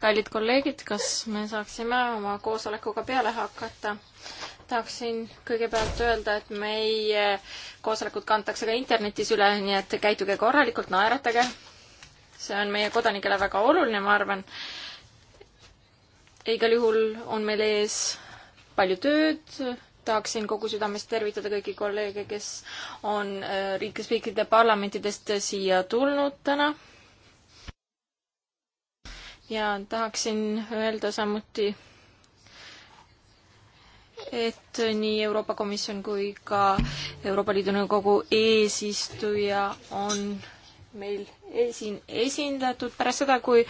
kallid kolleegid, kas me saaksime oma koosolekuga peale hakata? tahaksin kõigepealt öelda, et meie koosolekud kantakse ka internetis üle, nii et käituge korralikult, naeratage. see on meie kodanikele väga oluline, ma arvan. igal juhul on meil ees palju tööd, tahaksin kogu südamest tervitada kõiki kolleege, kes on äh, riiklusriikide parlamentidest siia tulnud täna ja tahaksin öelda samuti, et nii Euroopa Komisjon kui ka Euroopa Liidu Nõukogu eesistuja on meil siin esindatud pärast seda, kui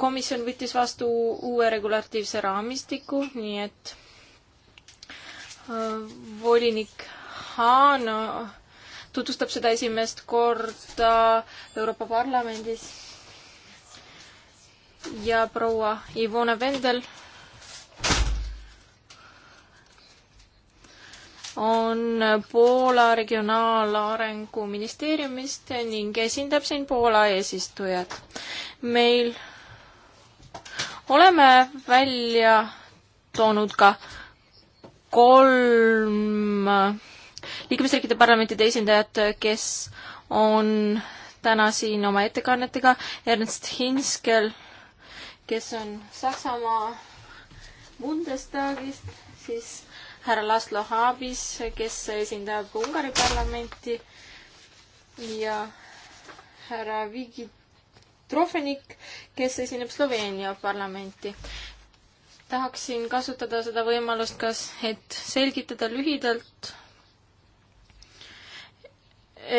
komisjon võttis vastu uue regulatiivse raamistiku, nii et äh, volinik Haano äh, tutvustab seda esimest korda Euroopa Parlamendis ja proua Ivone Vendel on Poola Regionaalarengu ministeeriumist ning esindab siin Poola eesistujat. meil oleme välja toonud ka kolm liikmesriikide parlamentide esindajat, kes on täna siin oma ettekannetega. Ernst Hinskel kes on Saksamaa Bundestagist, siis härra Laslo Haabis, kes esindab Ungari parlamenti ja härra Vigi Trofenik, kes esineb Sloveenia parlamenti. tahaksin kasutada seda võimalust, kas, et selgitada lühidalt,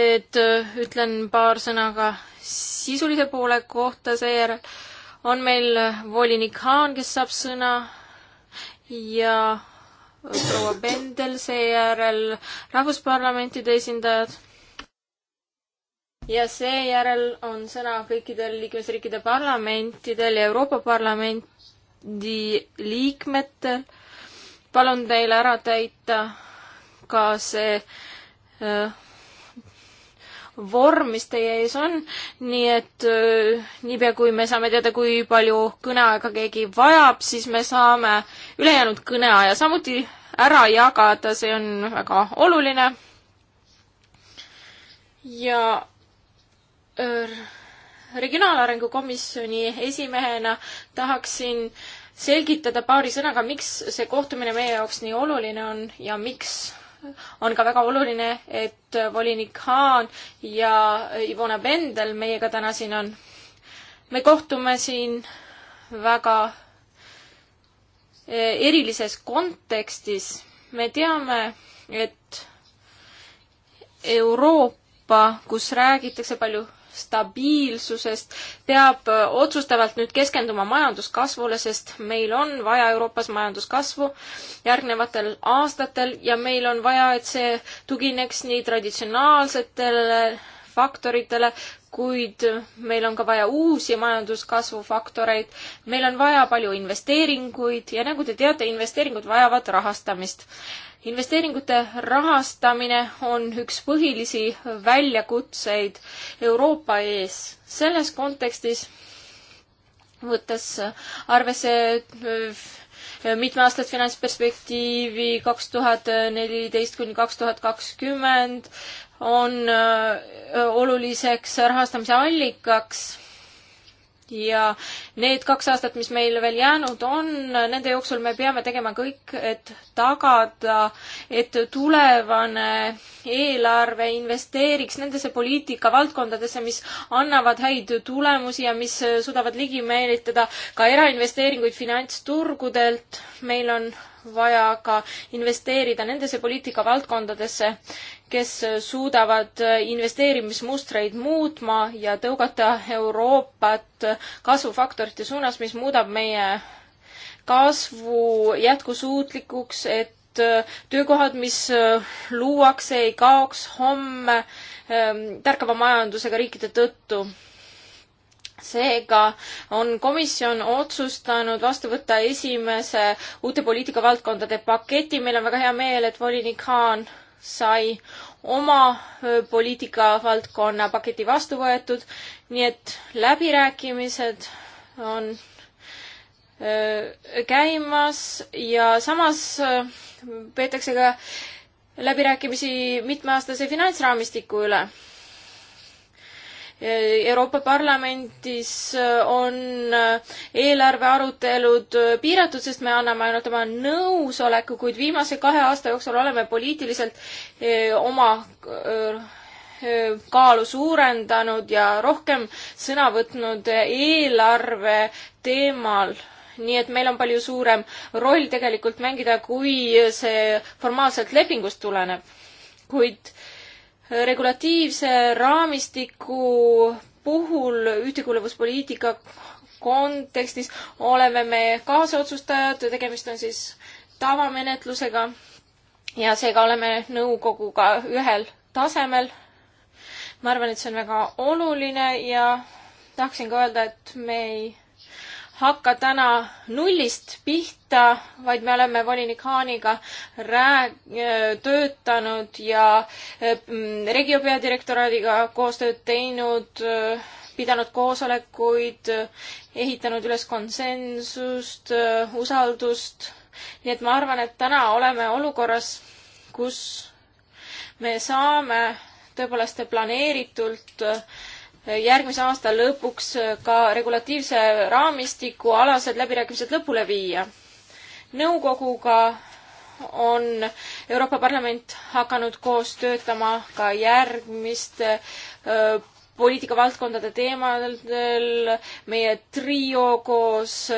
et äh, ütlen paar sõna ka sisulise poole kohta seejärel on meil volinik Haan, kes saab sõna ja proua Pendel, seejärel rahvusparlamentide esindajad. ja seejärel on sõna kõikidel liikmesriikide parlamentidel ja Euroopa Parlamendi liikmetel. palun teil ära täita ka see äh, vorm, mis teie ees on, nii et äh, niipea, kui me saame teada, kui palju kõneaega keegi vajab, siis me saame ülejäänud kõneaja samuti ära jagada, see on väga oluline. ja äh, regionaalarengu komisjoni esimehena tahaksin selgitada paari sõnaga, miks see kohtumine meie jaoks nii oluline on ja miks on ka väga oluline, et volinik Haan ja Ivona Pendel meiega täna siin on. me kohtume siin väga eh, erilises kontekstis. me teame, et Euroopa, kus räägitakse palju stabiilsusest, peab äh, otsustavalt nüüd keskenduma majanduskasvule, sest meil on vaja Euroopas majanduskasvu järgnevatel aastatel ja meil on vaja, et see tugineks nii traditsionaalsetele faktoritele, kuid meil on ka vaja uusi majanduskasvu faktoreid, meil on vaja palju investeeringuid ja nagu te teate, investeeringud vajavad rahastamist investeeringute rahastamine on üks põhilisi väljakutseid Euroopa ees. selles kontekstis, võttes arvesse äh, mitmeaastast finantsperspektiivi kaks tuhat neliteist kuni kaks tuhat kakskümmend, on äh, oluliseks rahastamise allikaks ja need kaks aastat, mis meil veel jäänud on, nende jooksul me peame tegema kõik, et tagada, et tulevane eelarve investeeriks nendesse poliitikavaldkondadesse, mis annavad häid tulemusi ja mis suudavad ligi meelitada ka erainvesteeringuid finantsturgudelt. meil on vaja ka investeerida nendesse poliitikavaldkondadesse, kes suudavad investeerimismustreid muutma ja tõugata Euroopat kasvufaktorite suunas, mis muudab meie kasvu jätkusuutlikuks, et töökohad, mis luuakse, ei kaoks homme ähm, tärkava majandusega riikide tõttu seega on komisjon otsustanud vastu võtta esimese uute poliitikavaldkondade paketi. meil on väga hea meel, et volinik Haan sai oma poliitikavaldkonna paketi vastu võetud, nii et läbirääkimised on käimas ja samas peetakse ka läbirääkimisi mitmeaastase finantsraamistiku üle Euroopa Parlamendis äh, on äh, eelarve arutelud äh, piiratud, sest me anname ainult oma nõusoleku, kuid viimase kahe aasta jooksul oleme poliitiliselt oma kaalu suurendanud ja rohkem sõna võtnud eelarve teemal nii et meil on palju suurem roll tegelikult mängida, kui see formaalselt lepingust tuleneb. kuid regulatiivse raamistiku puhul ühtekuuluvuspoliitika kontekstis oleme me kaasotsustajad, tegemist on siis tavamenetlusega ja seega oleme nõukoguga ühel tasemel. ma arvan, et see on väga oluline ja tahaksin ka öelda, et me ei hakka täna nullist pihta, vaid me oleme volinik Haaniga rääg-, töötanud ja mm, regio peadirektoraadiga koostööd teinud, pidanud koosolekuid, ehitanud üles konsensust, usaldust. nii et ma arvan, et täna oleme olukorras, kus me saame tõepoolest planeeritult äh, järgmise aasta lõpuks ka regulatiivse raamistiku alased läbirääkimised lõpule viia. nõukoguga on Euroopa Parlament hakanud koos töötama ka järgmiste poliitikavaldkondade teemadel. meie trio koos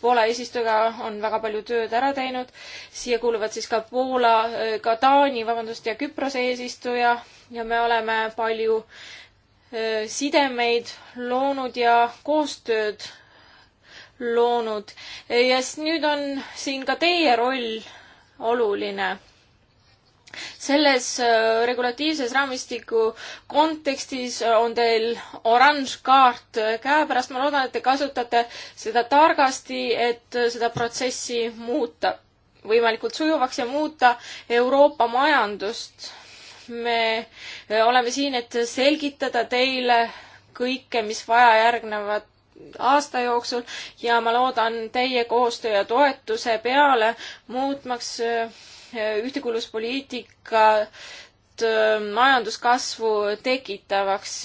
Poola eesistujaga on väga palju tööd ära teinud. siia kuuluvad siis ka Poola, ka Taani, vabandust, ja Küprose eesistuja ja me oleme palju sidemeid loonud ja koostööd loonud. ja siis nüüd on siin ka teie roll oluline. selles regulatiivses raamistiku kontekstis on teil oranž kaart käepärast. ma loodan, et te kasutate seda targasti, et seda protsessi muuta võimalikult sujuvaks ja muuta Euroopa majandust me oleme siin, et selgitada teile kõike, mis vaja järgnevat aasta jooksul ja ma loodan teie koostöö ja toetuse peale, muutmaks äh, ühtekuuluvuspoliitikat äh, majanduskasvu tekitavaks.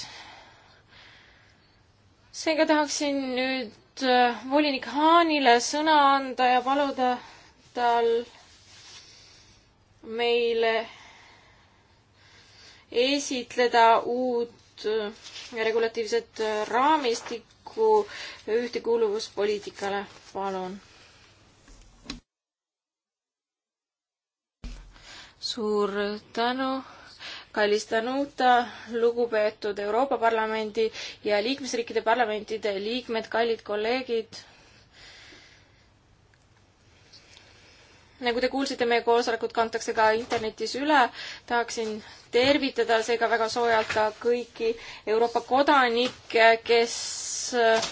seega tahaksin nüüd äh, volinik Haanile sõna anda ja paluda tal meile esitleda uut äh, regulatiivset äh, raamistikku ühtekuuluvuspoliitikale, palun. suur tänu kallis Danuta, lugupeetud Euroopa Parlamendi ja liikmesriikide parlamentide liikmed, kallid kolleegid. nagu te kuulsite, meie koosolekud kantakse ka internetis üle. tahaksin tervitada seega väga soojalt ka kõiki Euroopa kodanikke, kes äh,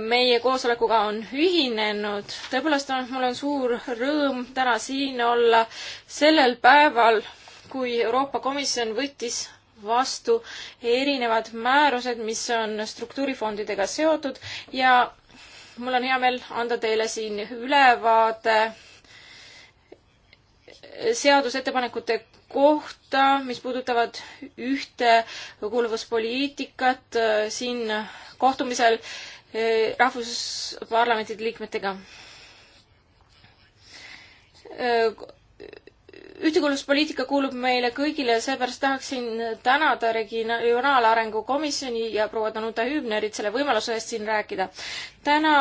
meie koosolekuga on ühinenud. tõepoolest on, mul on suur rõõm täna siin olla sellel päeval, kui Euroopa Komisjon võttis vastu erinevad määrused, mis on struktuurifondidega seotud ja mul on hea meel anda teile siin ülevaade seadusettepanekute kohta, mis puudutavad ühtekuuluvuspoliitikat äh, siin kohtumisel äh, rahvusparlamentide liikmetega. Äh, ühtekuuluvuspoliitika kuulub meile kõigile, seepärast tahaksin tänada Regionaalarengu Komisjoni ja proua Danuta Hübnerit selle võimaluse eest siin rääkida. täna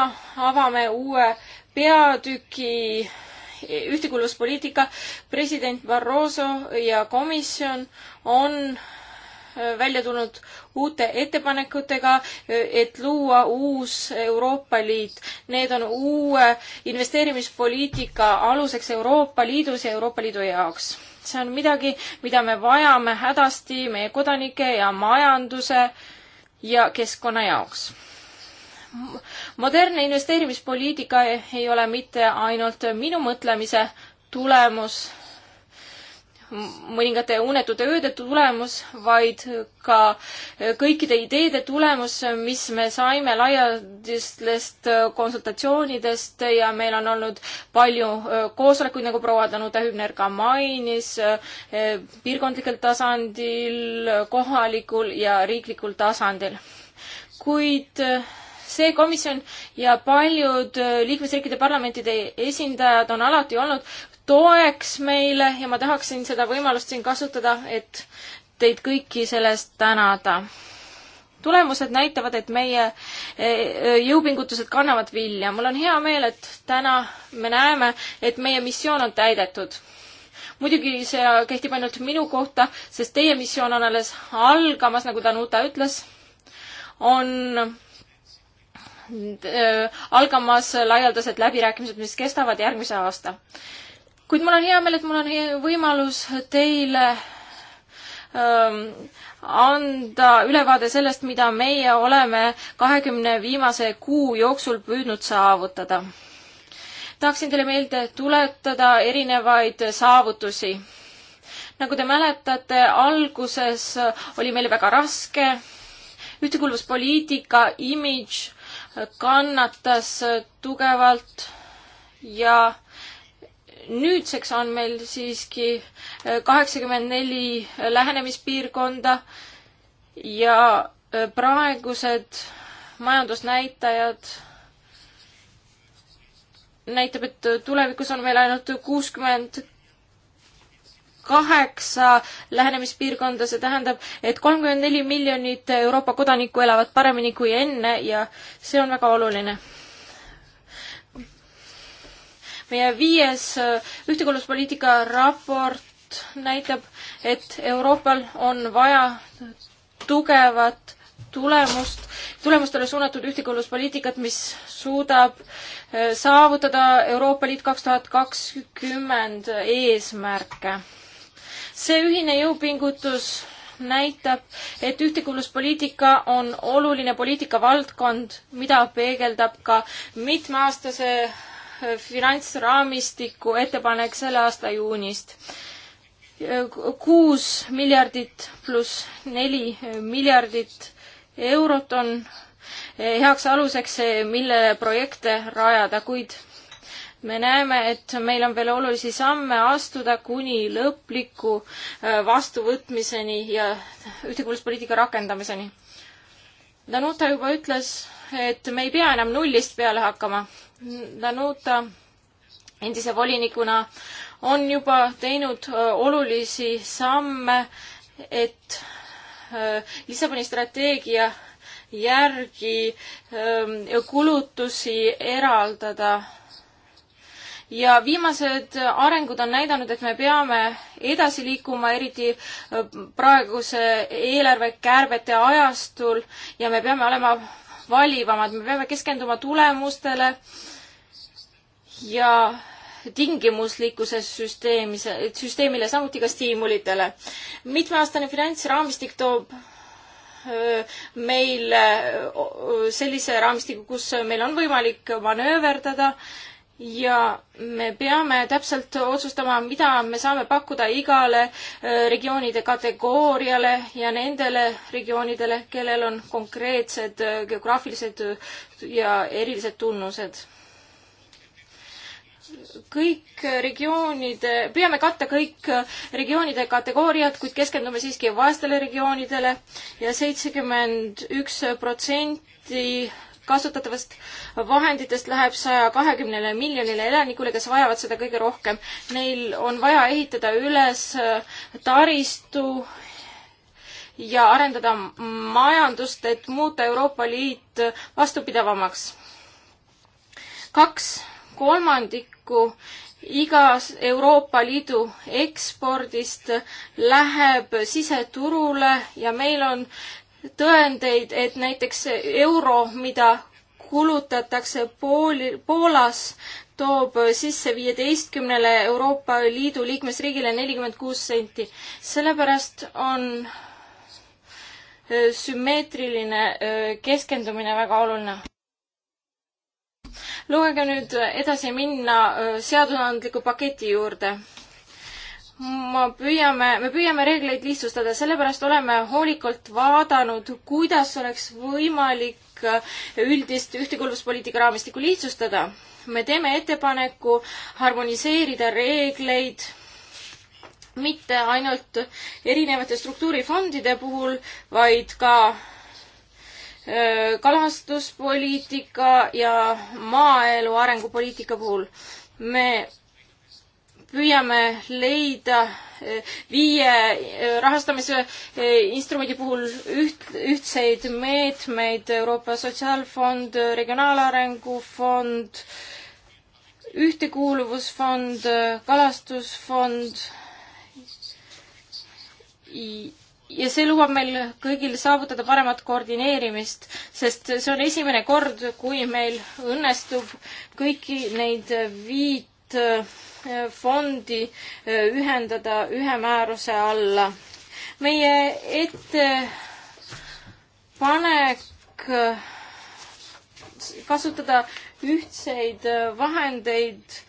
avame uue peatüki ühtekuuluvuspoliitika, president Barroso ja komisjon on äh, välja tulnud uute ettepanekutega, äh, et luua uus Euroopa Liit. Need on uue investeerimispoliitika aluseks Euroopa Liidus ja Euroopa Liidu jaoks. see on midagi, mida me vajame hädasti meie kodanike ja majanduse ja keskkonna jaoks modernne investeerimispoliitika ei ole mitte ainult minu mõtlemise tulemus, mõningate unetute ööde tulemus, vaid ka kõikide ideede tulemus, mis me saime laialdistest konsultatsioonidest ja meil on olnud palju äh, koosolekuid, nagu proua Danuta Hübner ka mainis, äh, piirkondlikul tasandil, kohalikul ja riiklikul tasandil. kuid äh, see komisjon ja paljud äh, liikmesriikide parlamentide esindajad on alati olnud toeks meile ja ma tahaksin seda võimalust siin kasutada, et teid kõiki selle eest tänada. tulemused näitavad, et meie äh, äh, jõupingutused kannavad vilja. mul on hea meel, et täna me näeme, et meie missioon on täidetud muidugi see kehtib ainult minu kohta, sest teie missioon on alles algamas, nagu Danuta ütles, on Äh, algamas laialdased läbirääkimised, mis kestavad järgmise aasta. kuid mul on hea meel, et mul on võimalus teile ähm, anda ülevaade sellest, mida meie oleme kahekümne viimase kuu jooksul püüdnud saavutada. tahaksin teile meelde tuletada erinevaid saavutusi. nagu te mäletate, alguses oli meil väga raske ühtekuuluvuspoliitika imidž kannatas tugevalt ja nüüdseks on meil siiski kaheksakümmend neli lähenemispiirkonda ja praegused majandusnäitajad näitab, et tulevikus on meil ainult kuuskümmend kaheksa lähenemispiirkonda, see tähendab, et kolmkümmend neli miljonit Euroopa kodanikku elavad paremini kui enne ja see on väga oluline. meie viies äh, ühtekuuluvuspoliitika raport näitab, et Euroopal on vaja tugevat tulemust, tulemustele suunatud ühtekuuluvuspoliitikat, mis suudab äh, saavutada Euroopa Liit kaks tuhat kakskümmend eesmärke see ühine jõupingutus näitab, et ühtekuuluvuspoliitika on oluline poliitikavaldkond, mida peegeldab ka mitmeaastase äh, finantsraamistiku ettepanek selle aasta juunist. Äh, kuus miljardit pluss neli äh, miljardit eurot on heaks aluseks, mille projekte rajada, kuid me näeme, et meil on veel olulisi samme astuda kuni lõpliku äh, vastuvõtmiseni ja ühtekuuluvuspoliitika rakendamiseni. Danuta juba ütles, et me ei pea enam nullist peale hakkama. Danuta endise volinikuna on juba teinud äh, olulisi samme, et äh, Lissaboni strateegia järgi ähm, kulutusi eraldada ja viimased arengud on näidanud, et me peame edasi liikuma, eriti äh, praeguse eelarvekärbete ajastul ja me peame olema valivamad, me peame keskenduma tulemustele ja tingimuslikkuse süsteemis, süsteemile, samuti ka stiimulitele. mitmeaastane finantsraamistik toob äh, meil äh, sellise raamistiku, kus meil on võimalik manööverdada ja me peame täpselt otsustama, mida me saame pakkuda igale äh, regioonide kategooriale ja nendele regioonidele, kellel on konkreetsed äh, geograafilised äh, ja erilised tunnused. kõik regioonide, püüame katta kõik regioonide kategooriad, kuid keskendume siiski vaestele regioonidele ja seitsekümmend üks protsenti kasutatavast vahenditest läheb saja kahekümnele miljonile elanikule, kes vajavad seda kõige rohkem. Neil on vaja ehitada üles äh, taristu ja arendada majandust, et muuta Euroopa Liit vastupidavamaks. kaks kolmandikku igas Euroopa Liidu ekspordist läheb siseturule ja meil on tõendeid, et näiteks euro, mida kulutatakse Pooli, Poolas, toob sisse viieteistkümnele Euroopa Liidu liikmesriigile nelikümmend kuus senti. sellepärast on äh, sümmeetriline äh, keskendumine väga oluline. lugege nüüd edasi minna äh, seadusandliku paketi juurde ma püüame, me püüame reegleid lihtsustada, sellepärast oleme hoolikalt vaadanud, kuidas oleks võimalik üldist ühtekuuluvuspoliitika raamistikku lihtsustada. me teeme ettepaneku harmoniseerida reegleid mitte ainult erinevate struktuurifondide puhul, vaid ka äh, kalastuspoliitika ja maaelu arengupoliitika puhul. me püüame leida eh, viie eh, rahastamise eh, instrumendi puhul üht, ühtseid meetmeid, Euroopa Sotsiaalfond, Regionaalarengu Fond, Ühtekuuluvusfond, Kalastusfond ja see lubab meil kõigil saavutada paremat koordineerimist, sest see on esimene kord, kui meil õnnestub kõiki neid viit viit äh, fondi äh, ühendada ühe määruse alla. meie ettepanek äh, kasutada ühtseid vahendeid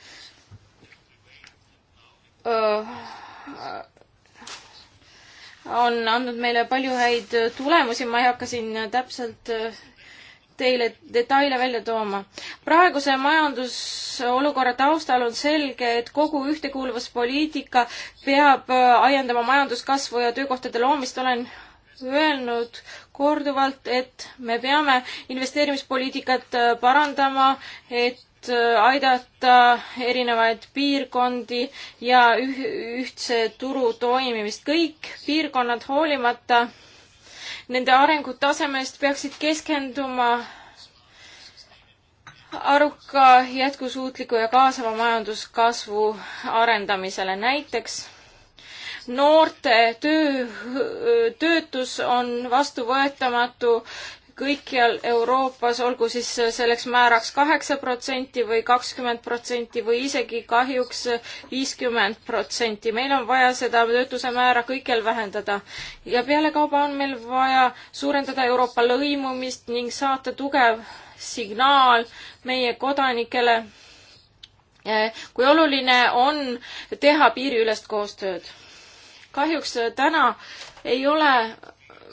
on andnud meile palju häid tulemusi, ma ei hakka siin täpselt teile detaile välja tooma. praeguse majandusolukorra taustal on selge, et kogu ühtekuuluvuspoliitika peab äh, ajendama majanduskasvu ja töökohtade loomist, olen öelnud korduvalt, et me peame investeerimispoliitikat äh, parandama, et äh, aidata erinevaid piirkondi ja ühtse turu toimimist. kõik piirkonnad, hoolimata nende arengutasemest peaksid keskenduma aruka, jätkusuutliku ja kaasava majanduskasvu arendamisele. näiteks noorte töö, töötus on vastuvõetamatu kõikjal Euroopas, olgu siis selleks määraks kaheksa protsenti või kakskümmend protsenti või isegi kahjuks viiskümmend protsenti. meil on vaja seda töötuse määra kõikjal vähendada ja pealekauba on meil vaja suurendada Euroopa lõimumist ning saata tugev signaal meie kodanikele, kui oluline on teha piiriülest koostööd. kahjuks täna ei ole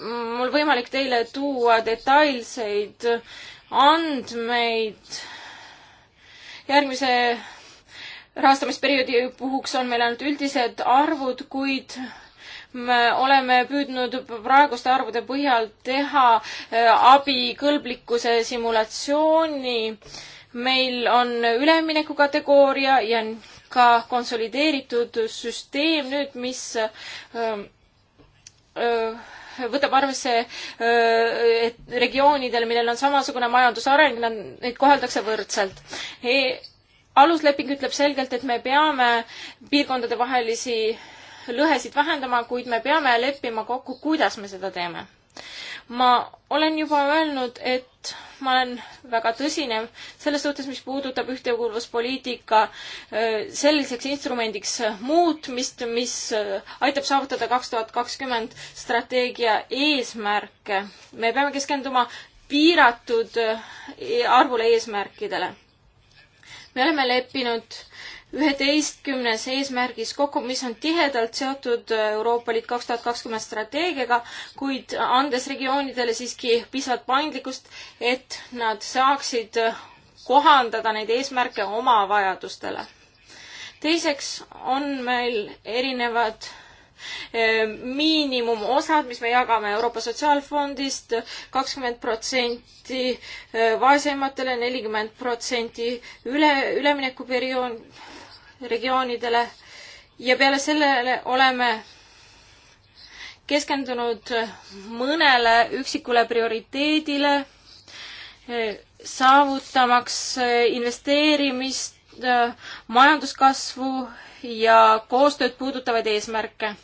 mul võimalik teile tuua detailseid andmeid. järgmise rahastamisperioodi puhuks on meil ainult üldised arvud, kuid me oleme püüdnud praeguste arvude põhjal teha äh, abikõlblikkuse simulatsiooni. meil on ülemineku kategooria ja ka konsolideeritud süsteem nüüd, mis öö, äh, öö, äh, võtab arvesse, et regioonidel, millel on samasugune majandusareng, nad, neid koheldakse võrdselt e,. alusleping ütleb selgelt, et me peame piirkondade vahelisi lõhesid vähendama, kuid me peame leppima kokku, kuidas me seda teeme ma olen juba öelnud, et ma olen väga tõsine selles suhtes, mis puudutab ühtekuuluvuspoliitika äh, selliseks instrumendiks muutmist, mis äh, aitab saavutada kaks tuhat kakskümmend strateegia eesmärke. me peame keskenduma piiratud äh, arvule eesmärkidele. me oleme leppinud üheteistkümnes eesmärgis kokku, mis on tihedalt seotud Euroopa Liit kaks tuhat kakskümmend strateegiaga, kuid andes regioonidele siiski piisavalt paindlikkust, et nad saaksid kohandada neid eesmärke oma vajadustele. teiseks on meil erinevad e, miinimumosad, mis me jagame Euroopa Sotsiaalfondist, kakskümmend protsenti e, vaesematele, nelikümmend protsenti üle, üleminekuperiood, regioonidele ja peale sellele oleme keskendunud mõnele üksikule prioriteedile, saavutamaks investeerimist, majanduskasvu ja koostööd puudutavaid eesmärke.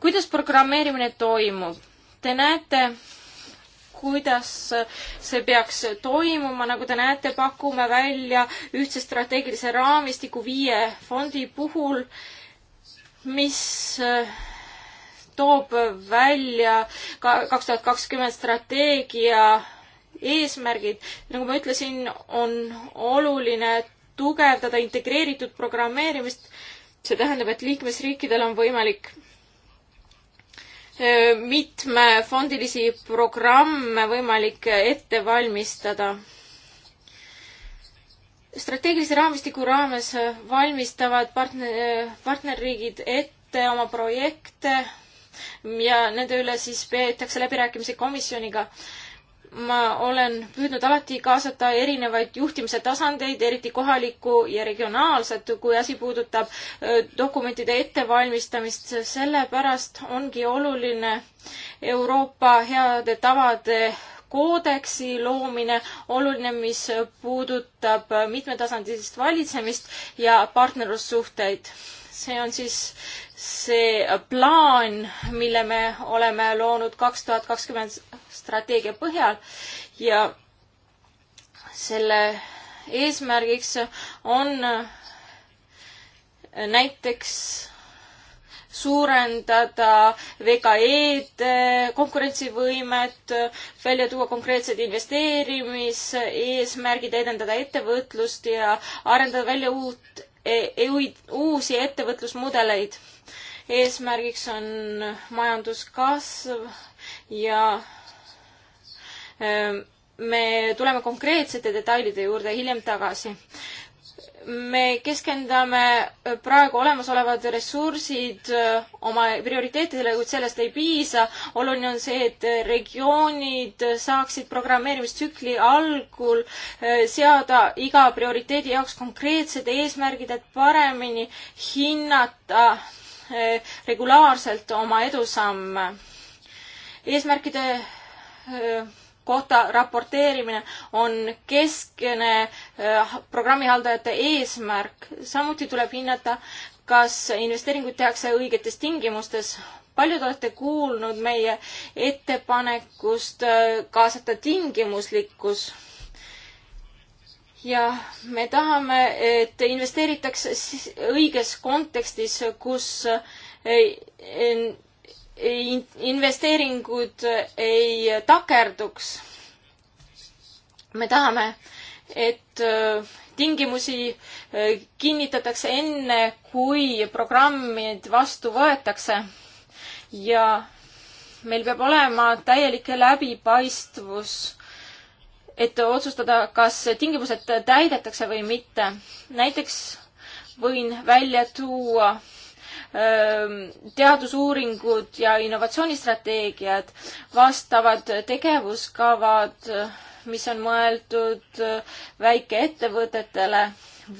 kuidas programmeerimine toimub? Te näete, kuidas see peaks toimuma, nagu te näete, pakume välja ühtse strateegilise raamistiku viie fondi puhul, mis äh, toob välja kaks tuhat kakskümmend strateegia eesmärgid. nagu ma ütlesin, on oluline tugevdada integreeritud programmeerimist. see tähendab, et liikmesriikidel on võimalik mitmefondilisi programme võimalik ette valmistada. strateegilise raamistiku raames valmistavad partner, partnerriigid ette oma projekte ja nende üle siis peetakse läbirääkimisi komisjoniga ma olen püüdnud alati kaasata erinevaid juhtimise tasandeid, eriti kohalikku ja regionaalset, kui asi puudutab dokumentide ettevalmistamist, sellepärast ongi oluline Euroopa heade tavade koodeksi loomine, oluline, mis puudutab mitmetasandilist valitsemist ja partnerlussuhteid. see on siis äh, see plaan, mille me oleme loonud kaks tuhat kakskümmend strateegia põhjal ja selle eesmärgiks on näiteks suurendada VKE-d konkurentsivõimet, välja tuua konkreetsed investeerimiseesmärgid, edendada ettevõtlust ja arendada välja uut e, e, uusi ettevõtlusmudeleid eesmärgiks on majanduskasv ja ähm, me tuleme konkreetsete detailide juurde hiljem tagasi. me keskendame praegu olemasolevad ressursid äh, oma prioriteetidele, kuid sellest ei piisa. oluline on see, et regioonid saaksid programmeerimistsükli algul äh, seada iga prioriteedi jaoks konkreetsed eesmärgid, et paremini hinnata Eh, regulaarselt oma edusamme. eesmärkide eh, kohta raporteerimine on keskne eh, programmihaldajate eesmärk. samuti tuleb hinnata, kas investeeringuid tehakse õigetes tingimustes. paljud olete kuulnud meie ettepanekust kaasata tingimuslikkus ja me tahame, et investeeritaks õiges kontekstis, kus eh, investeeringud ei takerduks. me tahame, et eh, tingimusi eh, kinnitatakse enne, kui programmid vastu võetakse ja meil peab olema täielik läbipaistvus et otsustada, kas tingimused täidetakse või mitte. näiteks võin välja tuua ähm, teadusuuringud ja innovatsioonistrateegiad, vastavad tegevuskavad, mis on mõeldud äh, väikeettevõtetele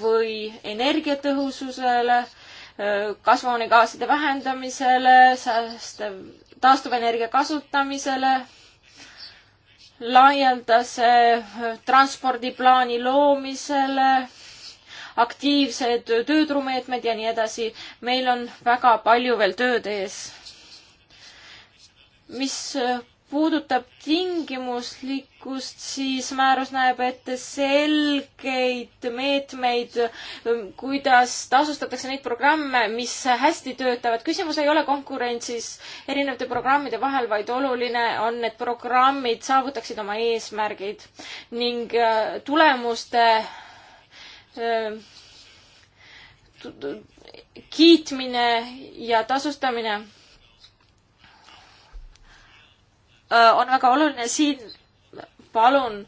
või energiatõhususele, äh, kasvuhoonegaaside vähendamisele, säästev, taastuvenergia kasutamisele laialdase eh, transpordiplaani loomisele, aktiivsed tööturumeetmed ja nii edasi. meil on väga palju veel tööd ees. mis eh, puudutab tingimuslikkust, siis määrus näeb ette selgeid meetmeid, kuidas tasustatakse neid programme, mis hästi töötavad. küsimus ei ole konkurentsis erinevate programmide vahel, vaid oluline on, et programmid saavutaksid oma eesmärgid ning äh, tulemuste äh, kiitmine ja tasustamine Äh, on väga oluline, siin palun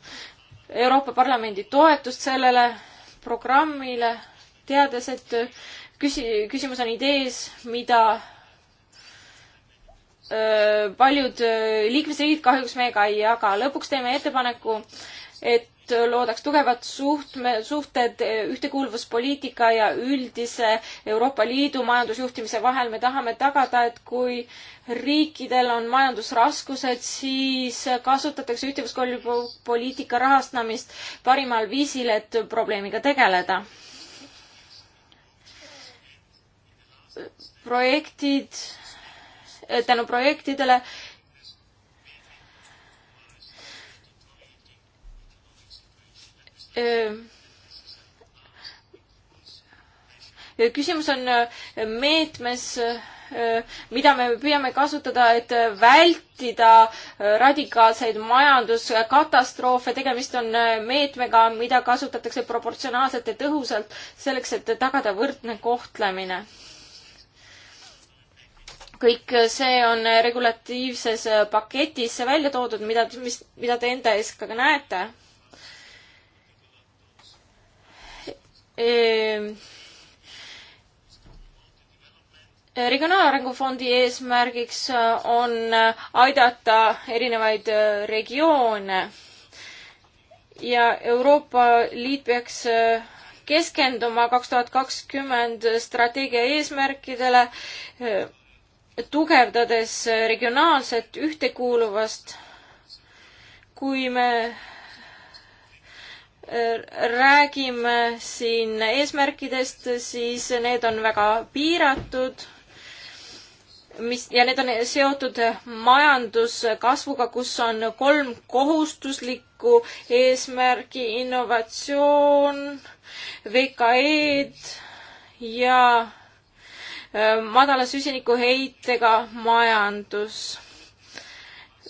Euroopa Parlamendi toetust sellele programmile, teades, et äh, küsi-, küsimus on idees, mida äh, paljud liikmesriigid kahjuks meiega ei jaga. lõpuks teeme ettepaneku, et et loodaks tugevad suhtme, suhted ühtekuuluvuspoliitika ja üldise Euroopa Liidu majandusjuhtimise vahel. me tahame tagada, et kui riikidel on majandusraskused, siis kasutatakse ühtekuuluvuspoliitika rahastamist parimal viisil, et probleemiga tegeleda. projektid, tänu projektidele äh, küsimus on meetmes, mida me püüame kasutada, et vältida radikaalseid majanduskatastroofe. tegemist on meetmega, mida kasutatakse proportsionaalselt ja tõhusalt selleks, et tagada võrdne kohtlemine. kõik see on regulatiivses paketis välja toodud, mida, mis, mida te enda ees ka näete Ehm, regionaalarengu fondi eesmärgiks äh, on äh, aidata erinevaid äh, regioone ja Euroopa Liit peaks keskenduma kaks tuhat kakskümmend strateegia eesmärkidele, tugevdades regionaalset ühtekuuluvust. kui me räägime siin eesmärkidest, siis need on väga piiratud mis ja need on seotud majanduskasvuga, kus on kolm kohustuslikku eesmärgi, innovatsioon, VKE-d ja äh, madala süsinikuheitega majandus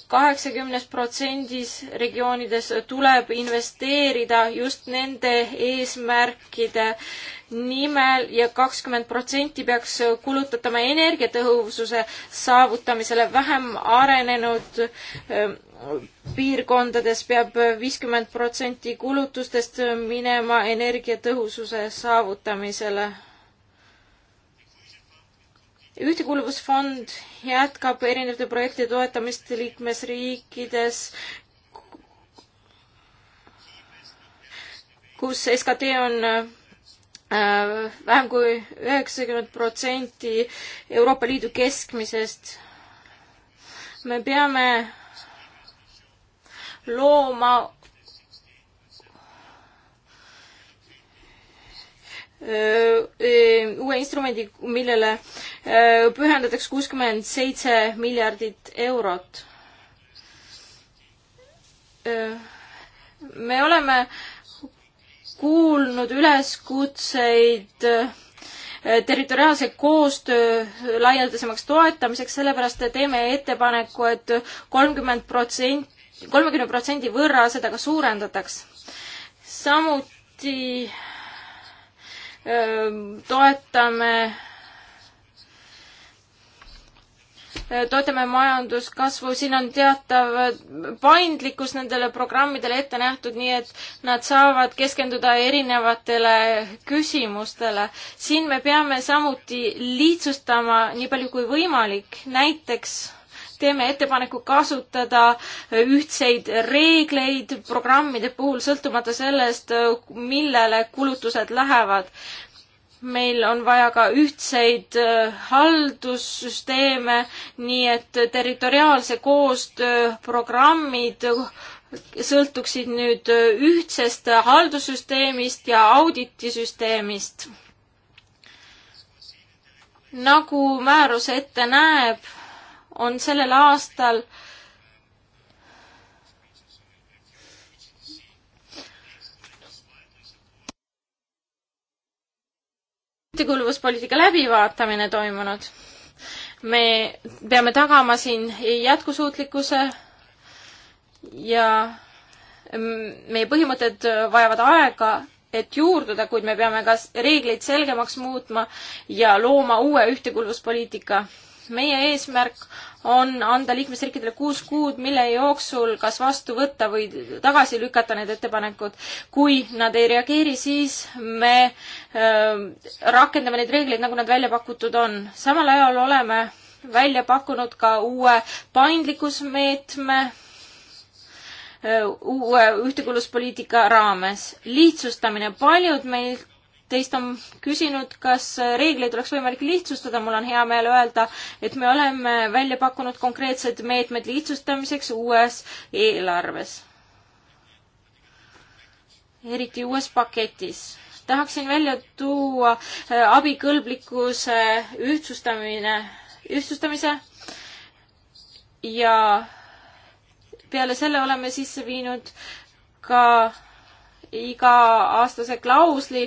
kaheksakümnes protsendis regioonides tuleb investeerida just nende eesmärkide nimel ja kakskümmend protsenti peaks kulutatama energiatõhususe saavutamisele. vähem arenenud ähm, piirkondades peab viiskümmend protsenti kulutustest minema energiatõhususe saavutamisele ühtekuuluvusfond jätkab erinevate projektide toetamist liikmesriikides, kus SKT on äh, vähem kui üheksakümmend protsenti Euroopa Liidu keskmisest. me peame looma uue instrumendi, millele pühendatakse kuuskümmend seitse miljardit eurot. me oleme kuulnud üleskutseid territoriaalse koostöö laialdasemaks toetamiseks, sellepärast teeme ettepaneku et 30%, et kolmkümmend protsenti, kolmekümne protsendi võrra seda ka suurendataks. samuti Ehm, toetame eh, toetame majanduskasvu, siin on teatav eh, paindlikkus nendele programmidele ette nähtud, nii et nad saavad keskenduda erinevatele küsimustele. siin me peame samuti lihtsustama nii palju kui võimalik, näiteks teeme ettepaneku kasutada ühtseid reegleid programmide puhul, sõltumata sellest, millele kulutused lähevad meil on vaja ka ühtseid äh, haldussüsteeme, nii et territoriaalse koostöö programmid sõltuksid nüüd äh, ühtsest haldussüsteemist ja auditisüsteemist. nagu määrus ette näeb, on sellel aastal ühtekuuluvuspoliitika läbivaatamine toimunud. me peame tagama siin jätkusuutlikkuse ja meie põhimõtted vajavad aega, et juurduda, kuid me peame ka reegleid selgemaks muutma ja looma uue ühtekuuluvuspoliitika. meie eesmärk on anda liikmesriikidele kuus kuud, mille jooksul kas vastu võtta või tagasi lükata need ettepanekud. kui nad ei reageeri, siis me öö, äh, rakendame neid reegleid, nagu nad välja pakutud on. samal ajal oleme välja pakkunud ka uue paindlikkusmeetme äh, uue ühtekuuluvuspoliitika raames. lihtsustamine, paljud meilt teist on küsinud, kas reegleid oleks võimalik lihtsustada, mul on hea meel öelda, et me oleme välja pakkunud konkreetsed meetmed lihtsustamiseks uues eelarves. eriti uues paketis. tahaksin välja tuua äh, abikõlblikkuse ühtsustamine, ühtsustamise ja peale selle oleme sisse viinud ka iga-aastase klausli,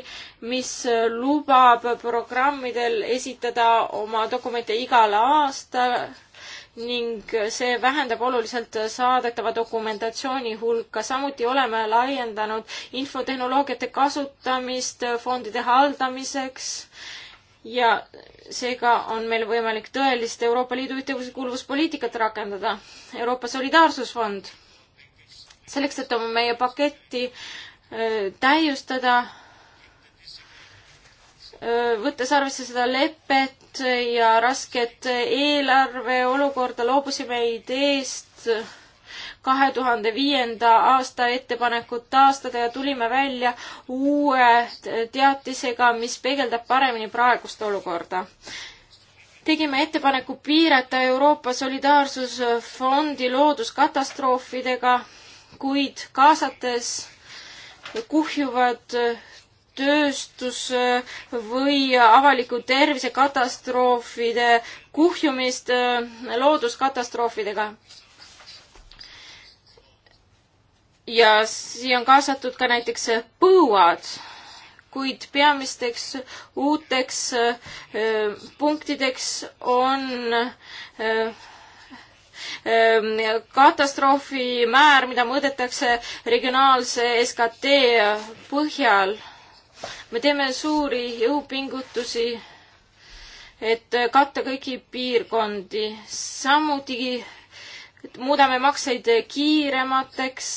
mis lubab programmidel esitada oma dokumente igal aastal ning see vähendab oluliselt saadetava dokumentatsiooni hulka. samuti oleme laiendanud infotehnoloogiate kasutamist fondide haldamiseks ja seega on meil võimalik tõelist Euroopa Liidu ühtekuuluvuspoliitikat rakendada. Euroopa Solidaarsusfond. selleks, et oma meie paketti Äh, täiustada, äh, võttes arvesse seda lepet ja rasket eelarve olukorda, loobusime ideest kahe tuhande viienda aasta ettepanekut taastada ja tulime välja uue teatisega, mis peegeldab paremini praegust olukorda. tegime ettepaneku piirata Euroopa Solidaarsusfondi looduskatastroofidega, kuid kaasates kuhjuvad äh, tööstus- äh, või avaliku tervise katastroofide kuhjumist äh, looduskatastroofidega. ja siia on kaasatud ka näiteks põuad, kuid peamisteks uuteks punktideks on Ehm, katastroofi määr, mida mõõdetakse regionaalse SKT põhjal. me teeme suuri jõupingutusi, et katta kõiki piirkondi, samuti muudame makseid kiiremateks,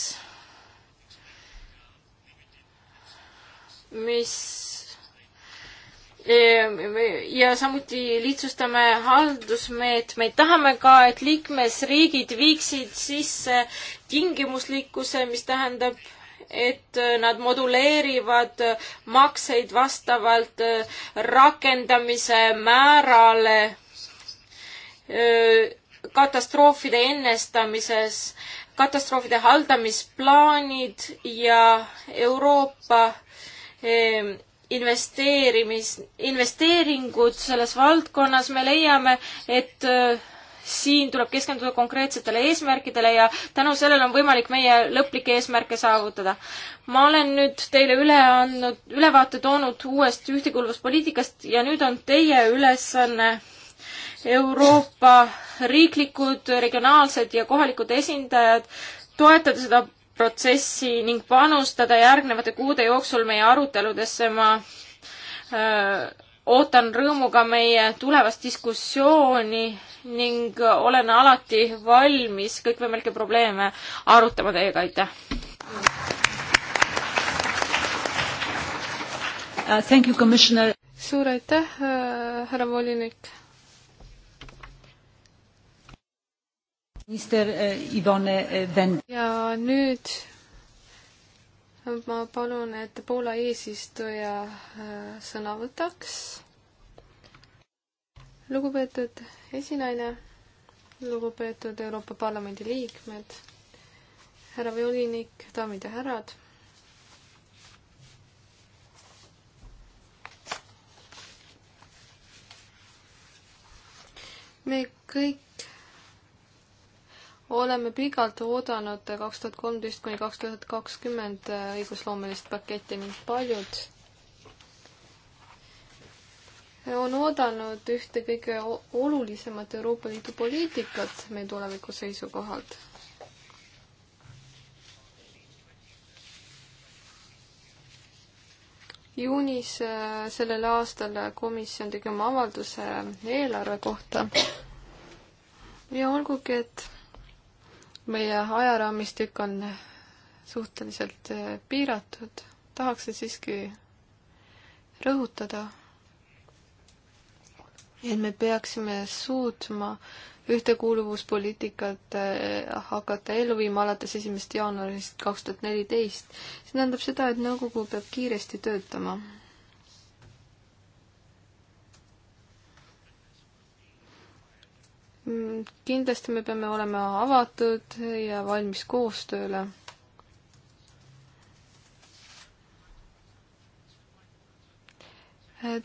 mis Ehm, ja samuti lihtsustame haldusmeetmeid. tahame ka, et liikmesriigid viiksid sisse tingimuslikkuse, mis tähendab, et nad moduleerivad makseid vastavalt eh, rakendamise määrale eh, katastroofide ennestamises, katastroofide haldamisplaanid ja Euroopa ehm, investeerimis, investeeringud selles valdkonnas, me leiame, et äh, siin tuleb keskenduda konkreetsetele eesmärkidele ja tänu sellele on võimalik meie lõplikke eesmärke saavutada. ma olen nüüd teile üle andnud, ülevaate toonud uuest ühtekuuluvuspoliitikast ja nüüd on teie ülesanne Euroopa riiklikud, regionaalsed ja kohalikud esindajad toetada seda protsessi ning panustada järgnevate kuude jooksul meie aruteludesse. ma öö, äh, ootan rõõmuga meie tulevast diskussiooni ning olen alati valmis kõikvõimalikke probleeme arutama teiega, aitäh! Uh, suur aitäh, äh, härra volinik! minister Ivone e, Ven-. E, ja nüüd ma palun, et Poola eesistuja e, sõna võtaks. lugupeetud esinaine, lugupeetud Euroopa Parlamendi liikmed, härra volinik, daamid ja härrad me kõik oleme pikalt oodanud kaks tuhat kolmteist kuni kaks tuhat kakskümmend äh, õigusloomelist paketti ning paljud on oodanud ühte kõige olulisemat Euroopa Liidu poliitikat meie tuleviku seisukohalt. juunis äh, sellel aastal komisjon tegi oma avalduse eelarve kohta ja olgugi, et meie ajaraamistik on suhteliselt eh, piiratud, tahaksin siiski rõhutada, et me peaksime suutma ühtekuuluvuspoliitikat eh, hakata ellu viima alates esimesest jaanuarist kaks tuhat neliteist. see tähendab seda, et nõukogu peab kiiresti töötama Mm, kindlasti me peame olema avatud ja valmis koostööle.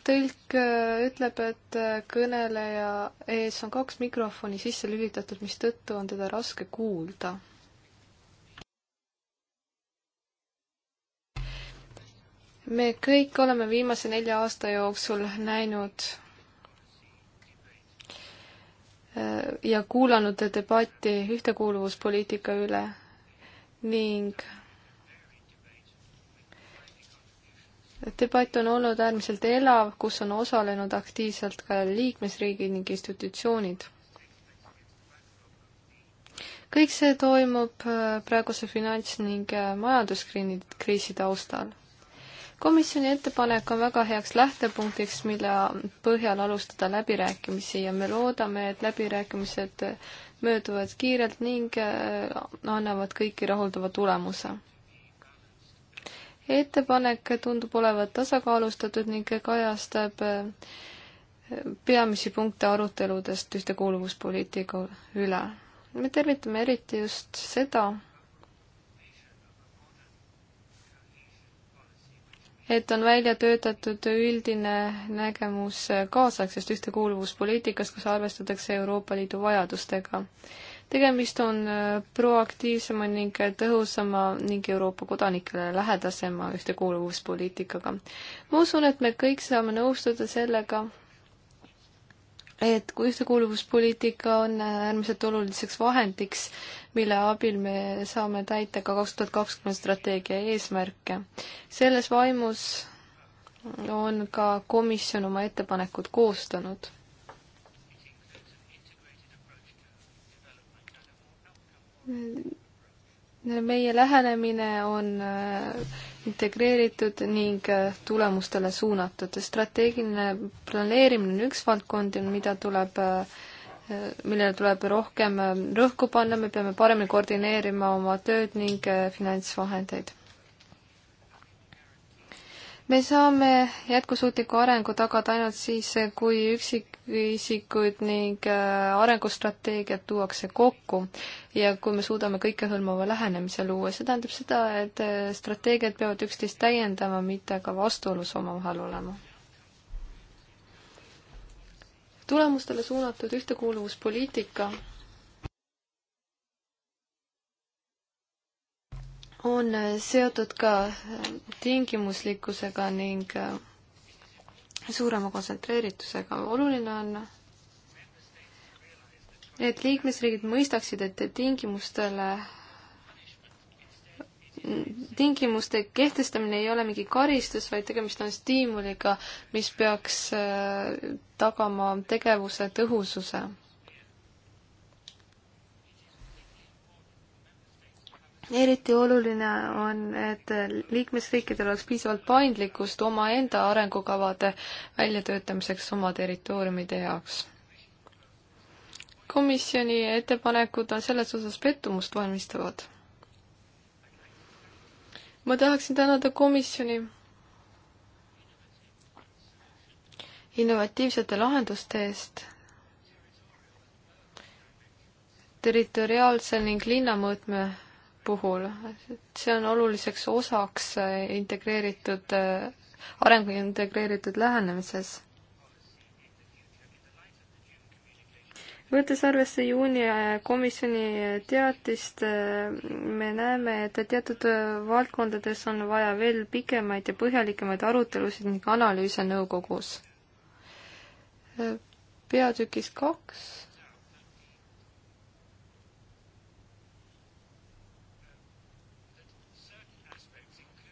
tõlk äh, ütleb, et äh, kõneleja ees on kaks mikrofoni sisse lülitatud, mistõttu on teda raske kuulda me kõik oleme viimase nelja aasta jooksul näinud Äh, ja kuulanud debatti ühtekuuluvuspoliitika üle ning debatt on olnud äärmiselt elav, kus on osalenud aktiivselt ka liikmesriigid ning institutsioonid. kõik see toimub äh, praeguse finants- ning äh, majanduskriisi taustal komisjoni ettepanek on väga heaks lähtepunktiks, mille põhjal alustada läbirääkimisi ja me loodame, et läbirääkimised mööduvad kiirelt ning äh, annavad kõiki rahuldava tulemuse. ettepanek tundub olevat tasakaalustatud ning kajastab äh, peamisi punkte aruteludest ühtekuuluvuspoliitika üle. me tervitame eriti just seda, et on välja töötatud üldine nägemus kaasaegsest ühtekuuluvuspoliitikast, kus arvestatakse Euroopa Liidu vajadustega. tegemist on äh, proaktiivsema ning tõhusama ning Euroopa kodanikele lähedasema ühtekuuluvuspoliitikaga. ma usun, et me kõik saame nõustuda sellega, et kui ühtekuuluvuspoliitika on äärmiselt oluliseks vahendiks mille abil me saame täita ka kaks tuhat kakskümmend strateegia eesmärke. selles vaimus on ka komisjon oma ettepanekud koostanud meie lähenemine on äh, integreeritud ning äh, tulemustele suunatud. strateegiline planeerimine on üks valdkond, mida tuleb äh, millele tuleb rohkem äh, rõhku panna, me peame paremini koordineerima oma tööd ning äh, finantsvahendeid. me saame jätkusuutliku arengu tagada ainult siis, kui üksikisikud ning äh, arengustrateegiad tuuakse kokku ja kui me suudame kõikehõlmava lähenemise luua, see tähendab seda, et strateegiad peavad üksteist täiendama, mitte aga vastuolus omavahel olema tulemustele suunatud ühtekuuluvuspoliitika on seotud ka tingimuslikkusega ning suurema kontsentreeritusega. oluline on, et liikmesriigid mõistaksid, et tingimustele tingimuste kehtestamine ei ole mingi karistus, vaid tegemist on stiimuliga, mis peaks äh, tagama tegevuse tõhususe. eriti oluline on, et liikmesriikidel oleks piisavalt paindlikkust omaenda arengukavade väljatöötamiseks oma territooriumide jaoks. komisjoni ettepanekud on selles osas pettumust valmistavad ma tahaksin tänada komisjoni innovatiivsete lahenduste eest territoriaalse ning linnamõõtme puhul. see on oluliseks osaks integreeritud, arengu integreeritud lähenemises. võttes arvesse juuni äh, komisjoni äh, teatist, äh, me näeme, et teatud valdkondades on vaja veel pikemaid ja põhjalikemaid arutelusid ning analüüse nõukogus. peatükis kaks.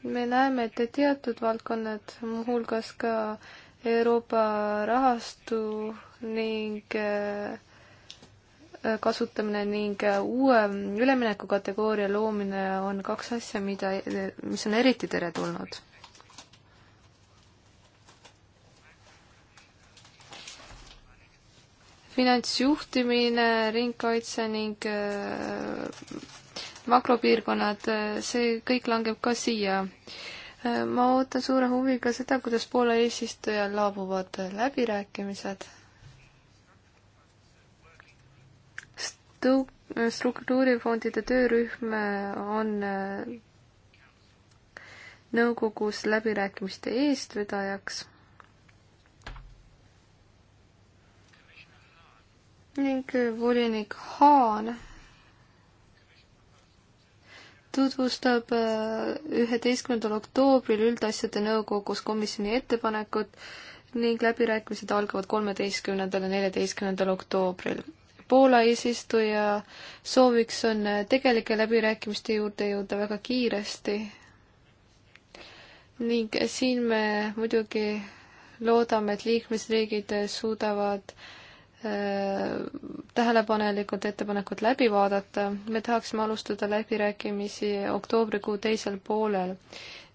me näeme, et teatud valdkonnad, muuhulgas ka Euroopa rahastu ning äh, kasutamine ning uue üleminekukategooria loomine on kaks asja, mida, mis on eriti teretulnud. finantsjuhtimine, ringkaitse ning äh, makropiirkonnad, äh, see kõik langeb ka siia. Äh, ma ootan suure huviga seda, kuidas Poola eesistuja laabuvad läbirääkimised stu-, struktuurifondide töörühm äh, on äh, nõukogus läbirääkimiste eestvedajaks ning äh, volinik Haan tutvustab üheteistkümnendal oktoobril üldasjade nõukogus komisjoni ettepanekut ning läbirääkimised algavad kolmeteistkümnendal ja neljateistkümnendal oktoobril. Poola eesistuja sooviks on tegelike läbirääkimiste juurde jõuda väga kiiresti. ning siin me muidugi loodame, et liikmesriigid suudavad äh, tähelepanelikult ettepanekud läbi vaadata. me tahaksime alustada läbirääkimisi oktoobrikuu teisel poolel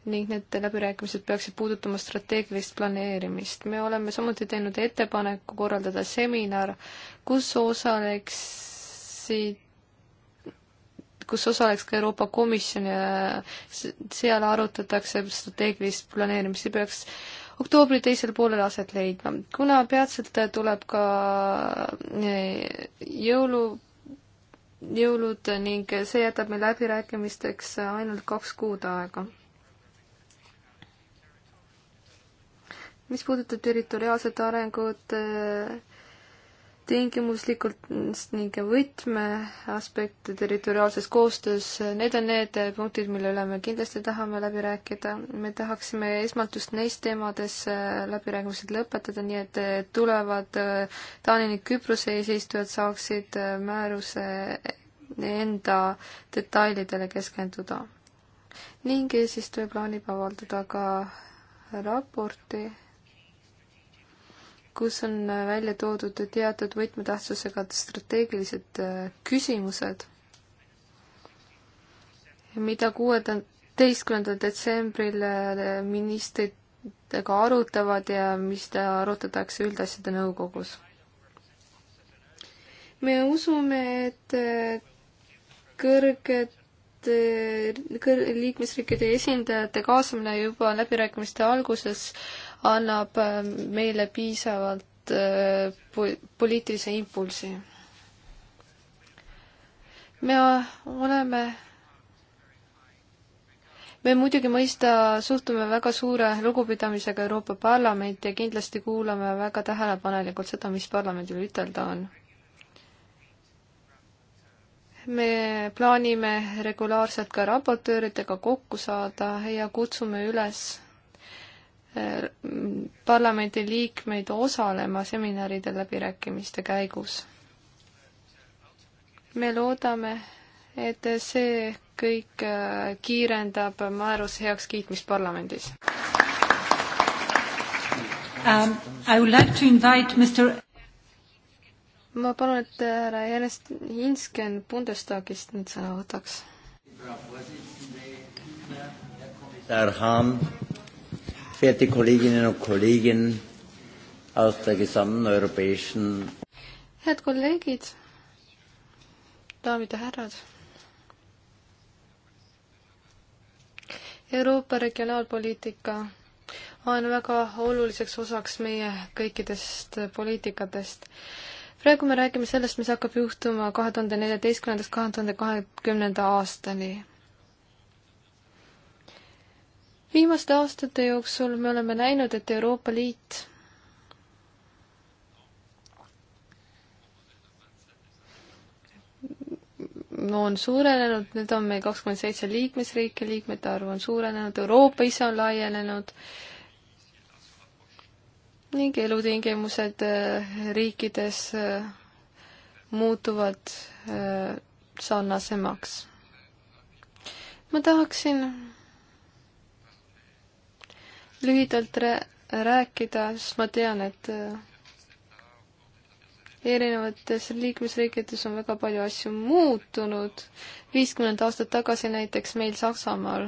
ning need läbirääkimised peaksid puudutama strateegilist planeerimist. me oleme samuti teinud ettepaneku korraldada seminar, kus osaleksid kus osaleks ka Euroopa Komisjon ja seal arutatakse strateegilist planeerimist, see peaks oktoobri teisel poolel aset leidma. kuna peatselt tuleb ka eh, jõulu, jõulud ning see jätab meil läbirääkimisteks ainult kaks kuud aega mis puudutab territoriaalset arengut, eh, tingimuslikult ning võtmeaspekte territoriaalses koostöös, eh, need on need eh, punktid, mille üle me kindlasti tahame läbi rääkida. me tahaksime esmalt just neis teemades läbirääkimised lõpetada, nii et tulevad Taani ning Küprose eesistujad saaksid määruse enda detailidele keskenduda. ning eesistuja plaanib avaldada ka raporti kus on välja toodud teatud võtmetähtsusega strateegilised äh, küsimused, mida kuueteistkümnendal detsembril äh, ministritega arutavad ja mis arutatakse üldasjade nõukogus. me usume, et äh, kõrged kõr-, liikmesriikide esindajate kaasamine juba läbirääkimiste alguses äh, annab äh, meile piisavalt äh, poliitilise impulsi. me oleme me muidugi mõista suhtume väga suure lugupidamisega Euroopa Parlamenti ja kindlasti kuulame väga tähelepanelikult seda, mis parlamendil ütelda on. me plaanime regulaarselt ka raportööridega kokku saada ja kutsume üles parlamendi liikmeid osalema seminaridel läbirääkimiste käigus. me loodame, et see kõik äh, kiirendab määruse heakskiitmist parlamendis um,. I would like to invite Mr ma palun, et härra Ernst Hinsken Bundestagist nüüd sõna võtaks verehrte Kolleginnen und Kollegen aus der gesamten europäischen head kolleegid, daamid ja härrad. Euroopa regionaalpoliitika on väga oluliseks osaks meie kõikidest poliitikatest. praegu me räägime sellest, mis hakkab juhtuma kahe tuhande neljateistkümnendast kahe tuhande kahekümnenda aastani viimaste aastate jooksul me oleme näinud, et Euroopa Liit on suurenenud, nüüd on meil kakskümmend seitse liikmesriiki, liikmete arv on suurenenud, Euroopa ise on laienenud ning elutingimused eh, riikides eh, muutuvad eh, sarnasemaks. ma tahaksin lühidalt rääkida, sest ma tean, et äh, erinevates liikmesriikides on väga palju asju muutunud. viiskümmend aastat tagasi näiteks meil Saksamaal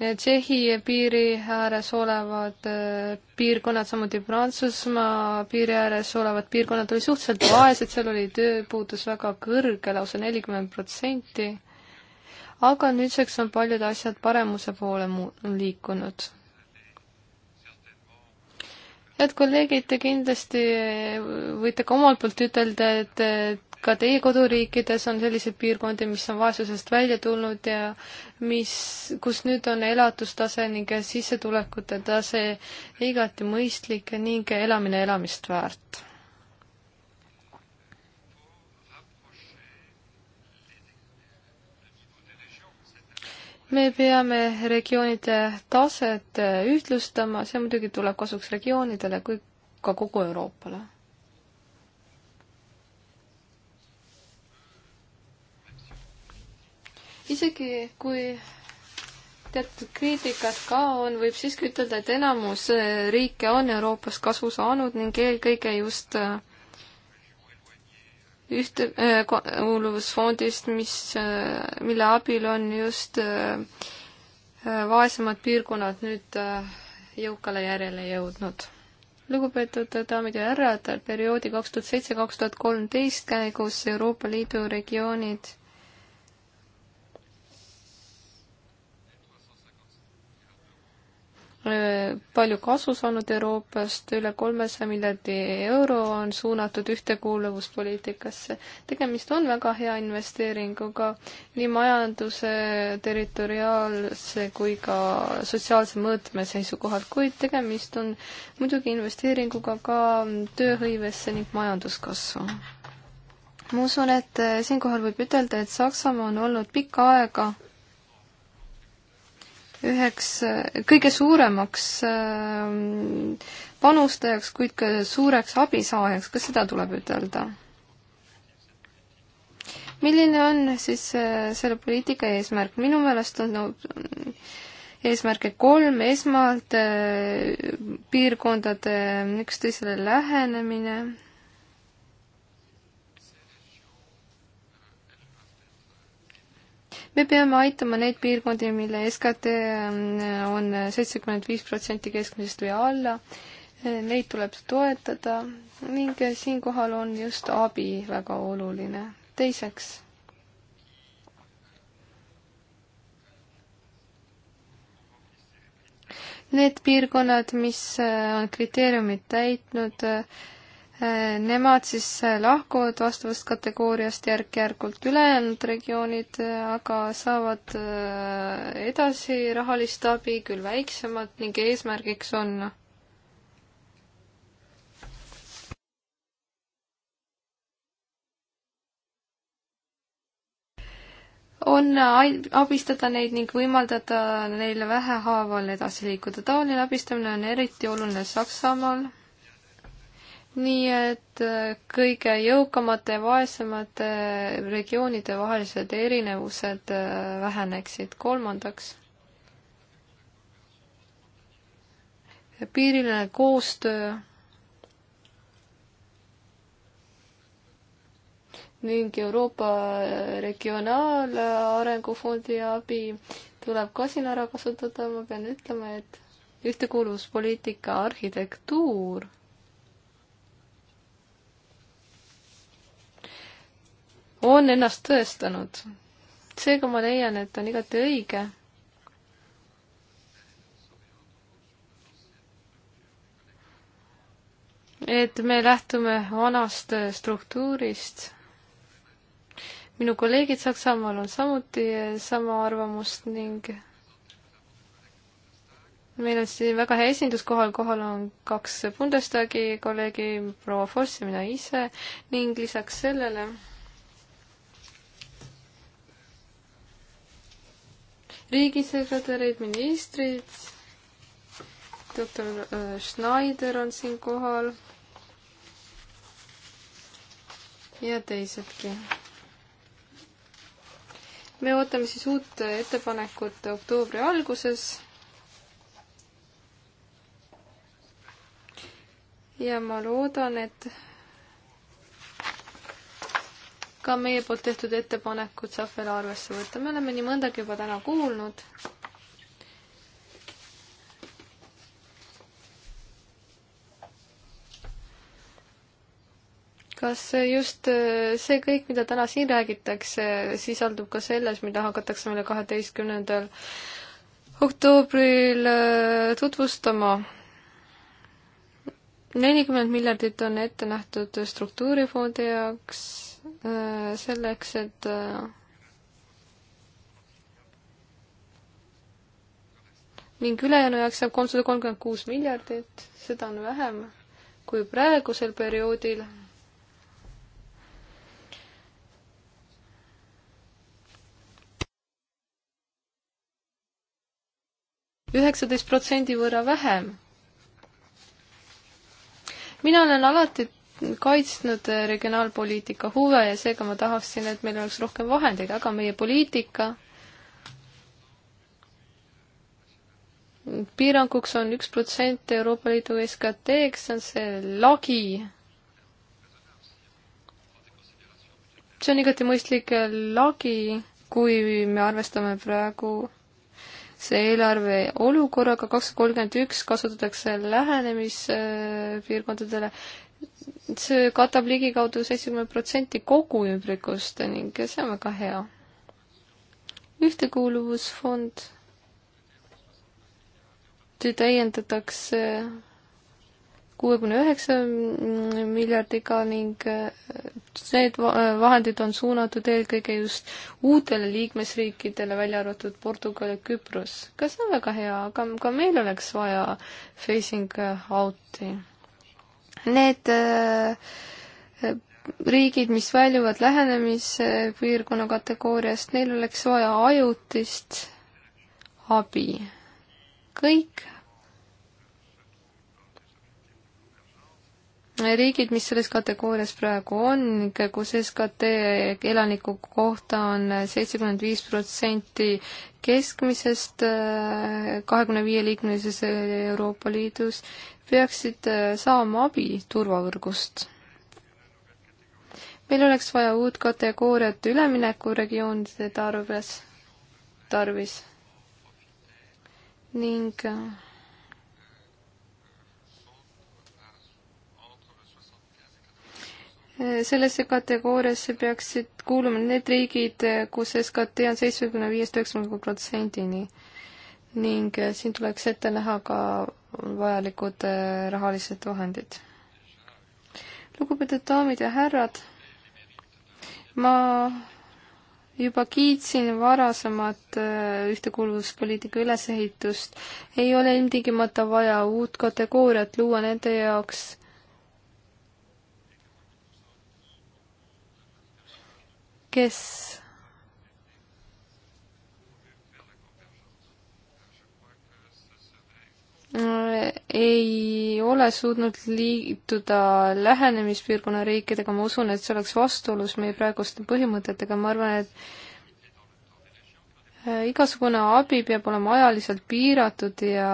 Tšehhi piiri ääres olevad äh, piirkonnad, samuti Prantsusmaa piiri ääres olevad piirkonnad olid suhteliselt vaesed, seal oli tööpuudus väga kõrge, lausa nelikümmend protsenti. aga nüüdseks on paljud asjad paremuse poole liikunud. head kolleegid, te kindlasti võite ka omalt poolt ütelda, et ka teie koduriikides on selliseid piirkondi, mis on vaesusest välja tulnud ja mis, kus nüüd on elatustase ning sissetulekute tase igati mõistlik ning elamine elamist väärt. me peame regioonide taset ühtlustama, see muidugi tuleb kasuks regioonidele kui ka kogu Euroopale isegi kui teatud kriitikat ka on, võib siiski ütelda, et enamus äh, riike on Euroopas kasu saanud ning eelkõige just ühte kuuluvusfondist äh,, äh mis äh,, mille abil on just äh, äh vaesemad piirkonnad nüüd jõukale järjele jõudnud. lugupeetud daamid ja härrad, perioodi kaks tuhat seitse, kaks tuhat kolmteist käigus Euroopa Liidu regioonid palju kasu saanud Euroopast, üle kolmesaja miljardi euro on suunatud ühtekuuluvuspoliitikasse. tegemist on väga hea investeeringuga nii majanduse, territoriaalse kui ka sotsiaalse mõõtme seisukohalt, kuid tegemist on muidugi investeeringuga ka tööhõivesse ning majanduskasvu. ma usun, et siinkohal võib ütelda, et Saksamaa on olnud pikka aega üheks kõige suuremaks ähm, panustajaks, kuid ka suureks abisaajaks, kas seda tuleb ütelda? milline on siis äh, selle poliitika eesmärk? minu meelest on no, äh, eesmärke kolm, esmalt äh, piirkondade üksteisele lähenemine, me peame aitama neid piirkondi, mille SKT ähm, on seitsekümmend viis protsenti keskmisest või alla. Neid tuleb toetada ning siinkohal on just abi väga oluline. teiseks need piirkonnad, mis äh, on kriteeriumid täitnud, Nemad siis lahkuvad vastavast kategooriast järk-järgult ülejäänud regioonid, äh, aga saavad äh, edasi rahalist abi, küll väiksemat ning eesmärgiks on on abistada neid ning võimaldada neile vähehaaval edasi liikuda. taoline abistamine on eriti oluline Saksamaal nii et äh, kõige jõukamate ja vaesemate regioonide vahelised erinevused äh, väheneksid. kolmandaks, piiriline koostöö ning Euroopa äh, Regionaalarengufondi abi tuleb ka siin ära kasutada, ma pean ütlema, et ühtekuuluvuspoliitika arhitektuur on ennast tõestanud. seega ma leian, et on igati õige et me lähtume vanast struktuurist. minu kolleegid Saksamaal on samuti sama arvamust ning meil on siin väga hea esindus kohal, kohal on kaks Bundestagi kolleegi, proua Forss ja mina ise ning lisaks sellele riigisekretärid, ministrid, doktor äh, Schneider on siin kohal ja teisedki. me ootame siis uut ettepanekut oktoobri alguses. ja ma loodan, et ka meie poolt tehtud ettepanekud saab veel arvesse võtta, me oleme nii mõndagi juba täna kuulnud. kas just eh, see kõik, mida täna siin räägitakse, sisaldub ka selles, mida hakatakse meile kaheteistkümnendal oktoobril eh, tutvustama? nelikümmend miljardit on ette nähtud struktuurifondi jaoks Äh, selleks, et äh, ning ülejäänu jaoks jääb kolmsada kolmkümmend kuus miljardit, seda on vähem kui praegusel perioodil. üheksateist protsendi võrra vähem mina olen alati kaitsnud regionaalpoliitika huve ja seega ma tahaksin, et meil oleks rohkem vahendeid, aga meie poliitika piiranguks on üks protsent Euroopa Liidu SKT-ks, see on see lagi. see on igati mõistlik lagi, kui me arvestame praegu see eelarve olukorraga, kakssada kolmkümmend üks kasutatakse lähenemispiirkondadele see katab ligikaudu seitsekümmend protsenti kogu ümbrikust ning see on väga hea. ühtekuuluvusfond täiendatakse kuuekümne üheksa miljardiga ning äh, need vahendid on suunatud eelkõige just uutele liikmesriikidele, välja arvatud Portugal ja Küpros. ka see on väga hea, aga ka meil oleks vaja facing out'i Need äh, riigid, mis väljuvad lähenemispiirkonna kategooriast, neil oleks vaja ajutist abi. kõik riigid, mis selles kategoorias praegu on, kus SKT elaniku kohta on seitsekümmend viis protsenti keskmisest äh, kahekümne viie liikmelises Euroopa Liidus peaksid äh, saama abi turvavõrgust. meil oleks vaja uut kategooriat üleminekuregioonide tarves, tarvis ning äh, sellesse kategooriasse peaksid kuuluma need riigid, kus SKT on seitsmekümne viiest üheksakümne protsendini ning äh, siin tuleks ette näha ka vajalikud äh, rahalised vahendid. lugupeetud daamid ja härrad, ma juba kiitsin varasemat äh, ühtekuuluvuspoliitika ülesehitust, ei ole ilmtingimata vaja uut kategooriat luua nende jaoks, kes ei ole suutnud liituda lähenemispiirkonna riikidega, ma usun, et see oleks vastuolus meie praeguste põhimõtetega, ma arvan, et äh, igasugune abi peab olema ajaliselt piiratud ja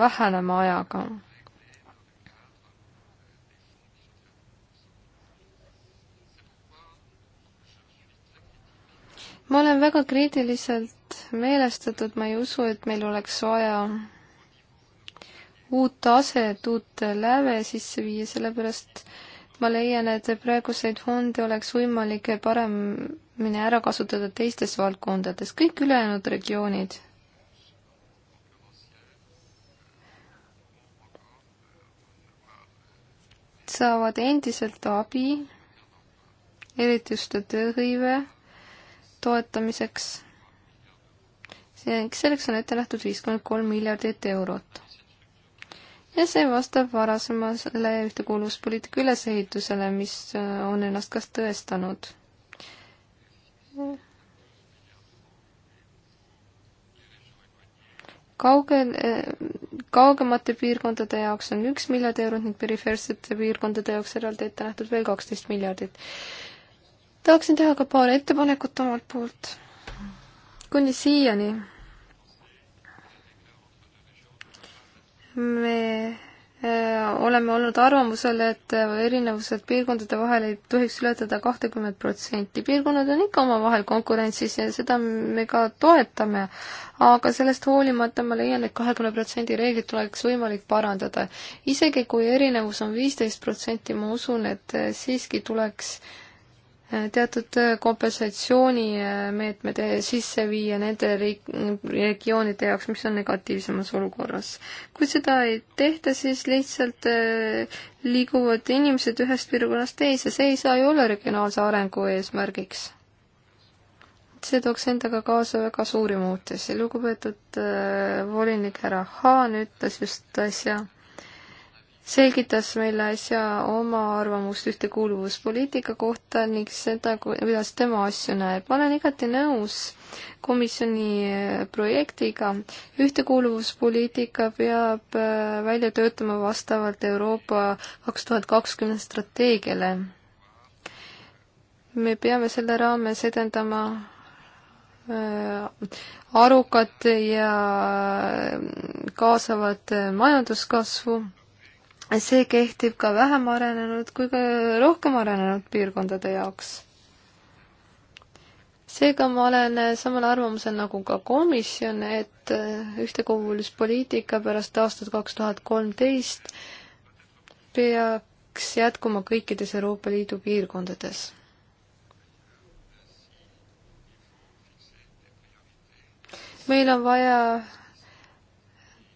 vähenema ajaga ma olen väga kriitiliselt meelestatud, ma ei usu, et meil oleks vaja uut aset, uut läve sisse viia, sellepärast ma leian, et praeguseid fonde oleks võimalik paremini ära kasutada teistes valdkondades, kõik ülejäänud regioonid. saavad endiselt abi, eriti just tööhõive toetamiseks. selleks on ette nähtud viiskümmend kolm miljardit eurot ja see vastab varasemasele ühtekuuluvuspoliitika ülesehitusele, mis äh, on ennast kas tõestanud. kaugel, äh, kaugemate piirkondade jaoks on üks miljard eurot ning perifeersete piirkondade jaoks eraldi ette nähtud veel kaksteist miljardit. tahaksin teha ka paar ettepanekut omalt poolt. kuni siiani me äh, oleme olnud arvamusel, et äh, erinevused piirkondade vahel ei tohiks ületada kahtekümmet protsenti. piirkonnad on ikka omavahel konkurentsis ja seda me ka toetame, aga sellest hoolimata ma leian et, et kahekümne protsendi reeglit oleks võimalik parandada. isegi kui erinevus on viisteist protsenti, ma usun, et äh, siiski tuleks äh, teatud kompensatsioonimeetmed äh, äh, sisse viia nende riik-, regioonide jaoks, mis on negatiivsemas olukorras. kui seda ei tehta, siis lihtsalt äh, liiguvad inimesed ühest piirkonnast teise, see ei saa ju olla regionaalse arengu eesmärgiks. see tooks endaga kaasa väga suuri muutusi, lugupeetud äh, volinik härra Haan ütles just äsja selgitas meile äsja oma arvamust ühtekuuluvuspoliitika kohta ning seda, kuidas tema asju näeb. ma olen igati nõus komisjoni projektiga. ühtekuuluvuspoliitika peab äh, välja töötama vastavalt Euroopa kaks tuhat kakskümmend strateegiale. me peame selle raames edendama äh, arukat ja äh, kaasavat majanduskasvu see kehtib ka vähem arenenud kui ka rohkem arenenud piirkondade jaoks. seega ma olen samal arvamusel nagu ka komisjon, et ühtekuuluvuspoliitika pärast aastat kaks tuhat kolmteist peaks jätkuma kõikides Euroopa Liidu piirkondades. meil on vaja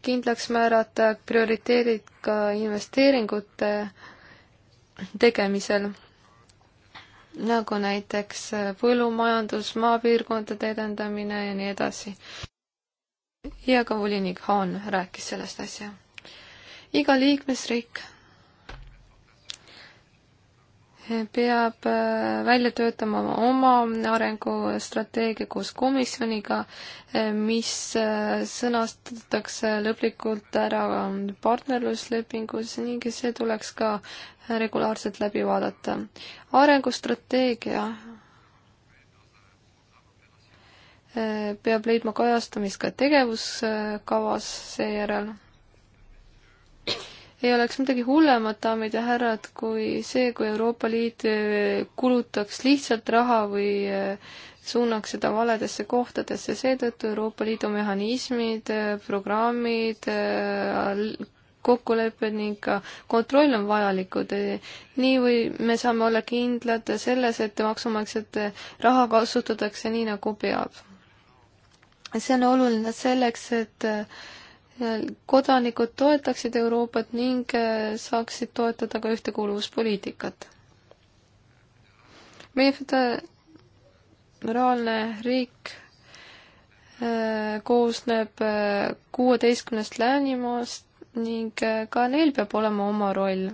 kindlaks määrata prioriteedid ka investeeringute tegemisel, nagu näiteks põllumajandus, maapiirkondade edendamine ja nii edasi. ja ka volinik Haan rääkis sellest asja. iga liikmesriik peab äh, välja töötama oma arengustrateegia koos komisjoniga, äh, mis äh, sõnastatakse lõplikult ära partnerluslepingus ning see tuleks ka regulaarselt läbi vaadata. arengustrateegia peab leidma kajastamist ka tegevuskavas seejärel ei oleks midagi hullemat, daamid ja härrad, kui see, kui Euroopa Liit eh, kulutaks lihtsalt raha või eh, suunaks seda valedesse kohtadesse, seetõttu Euroopa Liidu mehhanismid, eh, programmid, kokkulepped ning ka kontroll on vajalikud. nii või me saame olla kindlad selles, et maksumaksjate raha kasutatakse nii, nagu peab. see on oluline selleks, et äh, kodanikud toetaksid Euroopat ning äh, saaksid toetada ka ühtekuuluvuspoliitikat. meie föderaalne riik äh, koosneb äh, kuueteistkümnest läänimaast ning ka neil peab olema oma roll.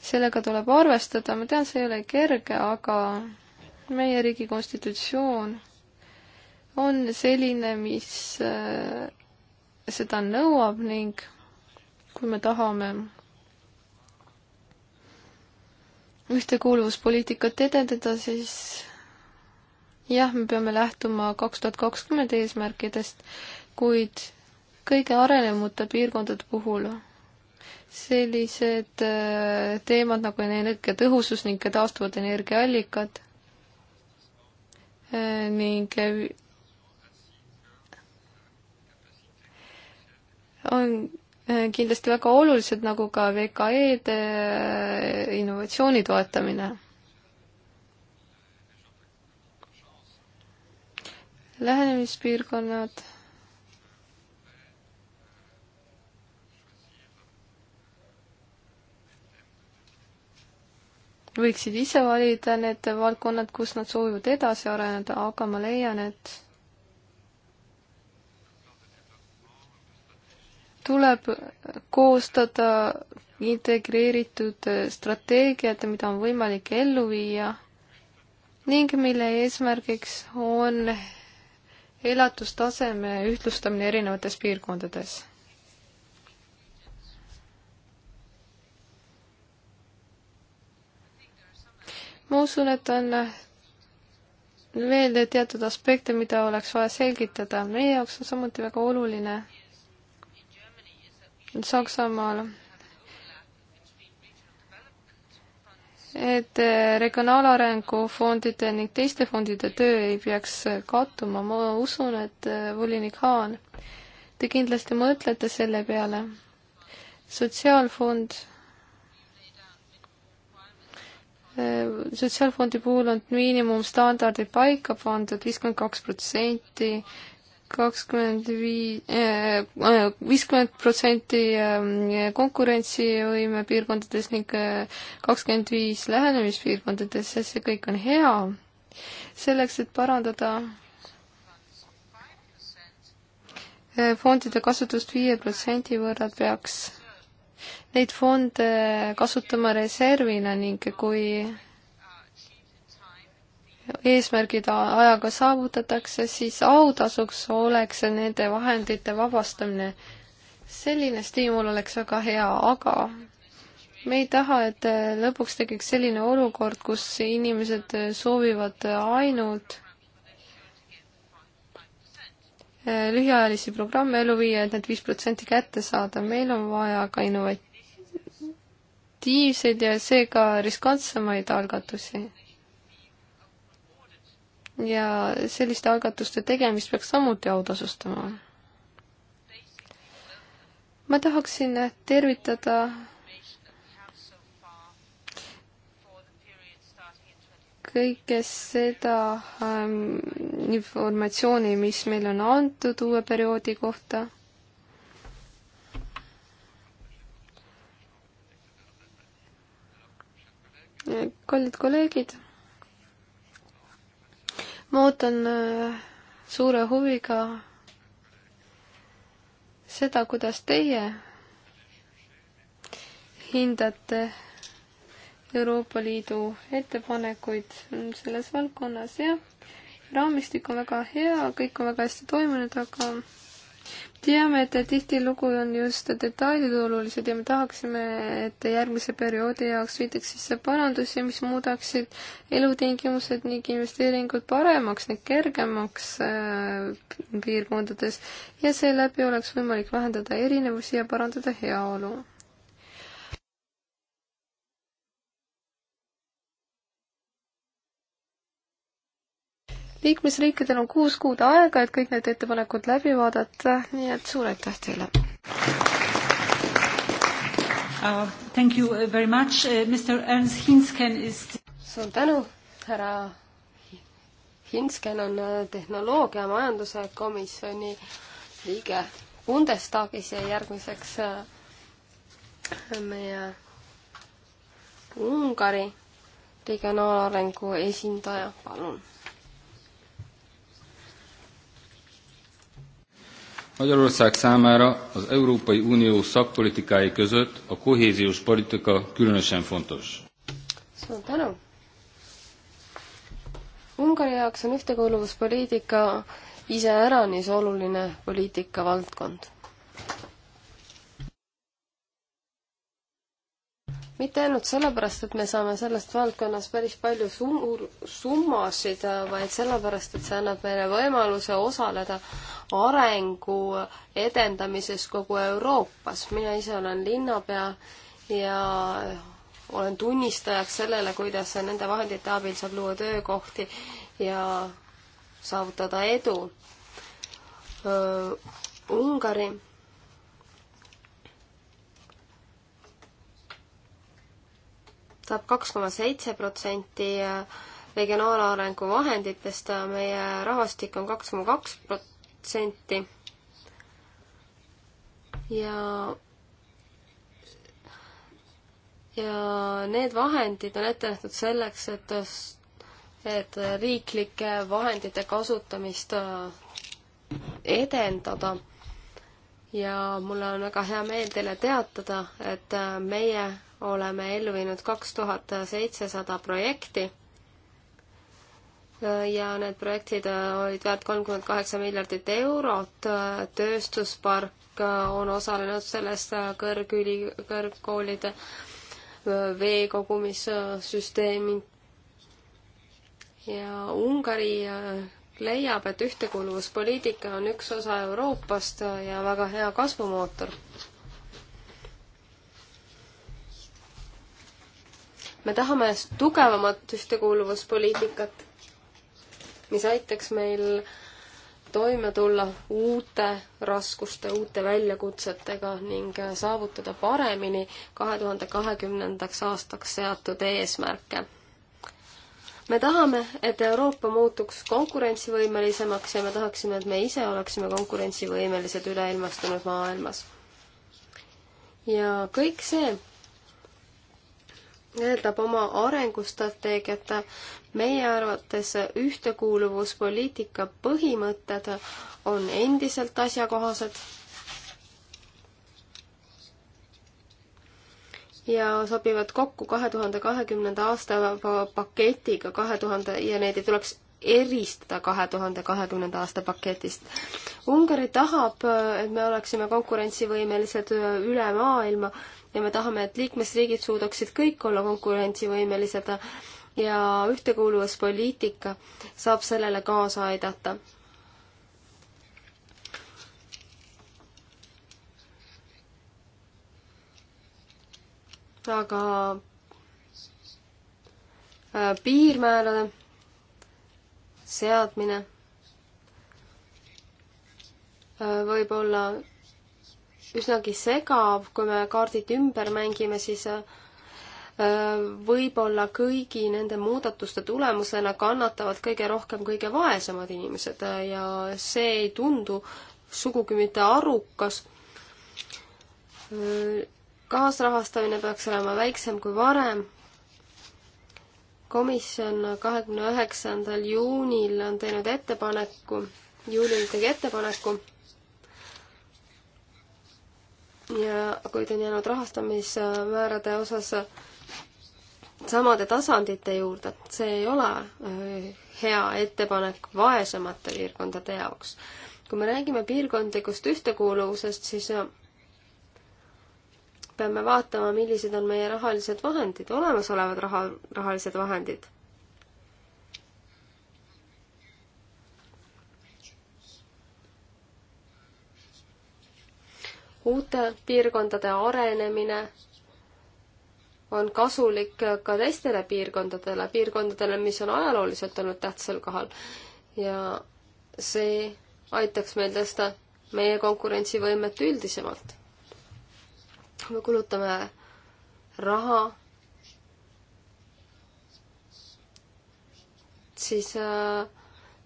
sellega tuleb arvestada, ma tean, see ei ole kerge, aga meie riigi konstitutsioon on selline, mis seda nõuab ning kui me tahame ühtekuuluvuspoliitikat edendada, siis jah, me peame lähtuma kaks tuhat kakskümmend eesmärkidest, kuid kõige arenenumate piirkondade puhul sellised äh, teemad nagu energiatõhusus ning taastuvad energiaallikad äh, ning on äh, kindlasti väga olulised, nagu ka VKE-de äh, innovatsiooni toetamine. lähenemispiirkonnad võiksid ise valida need valdkonnad, kus nad soovivad edasi areneda, aga ma leian, et tuleb koostada integreeritud strateegiad, mida on võimalik ellu viia ning mille eesmärgiks on elatustaseme ühtlustamine erinevates piirkondades. ma usun, et on veel teatud aspekte, mida oleks vaja selgitada. meie jaoks on samuti väga oluline Saksamaal et regionaalarengu fondide ning teiste fondide töö ei peaks kattuma, ma usun, et äh, volinik Haan, te kindlasti mõtlete selle peale. sotsiaalfond, äh, sotsiaalfondi puhul on miinimumstandardid paika pandud, viiskümmend kaks protsenti kakskümmend viis, äh, äh, viiskümmend protsenti ähm, konkurentsivõime piirkondades ning äh, kakskümmend viis lähenemispiirkondades, see kõik on hea. selleks, et parandada fondide kasutust viie protsendi võrra, peaks neid fonde kasutama reservina ning kui eesmärgid ajaga saavutatakse, siis autasuks oleks nende vahendite vabastamine. selline stiimul oleks väga hea, aga me ei taha, et äh, lõpuks tekiks selline olukord, kus inimesed äh, soovivad ainult äh, lühiajalisi programme ellu viia, et need viis protsenti kätte saada, meil on vaja ka innovatiivseid ja seega riskantsemaid algatusi ja selliste algatuste tegemist peaks samuti autasustama. ma tahaksin tervitada kõike seda ähm, informatsiooni, mis meile on antud uue perioodi kohta. kallid kolleegid ma ootan äh, suure huviga seda, kuidas teie hindate Euroopa Liidu ettepanekuid selles valdkonnas, jah. raamistik on väga hea, kõik on väga hästi toimunud, aga teame, et tihtilugu on just detailid olulised ja me tahaksime, et järgmise perioodi jaoks viidaks sisse parandusi, mis muudaksid elutingimused ning investeeringud paremaks ning kergemaks äh, piirkondades ja seeläbi oleks võimalik vähendada erinevusi ja parandada heaolu liikmesriikidel on kuus kuud aega, et kõik need ettepanekud läbi vaadata, nii et suur aitäh teile! Uh, thank you uh, very much uh,, Mr Ernst Hinsken is suur tänu, härra Hinsken on uh, tehnoloogia majanduse komisjoni liige Bundestagis ja järgmiseks uh, meie Ungari regionaalarengu esindaja, palun Magyarország számára az Európai Unió szakpolitikái között a kohéziós politika különösen fontos. suur tänu! Ungari jaoks on ühtekuuluvuspoliitika iseäranis oluline poliitikavaldkond mitte ainult sellepärast, et me saame sellest valdkonnas päris palju suur, summasid, vaid sellepärast, et see annab meile võimaluse osaleda arengu edendamises kogu Euroopas. mina ise olen linnapea ja olen tunnistajaks sellele, kuidas nende vahendite abil saab luua töökohti ja saavutada edu. Ungari saab kaks koma seitse protsenti regionaalarengu vahenditest, meie rahvastik on kaks koma kaks protsenti. ja ja need vahendid on ette nähtud selleks, et et riiklike vahendite kasutamist edendada ja mul on väga hea meel teile teatada, et meie oleme ellu viinud kaks tuhat seitsesada projekti ja need projektid olid väärt kolmkümmend kaheksa miljardit eurot, tööstuspark on osalenud sellest, kõrgüli, kõrgkoolide veekogumissüsteemid ja Ungari leiab, et ühtekuuluvuspoliitika on üks osa Euroopast ja väga hea kasvumootor. me tahame tugevamat ühtekuuluvuspoliitikat, mis aitaks meil toime tulla uute raskuste, uute väljakutsetega ning saavutada paremini kahe tuhande kahekümnendaks aastaks seatud eesmärke. me tahame, et Euroopa muutuks konkurentsivõimelisemaks ja me tahaksime, et me ise oleksime konkurentsivõimelised üleilmastunud maailmas. ja kõik see eeldab oma arengustrateegiat. meie arvates ühtekuuluvuspoliitika põhimõtted on endiselt asjakohased. ja sobivad kokku kahe tuhande kahekümnenda aasta paketiga kahe tuhande ja neid ei tuleks eristada kahe tuhande kahekümnenda aasta paketist. Ungari tahab, et me oleksime konkurentsivõimelised üle maailma ja me tahame, et liikmesriigid suudaksid kõik olla konkurentsivõimelised ja ühtekuuluvuspoliitika saab sellele kaasa aidata. aga äh, piirmäärade seadmine äh, võib olla üsnagi segav, kui me kaardid ümber mängime, siis äh, võib-olla kõigi nende muudatuste tulemusena kannatavad kõige rohkem kõige vaesemad inimesed äh, ja see ei tundu sugugi mitte arukas. Äh, kaasrahastamine peaks olema väiksem kui varem. komisjon kahekümne üheksandal juunil on teinud ettepaneku, juulil tegi ettepaneku ja kuid on jäänud rahastamismäärade osas samade tasandite juurde, et see ei ole äh, hea ettepanek vaesemate piirkondade jaoks. kui me räägime piirkondlikust ühtekuuluvusest, siis äh, peame vaatama, millised on meie rahalised vahendid, olemasolevad raha, rahalised vahendid. uute piirkondade arenemine on kasulik ka teistele piirkondadele, piirkondadele, mis on ajalooliselt olnud tähtsal kohal. ja see aitaks meil tõsta meie konkurentsivõimet üldisemalt. me kulutame raha, siis äh,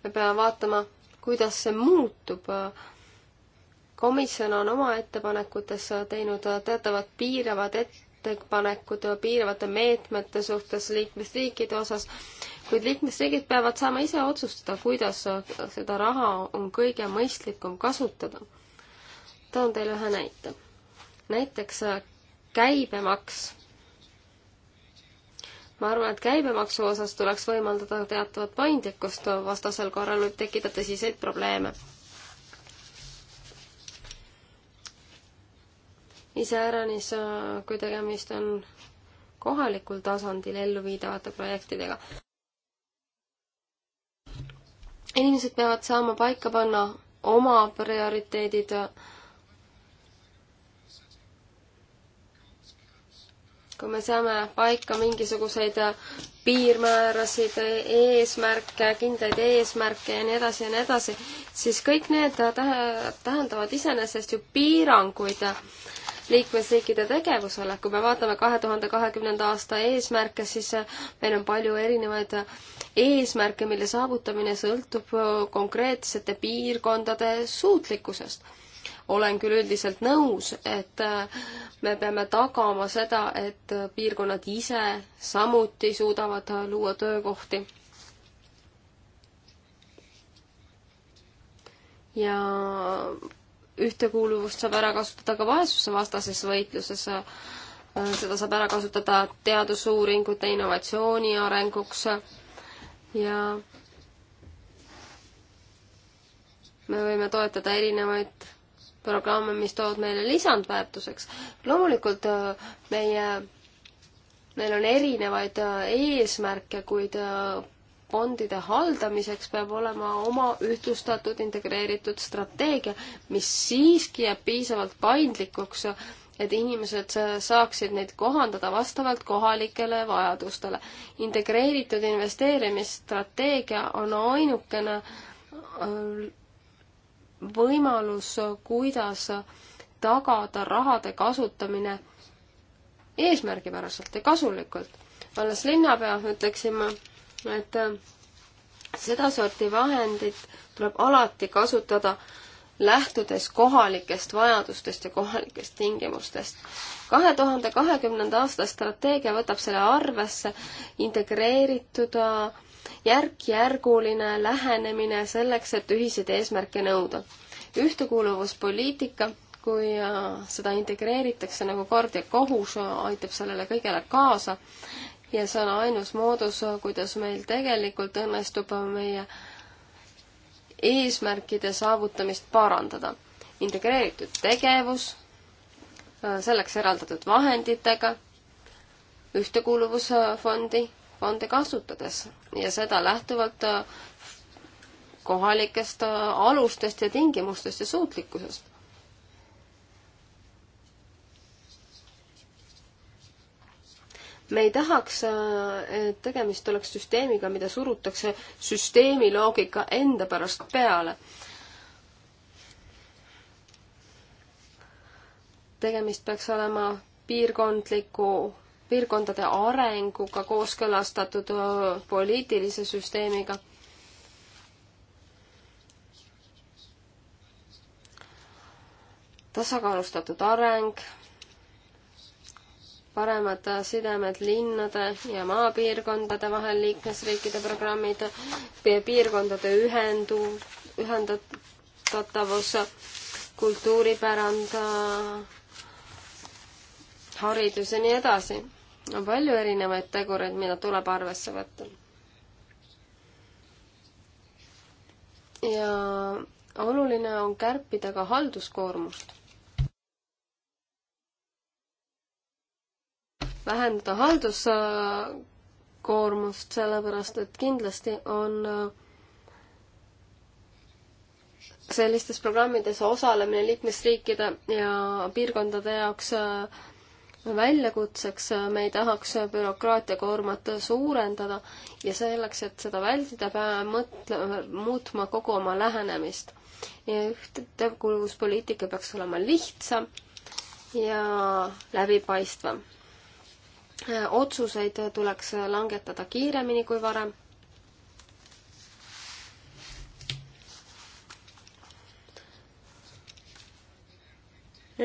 me peame vaatama, kuidas see muutub äh, komisjon on oma ettepanekutes teinud teatavad piiravad ettepanekud piiravate meetmete suhtes liikmesriikide osas, kuid liikmesriigid peavad saama ise otsustada, kuidas seda raha on kõige mõistlikum kasutada. toon teile ühe näite. näiteks käibemaks. ma arvan, et käibemaksu osas tuleks võimaldada teatavat paindlikkust, vastasel korral võib tekkida tõsiseid probleeme iseäranis, äh, kui tegemist on kohalikul tasandil elluviidavate projektidega. inimesed peavad saama paika panna oma prioriteedid kui me saame paika mingisuguseid piirmäärasid, eesmärke, kindlaid eesmärke ja nii edasi ja nii edasi, siis kõik need tähendavad iseenesest ju piiranguid liikmesriikide tegevusele. kui me vaatame kahe tuhande kahekümnenda aasta eesmärke, siis meil on palju erinevaid eesmärke, mille saavutamine sõltub konkreetsete piirkondade suutlikkusest. olen küll üldiselt nõus, et me peame tagama seda, et piirkonnad ise samuti suudavad luua töökohti ja ühtekuuluvust saab ära kasutada ka vaesusevastases võitluses, seda saab ära kasutada teadusuuringute, innovatsiooni arenguks ja me võime toetada erinevaid programme, mis toovad meile lisandväärtuseks. loomulikult äh, meie, meil on erinevaid äh, eesmärke, kuid äh, fondide haldamiseks peab olema oma ühtlustatud integreeritud strateegia, mis siiski jääb piisavalt paindlikuks, et inimesed saaksid neid kohandada vastavalt kohalikele vajadustele. integreeritud investeerimisstrateegia on ainukene äh, võimalus, kuidas tagada rahade kasutamine eesmärgipäraselt ja kasulikult. olles linnapea, ütleksin ma, et äh, sedasorti vahendit tuleb alati kasutada lähtudes kohalikest vajadustest ja kohalikest tingimustest. kahe tuhande kahekümnenda aasta strateegia võtab selle arvesse integreeritud äh, järk-järguline lähenemine selleks, et ühiseid eesmärke nõuda. ühtekuuluvuspoliitika, kui äh, seda integreeritakse nagu kord ja kohus, aitab sellele kõigele kaasa ja see on ainus moodus, kuidas meil tegelikult õnnestub meie eesmärkide saavutamist parandada. integreeritud tegevus, selleks eraldatud vahenditega, ühtekuuluvusfondi, fonde kasutades ja seda lähtuvalt kohalikest alustest ja tingimustest ja suutlikkusest. me ei tahaks, äh, et tegemist oleks süsteemiga, mida surutakse süsteemi loogika enda pärast peale. tegemist peaks olema piirkondliku, piirkondade arenguga kooskõlastatud äh, poliitilise süsteemiga tasakaalustatud areng, paremad sidemed linnade ja maapiirkondade vahel, liikmesriikide programmid, piirkondade ühendu, ühendatavus, kultuuripärand, haridus ja nii edasi. on palju erinevaid tegureid, mida tuleb arvesse võtta. ja oluline on kärpida ka halduskoormust vähendada halduskoormust, sellepärast et kindlasti on äh, sellistes programmides osalemine liikmesriikide ja piirkondade jaoks äh, väljakutseks, me ei tahaks bürokraatiakoormat suurendada ja selleks, et seda vältida, peame mõtlema, muutma kogu oma lähenemist. ja ühtekuuluvuspoliitika peaks olema lihtsam ja läbipaistvam otsuseid tuleks langetada kiiremini kui varem.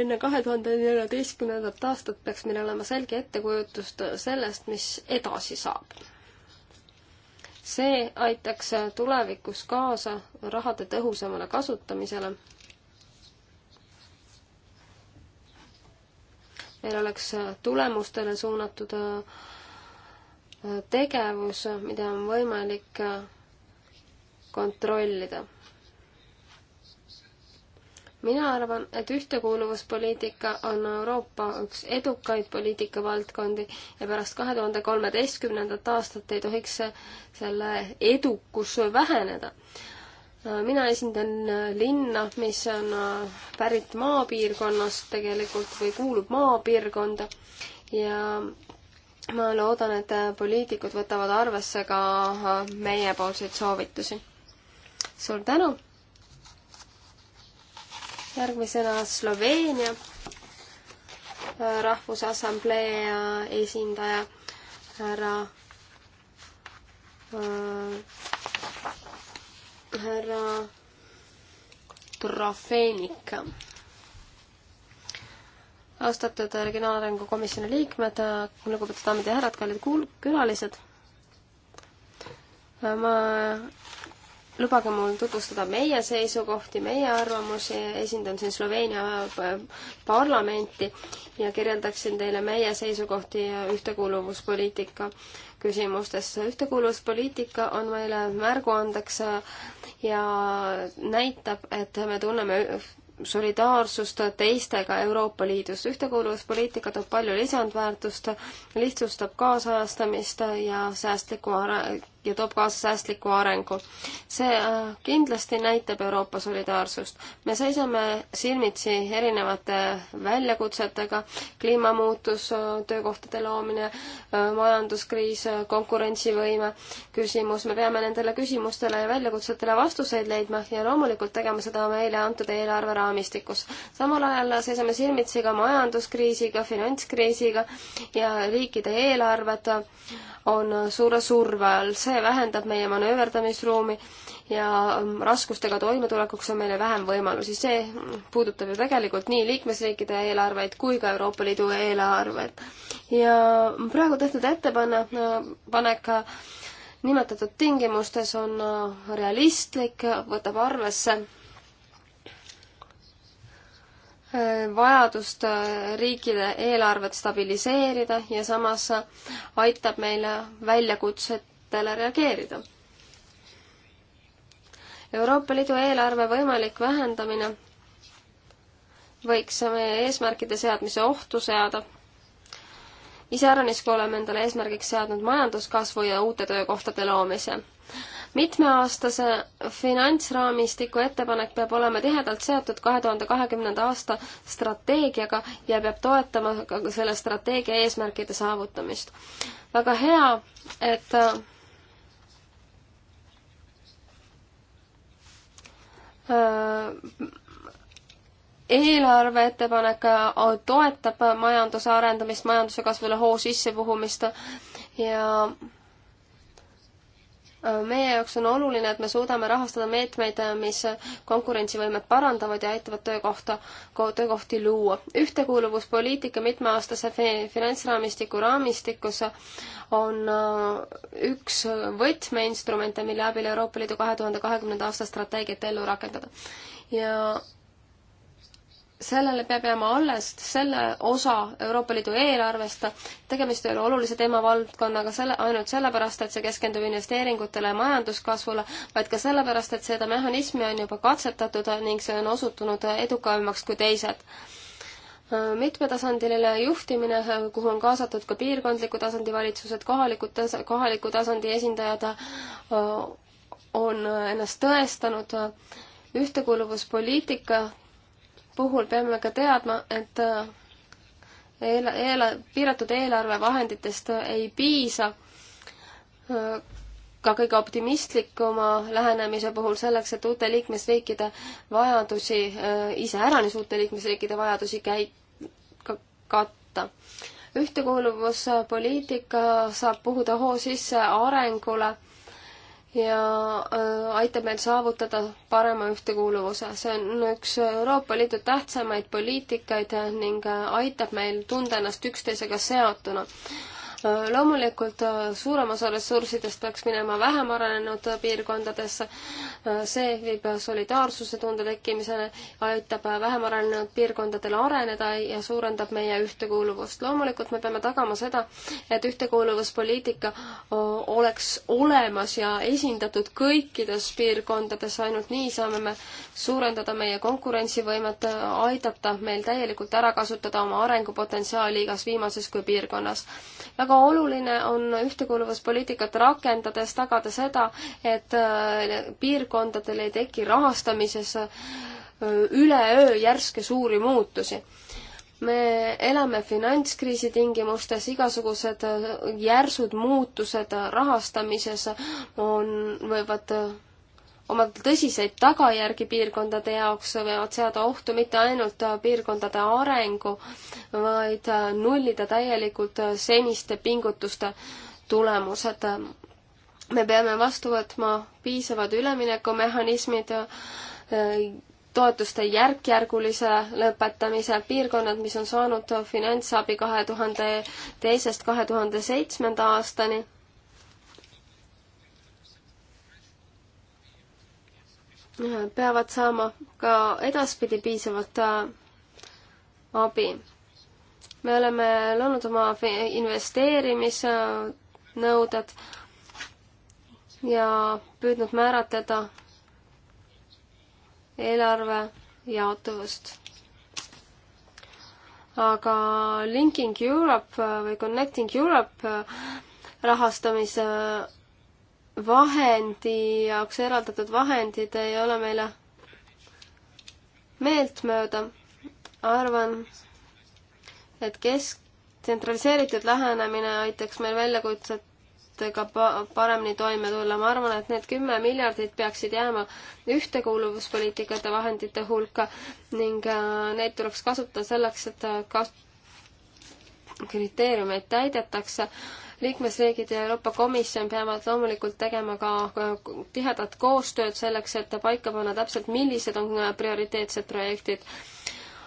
enne kahe tuhande neljateistkümnendat aastat peaks meil olema selge ettekujutus sellest, mis edasi saab. see aitaks tulevikus kaasa rahade tõhusamale kasutamisele meil oleks äh, tulemustele suunatud äh, tegevus, äh, mida on võimalik kontrollida. mina arvan, et ühtekuuluvuspoliitika on Euroopa üks edukaid poliitikavaldkondi ja pärast kahe tuhande kolmeteistkümnendat aastat ei tohiks selle edukus väheneda Äh, mina esindan äh, linna, mis on äh, pärit maapiirkonnast tegelikult või kuulub maapiirkonda ja ma loodan, et poliitikud võtavad arvesse ka meiepoolseid soovitusi. suur tänu! järgmisena Sloveenia Rahvusassamblee esindaja härra härra Trofeenik. austatud Regionaalarengu Komisjoni liikmed, lugupeetud daamid ja härrad, kallid kuul-, külalised. ma, lubage mul tutvustada meie seisukohti, meie arvamusi, esindan siin Sloveenia parlamenti ja kirjeldaksin teile meie seisukohti ühtekuuluvuspoliitika küsimustesse. ühtekuuluvuspoliitika on meile märguandeks ja näitab, et me tunneme solidaarsust teistega Euroopa Liidus. ühtekuuluvuspoliitika toob palju lisandväärtust, lihtsustab kaasajastamist ja säästlikku ja toob kaasa säästliku arengu. see äh, kindlasti näitab Euroopa solidaarsust. me seisame silmitsi erinevate väljakutsetega, kliimamuutus, äh, töökohtade loomine, äh, majanduskriis, konkurentsivõime küsimus, me peame nendele küsimustele ja väljakutsetele vastuseid leidma ja loomulikult tegema seda meile antud eelarve raamistikus. samal ajal seisame silmitsi ka majanduskriisiga, finantskriisiga ja riikide eelarved on suure surve all, see vähendab meie manööverdamisruumi ja um, raskustega toimetulekuks on meile vähem võimalusi, see puudutab ju tegelikult nii liikmesriikide eelarveid kui ka Euroopa Liidu eelarved. ja praegu tehtud ettepanek nimetatud tingimustes on uh, realistlik, võtab arvesse vajadust äh, riikide eelarvet stabiliseerida ja samas äh, aitab meile väljakutsetele reageerida. Euroopa Liidu eelarve võimalik vähendamine võiks meie eesmärkide seadmise ohtu seada. iseäranis, kui oleme endale eesmärgiks seadnud majanduskasvu ja uute töökohtade loomise mitmeaastase finantsraamistiku ettepanek peab olema tihedalt seotud kahe tuhande kahekümnenda aasta strateegiaga ja peab toetama ka selle strateegia eesmärkide saavutamist. väga hea, et äh, eelarve ettepanek äh, toetab majanduse arendamist, majanduse kasvule hoo sissepuhumist ja äh, meie jaoks on oluline, et me suudame rahastada meetmeid, mis konkurentsivõimet parandavad ja aitavad töökohta, töökohti luua. ühtekuuluvuspoliitika mitmeaastase finantsraamistiku raamistikus on äh, üks võtmeinstrumente, mille abil Euroopa Liidu kahe tuhande kahekümnenda aasta strateegiat ellu rakendada. ja sellele peab jääma alles selle osa Euroopa Liidu eelarvest. tegemist ei ole olulise teemavaldkonnaga selle, ainult sellepärast, et see keskendub investeeringutele ja majanduskasvule, vaid ka sellepärast, et seda mehhanismi on juba katsetatud ning see on osutunud edukamaks kui teised mitmetasandiline juhtimine, kuhu on kaasatud ka piirkondliku tasandi valitsused, kohalikud tas-, kohaliku tasandi esindajad, on ennast tõestanud ühtekuuluvuspoliitika puhul peame ka teadma, et eel-, äh, eel-, piiratud eelarvevahenditest äh, ei piisa äh, ka kõige optimistlikuma lähenemise puhul selleks, et uute liikmesriikide vajadusi, iseäranis uute liikmesriikide vajadusi käi-, ka-, katta. ühtekuuluvuspoliitika saab puhuda hoo sisse arengule ja äh, aitab meil saavutada parema ühtekuuluvuse. see on üks Euroopa Liidu tähtsamaid poliitikaid ning äh, aitab meil tunda ennast üksteisega seotuna. Äh, loomulikult äh, suurem osa ressurssidest peaks minema vähem arenenud piirkondadesse. Äh, see viib solidaarsuse tunde tekkimisele, aitab vähem arenenud piirkondadel areneda ja suurendab meie ühtekuuluvust. loomulikult me peame tagama seda, et ühtekuuluvuspoliitika oleks olemas ja esindatud kõikides piirkondades, ainult nii saame me suurendada meie konkurentsivõimet, aidata meil täielikult ära kasutada oma arengupotentsiaali igas viimases kui piirkonnas. väga väga oluline on ühtekuuluvuspoliitikat rakendades tagada seda, et äh, piirkondadel ei teki rahastamises äh, üleöö järske suuri muutusi me elame finantskriisi tingimustes, igasugused äh, järsud muutused rahastamises on, võivad oma tõsiseid tagajärgi piirkondade jaoks, võivad seada ohtu mitte ainult piirkondade arengu, vaid nullida täielikult seniste pingutuste tulemused. me peame vastu võtma piisavad üleminekumehhanismid, toetuste järkjärgulise lõpetamise, piirkonnad, mis on saanud finantsabi kahe tuhande teisest kahe tuhande seitsmenda aastani peavad saama ka edaspidi piisavalt äh, abi. me oleme loonud oma investeerimisnõuded ja püüdnud määratleda eelarve jaotuvust. aga Linking Europe äh, või Connecting Europe äh, rahastamise vahendi jaoks eraldatud vahendid ei ole meile meeltmööda. arvan, et kesk, tsentraliseeritud lähenemine aitaks meil väljakutsetega paremini toime tulla. ma arvan, et need kümme miljardit peaksid jääma ühtekuuluvuspoliitikate vahendite hulka ning äh, neid tuleks kasutada selleks, et äh, kas kriteeriumeid täidetakse liikmesriigid ja Euroopa Komisjon peavad loomulikult tegema ka tihedat koostööd selleks, et paika panna täpselt, millised on prioriteetsed projektid.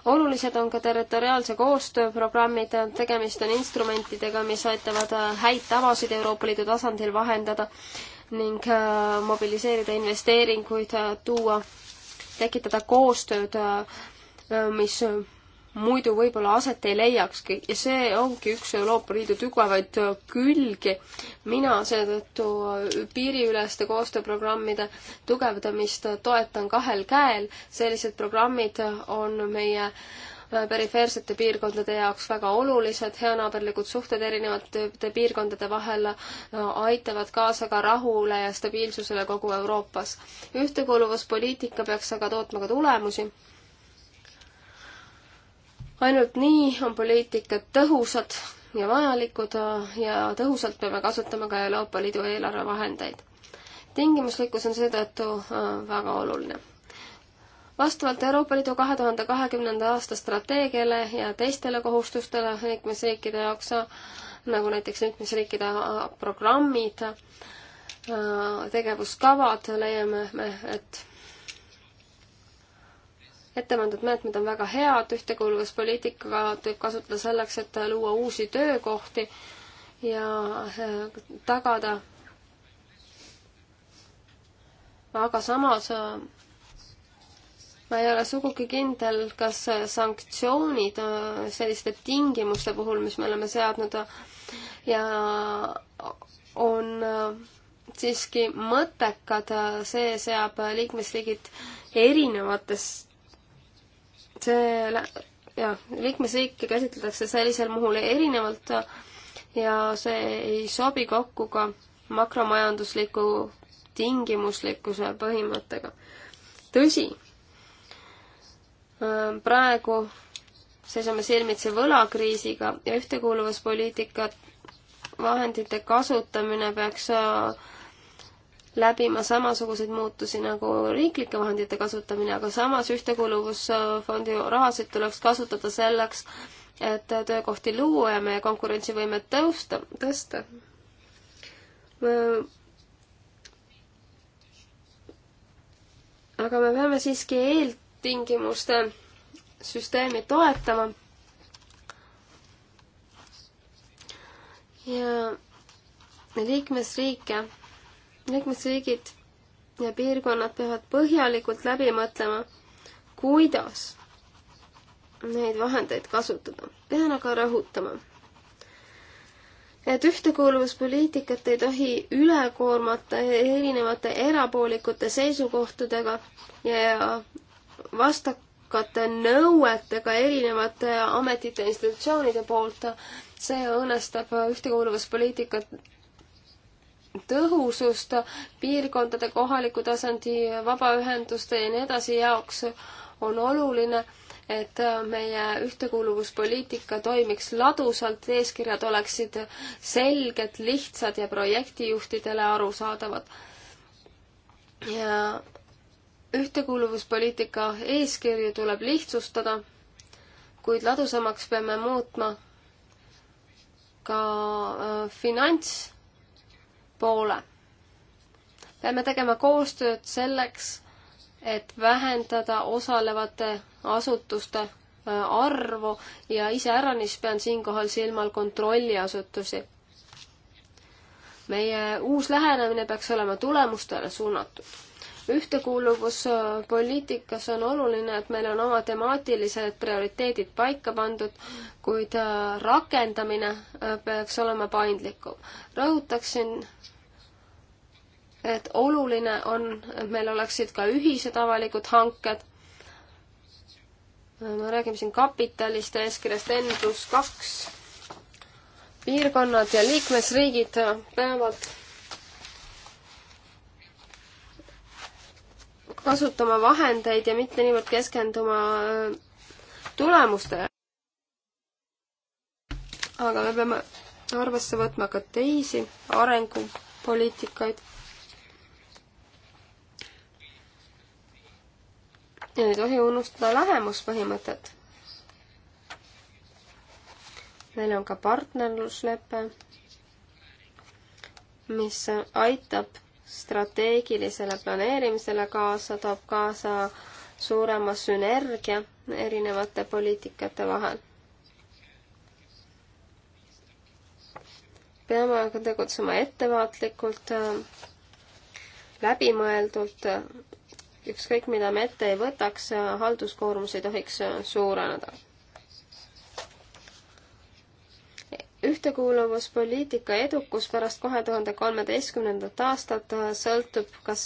olulised on ka territoriaalse koostöö programmid, tegemist on instrumentidega, mis aitavad häid tavasid Euroopa Liidu tasandil vahendada ning äh, mobiliseerida investeeringuid, äh, tuua, tekitada koostööd, äh, mis muidu võib-olla aset ei leiakski ja see ongi üks Euroopa Liidu tugevaid külgi. mina seetõttu piiriüleste koostööprogrammide tugevdamist toetan kahel käel, sellised programmid on meie perifeersete piirkondade jaoks väga olulised, heanaaberlikud suhted erinevate piirkondade vahel aitavad kaasa ka rahule ja stabiilsusele kogu Euroopas. ühtekuuluvuspoliitika peaks aga tootma ka tulemusi ainult nii on poliitikad tõhusad ja vajalikud äh, ja tõhusalt peame kasutama ka Euroopa Liidu eelarvevahendeid. tingimuslikkus on seetõttu äh, väga oluline vastavalt Euroopa Liidu kahe tuhande kahekümnenda aasta strateegiale ja teistele kohustustele liikmesriikide jaoks, äh, nagu näiteks liikmesriikide programmid, tegevuskavad, leiame me, et ette pandud meetmed on väga head, ühtekuuluvuspoliitika tuleb kasutada selleks, et luua uusi töökohti ja äh, tagada. aga samas äh, ma ei ole sugugi kindel, kas sanktsioonid äh, selliste tingimuste puhul, mis me oleme seadnud ja on siiski mõttekad, see seab liikmesriigid erinevatest see jah, liikmesriike käsitletakse sellisel muhul erinevalt ja see ei sobi kokku ka makromajandusliku tingimuslikkuse põhimõttega. tõsi, äh, praegu seisame silmitsi võlakriisiga ja ühtekuuluvuspoliitika vahendite kasutamine peaks äh, läbima samasuguseid muutusi nagu riiklike vahendite kasutamine, aga samas ühtekuuluvusfondi rahasid tuleks kasutada selleks, et töökohti luua ja meie konkurentsivõimet tõusta, tõsta. aga me peame siiski eeltingimuste süsteemi toetama. ja liikmesriike liikmesriigid ja piirkonnad peavad põhjalikult läbi mõtlema, kuidas neid vahendeid kasutada. pean aga rõhutama, et ühtekuuluvuspoliitikat ei tohi üle koormata erinevate erapoolikute seisukohtadega ja vastakate nõuetega erinevate ametite ja institutsioonide poolt. see õõnestab ühtekuuluvuspoliitikat tõhusust piirkondade, kohaliku tasandi, vabaühenduste ja nii edasi jaoks on oluline, et meie ühtekuuluvuspoliitika toimiks ladusalt, eeskirjad oleksid selged, lihtsad ja projektijuhtidele arusaadavad. ja ühtekuuluvuspoliitika eeskirju tuleb lihtsustada, kuid ladusamaks peame muutma ka äh, finants poole. peame tegema koostööd selleks, et vähendada osalevate asutuste äh, arvu ja iseäranis pean siinkohal silmal kontrolliasutusi. meie uus lähenemine peaks olema tulemustele suunatud ühtekuuluvuspoliitikas on oluline, et meil on oma temaatilised prioriteedid paika pandud, kuid äh, rakendamine äh, peaks olema paindlikum. rõhutaksin, et oluline on, et meil oleksid ka ühised avalikud hanked. Äh, me räägime siin kapitalist, eeskirjast N pluss kaks. piirkonnad ja liikmesriigid peavad kasutama vahendeid ja mitte niivõrd keskenduma äh, tulemustele. aga me peame arvesse võtma ka teisi arengupoliitikaid. ja ei tohi unustada lähemuspõhimõtet. meil on ka partnerluslepe, mis aitab strateegilisele planeerimisele kaasa, toob kaasa suurema sünergia erinevate poliitikate vahel. peame aga tegutsema ettevaatlikult, läbimõeldult, ükskõik mida me ette ei võtaks, halduskoormus ei tohiks suureneda ühtekuuluvuspoliitika edukus pärast kahe tuhande kolmeteistkümnendat aastat sõltub kas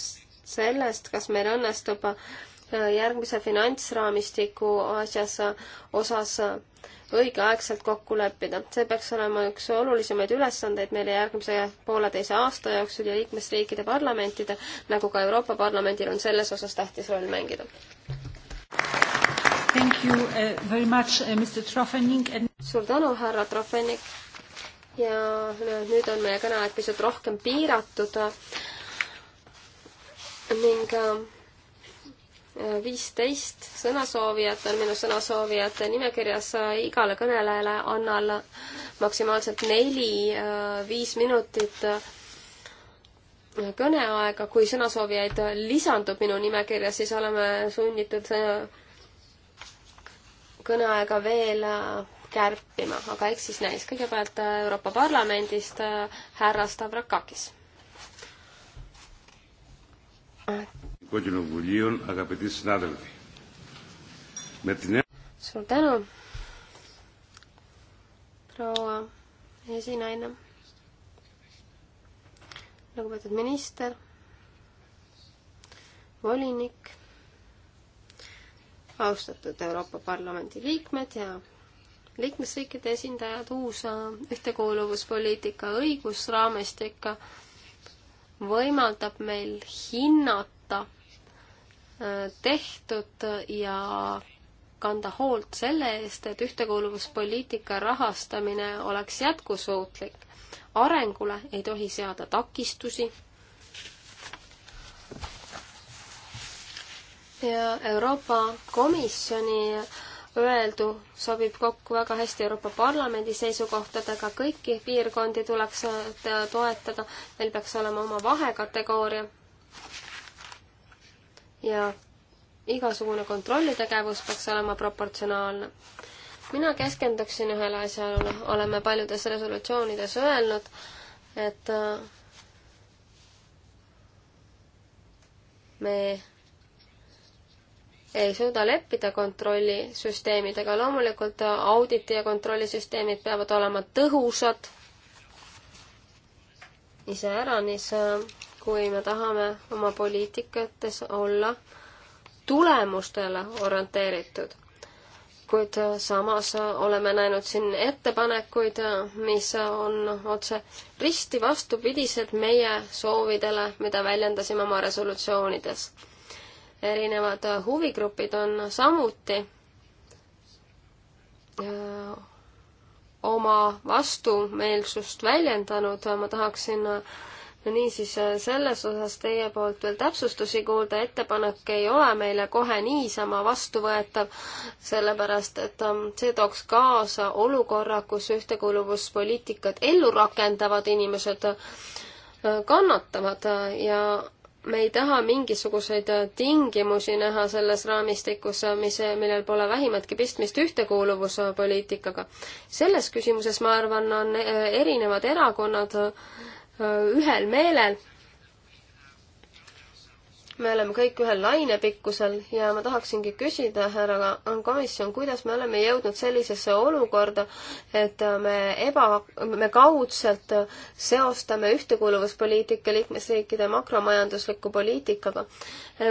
sellest, kas meil õnnestub äh, järgmise finantsraamistiku asjas, osas äh, õigeaegselt kokku leppida. see peaks olema üks olulisemaid ülesandeid meile järgmise pooleteise aasta jooksul ja liikmesriikide parlamentide, nagu ka Euroopa Parlamendil on selles osas tähtis roll mängida. Thank you uh, very much, uh, Mr Trofening and.... suur tänu, härra Trofening. ja äh, nüüd on meie kõneaeg pisut rohkem piiratud. ning äh, äh, viisteist sõnasoovijat on minu sõnasoovijate nimekirjas. igale kõnelejale annan maksimaalselt neli, viis minutit kõneaega. kui sõnasoovijaid lisandub minu nimekirja, siis oleme sunnitud kõneaega veel äh, kärpima, aga eks siis näis. kõigepealt äh, Euroopa Parlamendist äh, härra Stavrakakis. suur tänu, proua esinaine, lugupeetud minister, volinik austatud Euroopa Parlamendi liikmed ja liikmesriikide esindajad, uus äh, ühtekuuluvuspoliitika õigusraamistik äh, võimaldab meil hinnata äh, tehtud ja kanda hoolt selle eest, et ühtekuuluvuspoliitika rahastamine oleks jätkusuutlik. arengule ei tohi seada takistusi ja Euroopa Komisjoni öeldu sobib kokku väga hästi Euroopa Parlamendi seisukohtadega, kõiki piirkondi tuleks toetada, neil peaks olema oma vahekategooria. ja igasugune kontrollitegevus peaks olema proportsionaalne. mina keskenduksin ühele asjaolule, oleme paljudes resolutsioonides öelnud, et äh, me ei suuda leppida kontrollisüsteemidega. loomulikult auditi ja kontrollisüsteemid peavad olema tõhusad iseäranis, kui me tahame oma poliitikates olla tulemustele orienteeritud. kuid samas oleme näinud siin ettepanekuid, mis on otse risti vastupidised meie soovidele, mida väljendasime oma resolutsioonides erinevad huvigrupid on samuti äh, oma vastumeelsust väljendanud, ma tahaksin äh, niisiis äh, selles osas teie poolt veel täpsustusi kuulda, ettepanek ei ole meile kohe niisama vastuvõetav, sellepärast et ähm, see tooks kaasa olukorra, kus ühtekuuluvuspoliitikat ellu rakendavad inimesed kannatavad ja me ei taha mingisuguseid äh, tingimusi näha selles raamistikus, äh, mis, äh, millel pole vähimatki pistmist ühtekuuluvuspoliitikaga. selles küsimuses, ma arvan, on erinevad erakonnad ühel meelel me oleme kõik ühel lainepikkusel ja ma tahaksingi küsida, härra komisjon, kuidas me oleme jõudnud sellisesse olukorda, et me eba, me kaudselt seostame ühtekuuluvuspoliitika liikmesriikide makromajandusliku poliitikaga.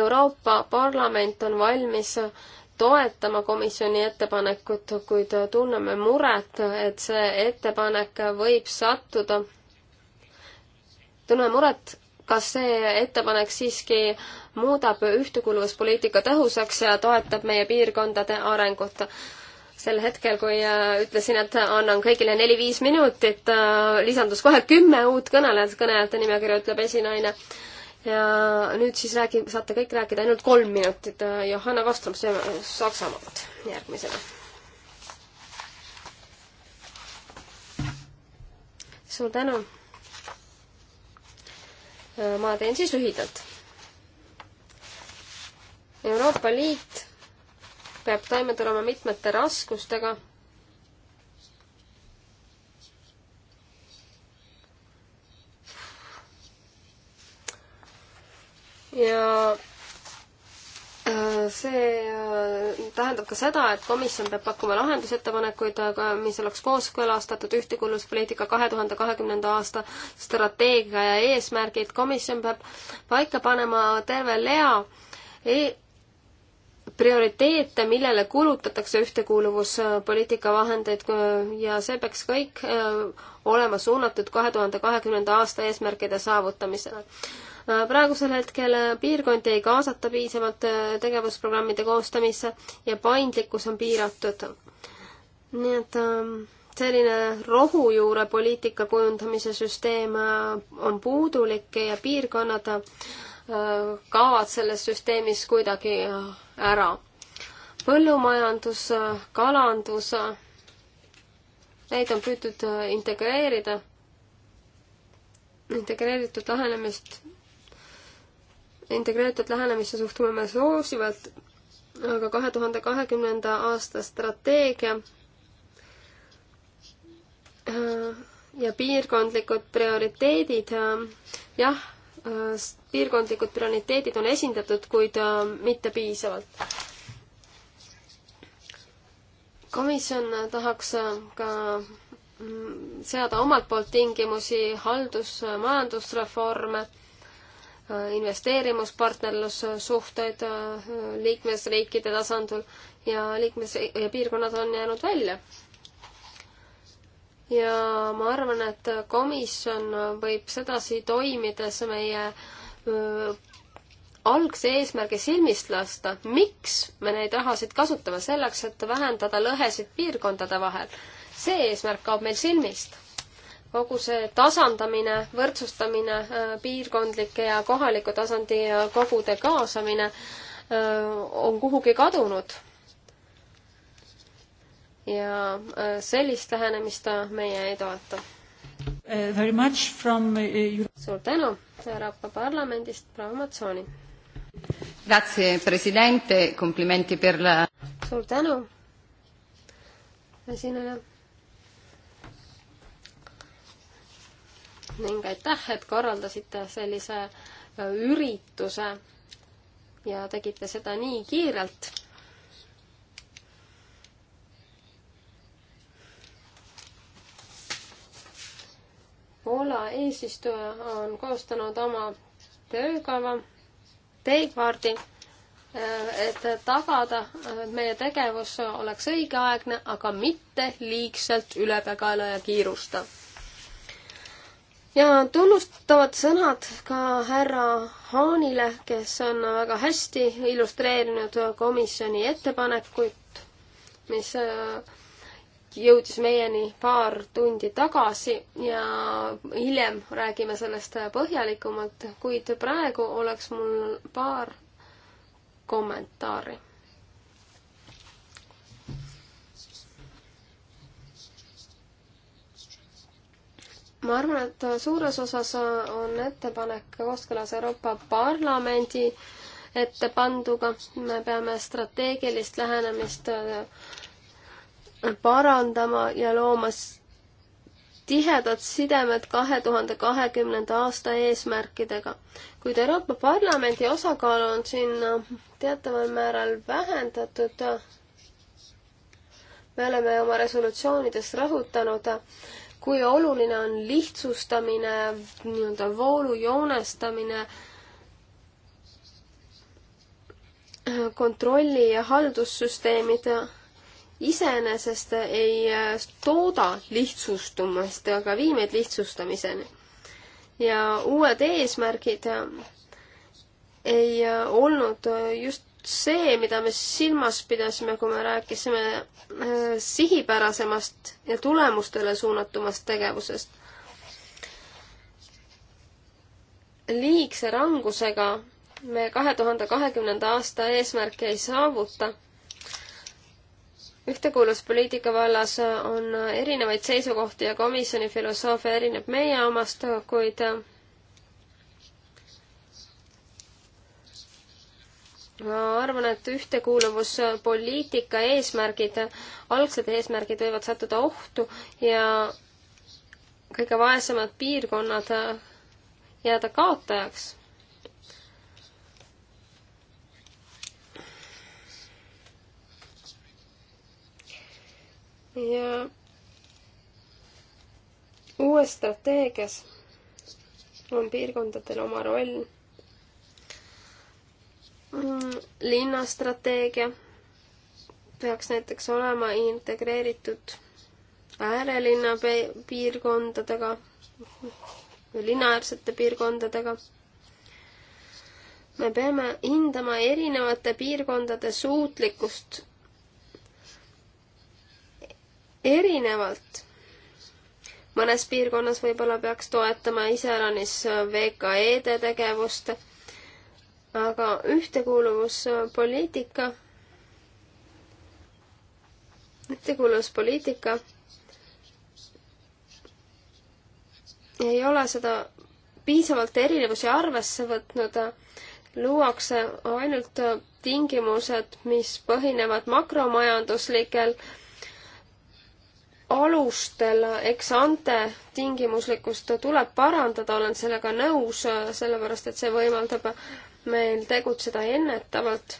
Euroopa Parlament on valmis toetama komisjoni ettepanekut, kuid tunneme muret, et see ettepanek võib sattuda tunneme muret, kas see ettepanek siiski muudab ühtekuuluvuspoliitika tõhusaks ja toetab meie piirkondade arengut? sel hetkel, kui äh, ütlesin, et annan kõigile neli-viis minutit, äh, lisandus kohe kümme uut kõnelejat, kõnelejate nimekirja ütleb esinaine. ja nüüd siis räägi, saate kõik rääkida ainult kolm minutit. Äh, Johanna Vastrom Saksamaalt järgmisena. suur tänu Äh, ma teen siis lühidalt. Euroopa Liit peab toime tulema mitmete raskustega. ja Äh, see äh, tähendab ka seda, et komisjon peab pakkuma lahendusettepanekuid, aga mis oleks kooskõlastatud ühtekuuluvuspoliitika kahe tuhande kahekümnenda aasta strateegia ja eesmärgid. komisjon peab paika panema terve lea e prioriteete, millele kulutatakse ühtekuuluvuspoliitika vahendeid ja see peaks kõik äh, olema suunatud kahe tuhande kahekümnenda aasta eesmärkide saavutamisele praegusel hetkel piirkondi ei kaasata piisavalt äh, tegevusprogrammide koostamisse ja paindlikkus on piiratud. nii et ähm, selline rohujuure poliitika kujundamise süsteem äh, on puudulik ja piirkonnad äh, kaovad selles süsteemis kuidagi ära. põllumajandus, kalandus, neid on püütud integreerida, integreeritud lähenemist integreeritud lähenemisse suhtume me soosivalt, aga kahe tuhande kahekümnenda aasta strateegia äh, ja piirkondlikud prioriteedid, äh, jah, äh, piirkondlikud prioriteedid on esindatud, kuid mitte piisavalt. komisjon tahaks ka mm, seada omalt poolt tingimusi haldus-, majandusreforme investeerimuspartnerlussuhteid äh, liikmesriikide tasandil ja liikmes- ja piirkonnad on jäänud välja. ja ma arvan, et komisjon võib sedasi toimides meie äh, algse eesmärgi silmist lasta, miks me neid rahasid kasutame, selleks, et vähendada lõhesid piirkondade vahel. see eesmärk kaob meil silmist kogu see tasandamine, võrdsustamine, äh, piirkondlike ja kohaliku tasandi äh, kogude kaasamine äh, on kuhugi kadunud. ja sellist lähenemist meie ei toeta. Eh, very much from eh, suur tänu Euroopa Parlamendist, proua Matsooni. Grazie presidente, complimenti per la suur tänu esineja ning aitäh, et korraldasite sellise äh, ürituse ja tegite seda nii kiirelt. Poola eesistuja on koostanud oma töökava, teekaardi, äh, et tagada, äh, et meie tegevus oleks õigeaegne, aga mitte liigselt ülepeakaela ja kiirustav ja tunnustavad sõnad ka härra Haanile, kes on väga hästi illustreerinud komisjoni ettepanekut, mis äh, jõudis meieni paar tundi tagasi ja hiljem räägime sellest põhjalikumalt, kuid praegu oleks mul paar kommentaari ma arvan, et suures osas on ettepanek kooskõlas Euroopa Parlamendi ette panduga, me peame strateegilist lähenemist äh, parandama ja looma tihedad sidemed kahe tuhande kahekümnenda aasta eesmärkidega. kuid Euroopa Parlamendi osakaal on siin äh, teataval määral vähendatud. me oleme oma resolutsioonides rõhutanud, äh, kui oluline on lihtsustamine, nii-öelda voolu joonestamine, kontrolli- ja haldussüsteemid iseenesest ei tooda lihtsustumist, aga vii meid lihtsustamiseni. ja uued eesmärgid ei olnud just see, mida me silmas pidasime, kui me rääkisime äh, sihipärasemast ja tulemustele suunatumast tegevusest. liigse rangusega me kahe tuhande kahekümnenda aasta eesmärke ei saavuta. ühtekuuluvuspoliitika vallas on erinevaid seisukohti ja komisjoni filosoofia erineb meie omast, kuid ma arvan, et ühtekuuluvuspoliitika eesmärgid, algsed eesmärgid võivad sattuda ohtu ja kõige vaesemad piirkonnad jääda kaotajaks. ja uues strateegias on piirkondadel oma roll Mm, linnastrateegia peaks näiteks olema integreeritud äärelinna piirkondadega, linnaäärsete piirkondadega. me peame hindama erinevate piirkondade suutlikkust erinevalt. mõnes piirkonnas võib-olla peaks toetama iseäranis VKE-de tegevust aga ühtekuuluvuspoliitika, ühtekuuluvuspoliitika ei ole seda piisavalt erinevusi arvesse võtnud, luuakse ainult tingimused, mis põhinevad makromajanduslikel alustel, eks ante tingimuslikkust tuleb parandada, olen sellega nõus, sellepärast et see võimaldab meil tegutseda ennetavalt.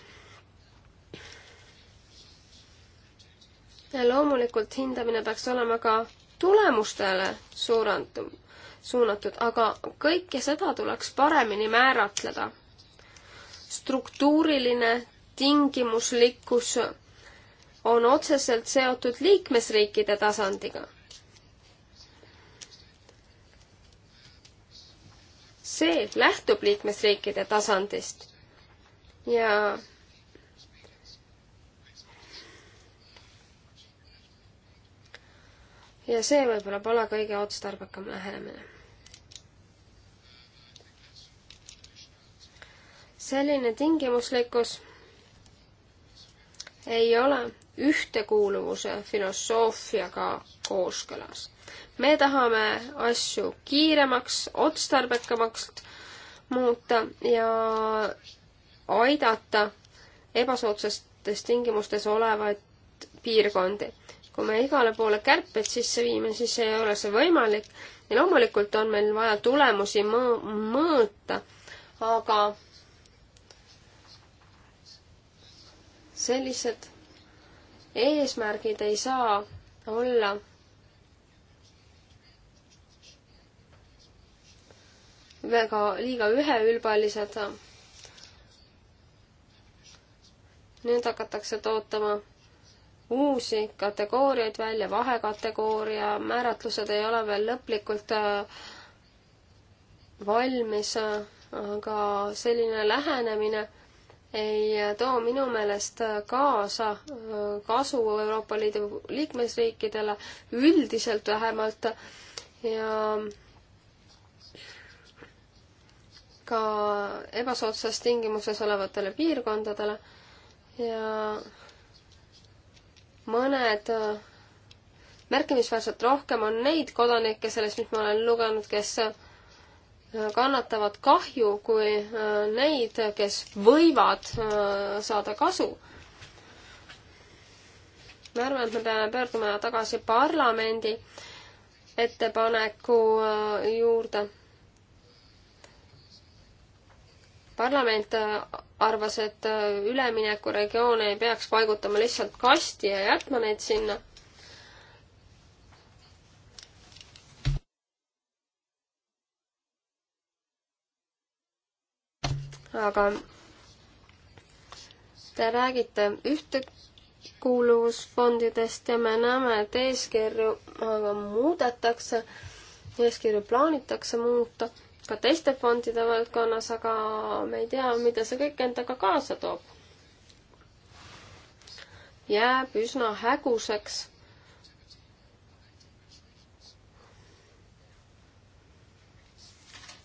ja loomulikult hindamine peaks olema ka tulemustele suunatud, suunatud, aga kõike seda tuleks paremini määratleda. struktuuriline tingimuslikkus on otseselt seotud liikmesriikide tasandiga see lähtub liikmesriikide tasandist ja ja see võib-olla pole kõige otstarbekam lähenemine. selline tingimuslikkus ei ole ühtekuuluvuse filosoofiaga kooskõlas me tahame asju kiiremaks, otstarbekamaks muuta ja aidata ebasoodsastes tingimustes olevaid piirkondi. kui me igale poole kärped sisse viime, siis ei ole see võimalik ja loomulikult on meil vaja tulemusi mõ-, mõõta, aga sellised eesmärgid ei saa olla väga liiga üheülbalised. nüüd hakatakse tootma uusi kategooriaid välja, vahekategooria määratlused ei ole veel lõplikult äh, valmis, aga selline lähenemine ei too minu meelest kaasa äh, kasu Euroopa Liidu liikmesriikidele üldiselt vähemalt ja ka ebasoodsas tingimuses olevatele piirkondadele ja mõned äh, märkimisväärselt rohkem on neid kodanikke sellest, mis ma olen lugenud, kes äh, kannatavad kahju, kui äh, neid, kes võivad saada kasu. ma arvan, et me peame pöörduma tagasi parlamendi ettepaneku juurde parlament äh, arvas, et äh, üleminekuregioone ei peaks paigutama lihtsalt kasti ja jätma neid sinna. aga te räägite ühtekuuluvusfondidest ja me näeme, et eeskirju aga muudetakse, eeskirju plaanitakse muuta ka teiste fondide valdkonnas, aga me ei tea, mida see kõik endaga kaasa toob. jääb üsna häguseks.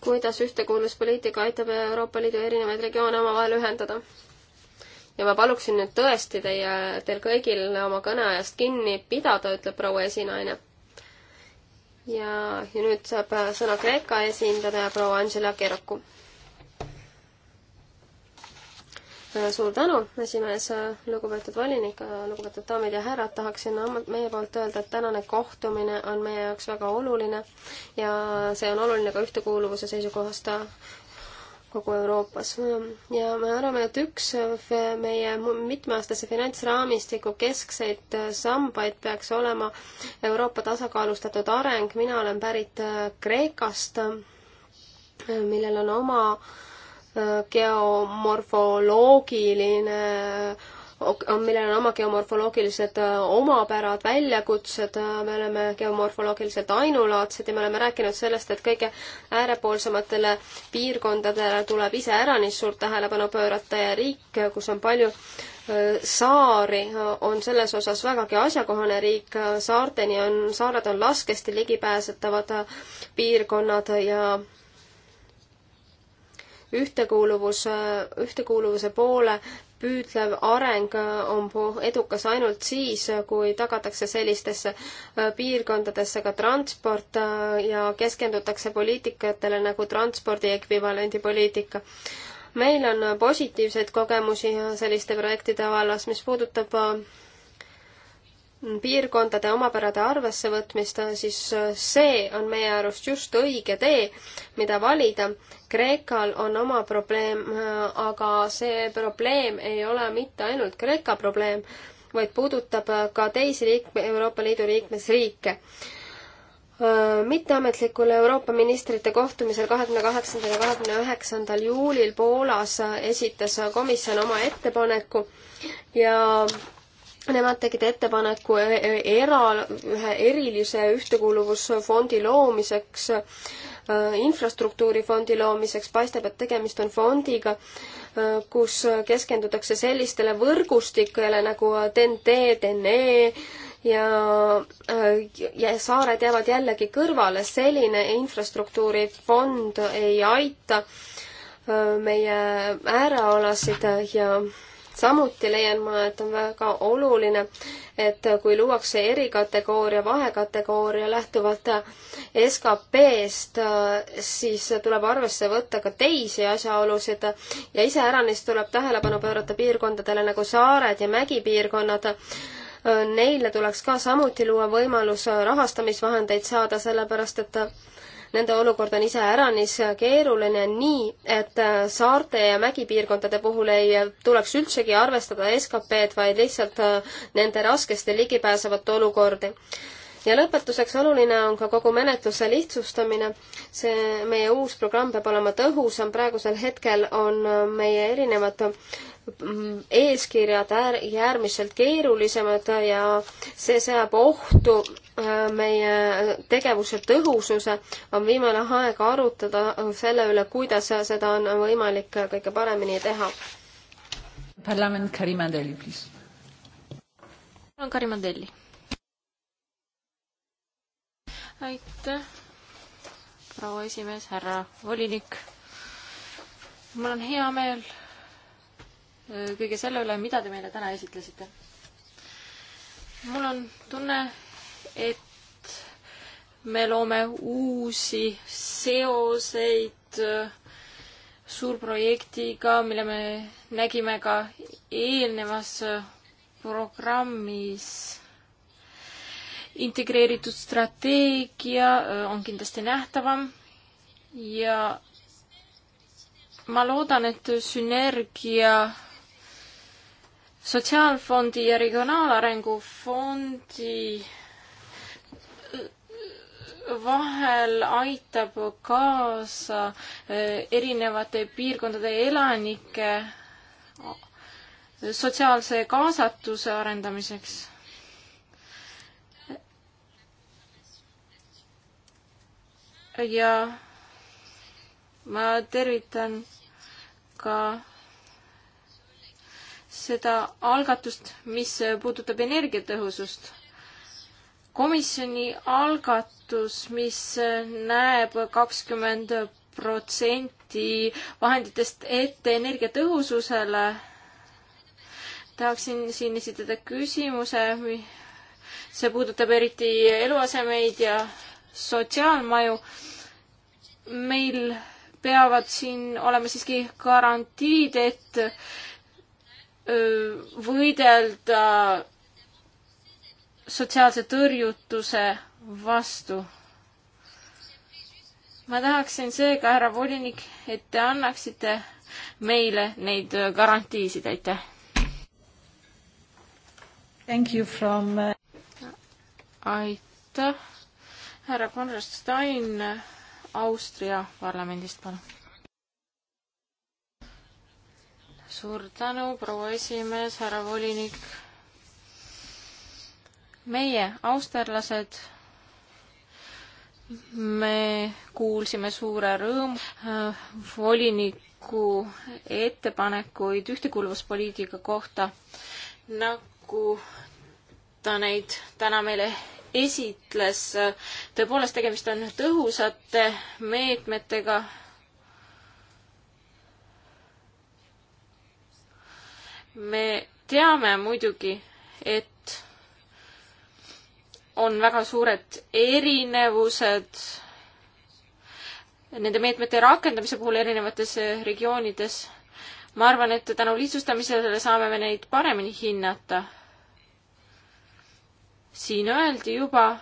kuidas ühtekuuluvuspoliitika aitab Euroopa Liidu erinevaid regioone omavahel ühendada? ja ma paluksin nüüd tõesti teie, teil kõigil oma kõneajast kinni pidada, ütleb proua esinaine ja, ja nüüd saab äh, sõna Kreeka esindaja proua Angela Keroku. Äh, suur tänu, esimees, äh, lugupeetud volinik, lugupeetud daamid ja härrad, tahaksin meie poolt öelda, et tänane kohtumine on meie jaoks väga oluline ja see on oluline ka ühtekuuluvuse seisukohast kogu Euroopas. ja me arvame, et üks meie mitmeaastase finantsraamistiku keskseid äh, sambaid peaks olema Euroopa tasakaalustatud areng. mina olen pärit äh, Kreekast, äh, millel on oma geomorfoloogiline millel on oma geomorfoloogilised äh, omapärad, väljakutsed, äh, me oleme geomorfoloogiliselt ainulaadsed ja me oleme rääkinud sellest, et kõige äärepoolsematele piirkondadele tuleb iseäranis suurt tähelepanu pöörata ja riik, kus on palju äh, saari, on selles osas vägagi asjakohane riik, saarteni on, saared on laskesti ligipääsetavad piirkonnad ja ühtekuuluvus, ühtekuuluvuse poole püüdlev areng on edukas ainult siis, kui tagatakse sellistesse äh, piirkondadesse ka transport äh, ja keskendutakse poliitikatele nagu transpordi ekvivalendi poliitika. meil on positiivseid kogemusi äh, selliste projektide vallas, mis puudutab piirkondade omapärade arvesse võtmist, siis see on meie arust just õige tee, mida valida Kreekal on oma probleem, aga see probleem ei ole mitte ainult Kreeka probleem, vaid puudutab ka teisi liikme, Euroopa Liidu liikmesriike mitteametlikul Euroopa ministrite kohtumisel kahekümne kaheksandal ja kahekümne üheksandal juulil Poolas esitas komisjon oma ettepaneku ja nemad tegid ettepaneku e-, e-, era, ühe erilise ühtekuuluvusfondi loomiseks Äh, infrastruktuurifondi loomiseks, paistab, et tegemist on fondiga, äh, kus keskendutakse sellistele võrgustikele nagu TNT, TNE ja, äh, ja saared jäävad jällegi kõrvale, selline infrastruktuurifond ei aita meie äärealasid ja samuti leian ma, et on väga oluline, et kui luuakse erikategooria, vahekategooria lähtuvalt SKP-st, siis tuleb arvesse võtta ka teisi asjaolusid ja iseäranis tuleb tähelepanu pöörata piirkondadele nagu saared ja mägipiirkonnad neile tuleks ka samuti luua võimalus rahastamisvahendeid saada, sellepärast et Nende olukord on iseäranis keeruline nii, et äh, saarte ja mägipiirkondade puhul ei tuleks üldsegi arvestada SKP-d, vaid lihtsalt äh, nende raskesti ligipääsevat olukordi ja lõpetuseks oluline on ka kogu menetluse lihtsustamine. see meie uus programm peab olema tõhusam, praegusel hetkel on äh, meie erinevad mm, eeskirjad äär, äärmiselt keerulisemad ja see seab ohtu Äh, meie tegevuse tõhususe, on viimane aeg arutada selle üle, kuidas seda on võimalik kõige paremini teha. parlament Karimandelli, please. palun, Karimandelli. aitäh, proua esimees, härra volinik. mul on hea meel äh, kõige selle üle, mida te meile täna esitlesite. mul on tunne, et me loome uusi seoseid äh, suurprojektiga, mille me nägime ka eelnevas äh, programmis integreeritud strateegia äh, on kindlasti nähtavam ja ma loodan, et sünergia Sotsiaalfondi ja Regionaalarengu Fondi vahel aitab kaasa eh, erinevate piirkondade elanike sotsiaalse kaasatuse arendamiseks. ja ma tervitan ka seda algatust, mis puudutab energiatõhusust komisjoni algatus, mis näeb kakskümmend protsenti vahenditest ette energiatõhususele. tahaksin siin esitada küsimuse, see puudutab eriti eluasemeid ja sotsiaalmaju. meil peavad siin olema siiski garantiid, et võidelda sotsiaalse tõrjutuse vastu. ma tahaksin seega, härra volinik, et te annaksite meile neid garantiisid, aitäh. Thank you from uh, aitäh, härra Konrad Stein Austria parlamendist, palun. suur tänu, proua esimees, härra volinik meie, austerlased, me kuulsime suure rõõmu äh, voliniku ettepanekuid ühtekuuluvuspoliitika kohta, nagu ta neid täna meile esitles. tõepoolest, tegemist on tõhusate meetmetega. me teame muidugi, et on väga suured erinevused nende meetmete rakendamise puhul erinevates regioonides. ma arvan, et tänu lihtsustamisele saame me neid paremini hinnata. siin öeldi juba,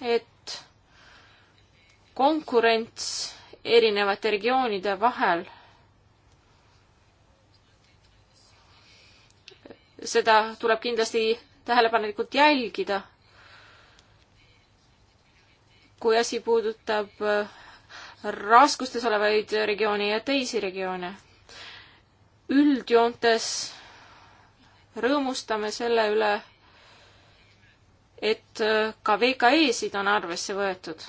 et konkurents erinevate regioonide vahel seda tuleb kindlasti tähelepanelikult jälgida kui asi puudutab äh, raskustes olevaid regioone ja teisi regioone. üldjoontes rõõmustame selle üle, et äh, ka VKE-sid on arvesse võetud.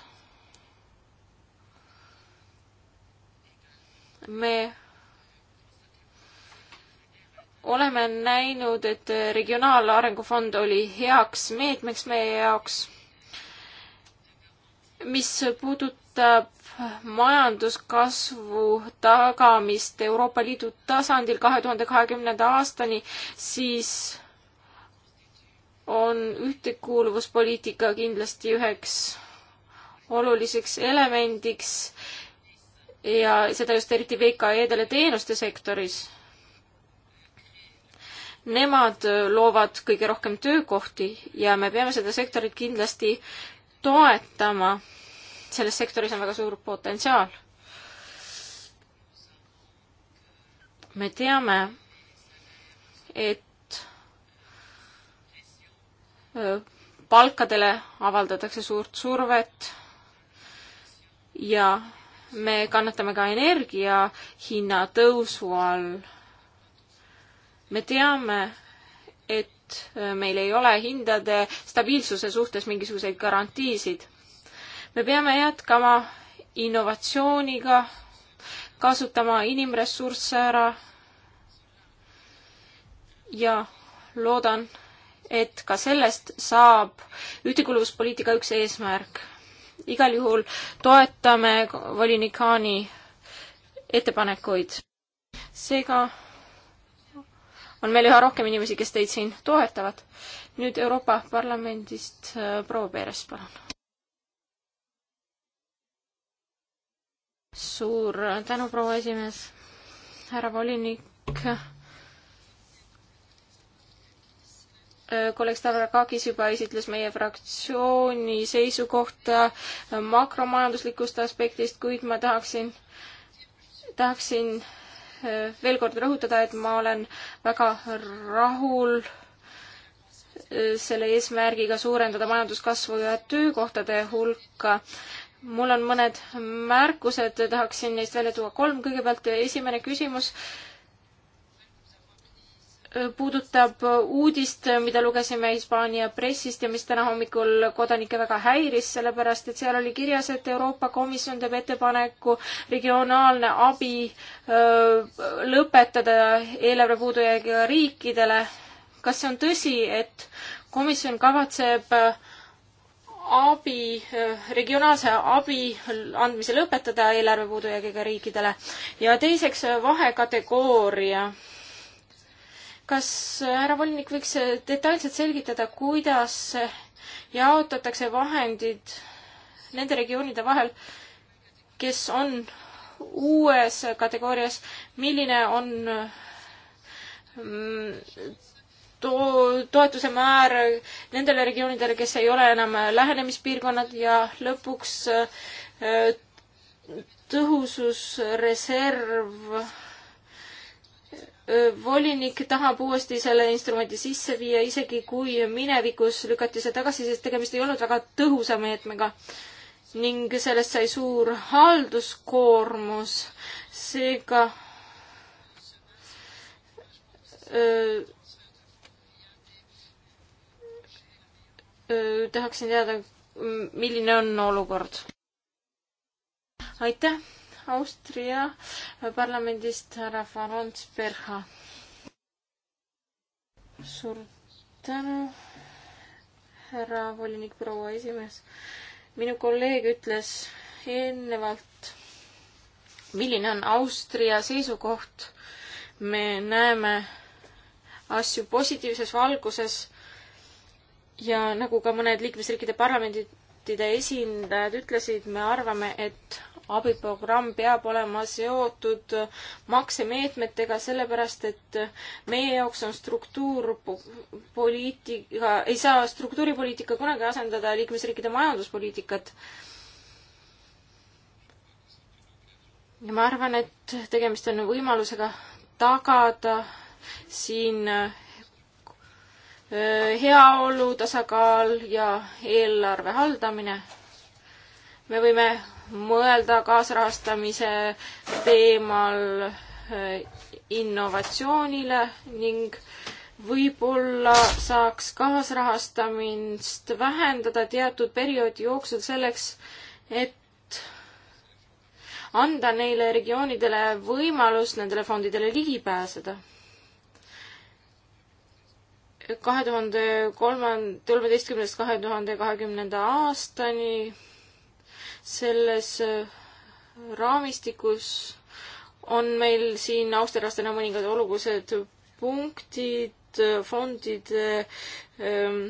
me oleme näinud, et Regionaalarengufond oli heaks meetmeks meie jaoks mis puudutab majanduskasvu tagamist Euroopa Liidu tasandil kahe tuhande kahekümnenda aastani, siis on ühtekuuluvuspoliitika kindlasti üheks oluliseks elemendiks ja seda just eriti VKE-dele teenuste sektoris. Nemad loovad kõige rohkem töökohti ja me peame seda sektorit kindlasti toetama selles sektoris on väga suur potentsiaal. me teame, et palkadele avaldatakse suurt survet ja me kannatame ka energia hinna tõusu all. me teame, et meil ei ole hindade stabiilsuse suhtes mingisuguseid garantiisid me peame jätkama innovatsiooniga, kasutama inimressursse ära ja loodan, et ka sellest saab ühtekuuluvuspoliitika üks eesmärk. igal juhul toetame volinik Haani ettepanekuid. seega on meil üha rohkem inimesi, kes teid siin toetavad. nüüd Euroopa Parlamendist äh, proua Peeres, palun suur tänu, proua esimees, härra volinik. kolleeg Stavrakakis juba esitles meie fraktsiooni seisukohta makromajanduslikust aspektist, kuid ma tahaksin, tahaksin eh, veel kord rõhutada, et ma olen väga rahul eh, selle eesmärgiga suurendada majanduskasvu ja töökohtade hulka mul on mõned märkused, tahaksin neist välja tuua kolm. kõigepealt esimene küsimus puudutab uudist, mida lugesime Hispaania pressist ja mis täna hommikul kodanikke väga häiris, sellepärast et seal oli kirjas, et Euroopa Komisjon teeb ettepaneku regionaalne abi öö, lõpetada eelarve puudujäägiga riikidele. kas see on tõsi, et komisjon kavatseb öö, abi, regionaalse abi andmise lõpetada eelarve puudujäägiga riikidele. ja teiseks vahekategooria. kas härra volinik võiks detailselt selgitada, kuidas jaotatakse vahendid nende regioonide vahel, kes on uues kategoorias, milline on mm, to-, toetuse määr nendele regioonidele, kes ei ole enam lähenemispiirkonnad ja lõpuks äh, tõhususreserv. Äh, volinik tahab uuesti selle instrumendi sisse viia, isegi kui minevikus lükati see tagasi, sest tegemist ei olnud väga tõhusa meetmega. ning sellest sai suur halduskoormus, seega öö, äh, tahaksin teada, milline on olukord? aitäh, Austria parlamendist härra Franz Berha. suur tänu, härra volinik, proua esimees. minu kolleeg ütles eelnevalt, milline on Austria seisukoht. me näeme asju positiivses valguses ja nagu ka mõned liikmesriikide parlamentide esindajad ütlesid, me arvame, et abiprogramm peab olema seotud maksemeetmetega, sellepärast et meie jaoks on struktuurpoliitika, ei saa struktuuripoliitika kunagi asendada liikmesriikide majanduspoliitikat. ja ma arvan, et tegemist on võimalusega tagada siin Äh, heaolu, tasakaal ja eelarve haldamine. me võime mõelda kaasrahastamise teemal äh, innovatsioonile ning võib-olla saaks kaasrahastamist vähendada teatud perioodi jooksul selleks, et anda neile regioonidele võimalus nendele fondidele ligi pääseda kahe tuhande kolmand-, kolmeteistkümnest kahe tuhande kahekümnenda aastani selles äh, raamistikus on meil siin austerlastena mõningad olulised punktid, äh, fondide ähm,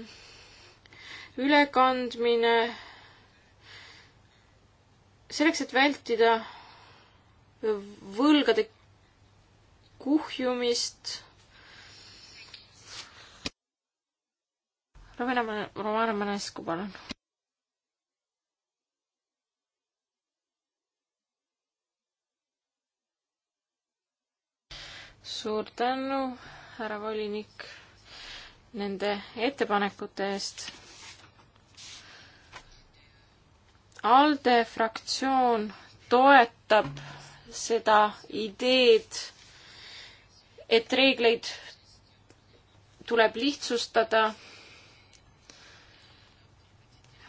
ülekandmine, selleks, et vältida võlgade kuhjumist Romana, Romana Manescu, palun. suur tänu, härra volinik, nende ettepanekute eest. ALDE fraktsioon toetab seda ideed, et reegleid tuleb lihtsustada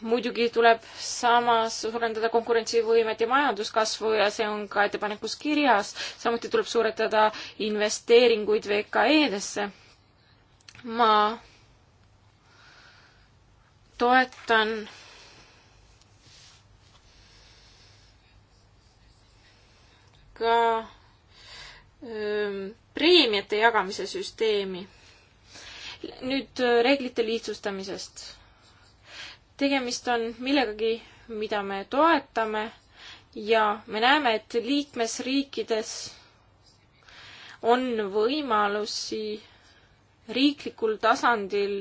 muidugi tuleb samas suurendada konkurentsivõimet ja majanduskasvu ja see on ka ettepanekus kirjas. samuti tuleb suuretada investeeringuid VKE-desse. ma toetan ka öö, ähm, preemiate jagamise süsteemi. nüüd äh, reeglite lihtsustamisest tegemist on millegagi, mida me toetame ja me näeme, et liikmesriikides on võimalusi riiklikul tasandil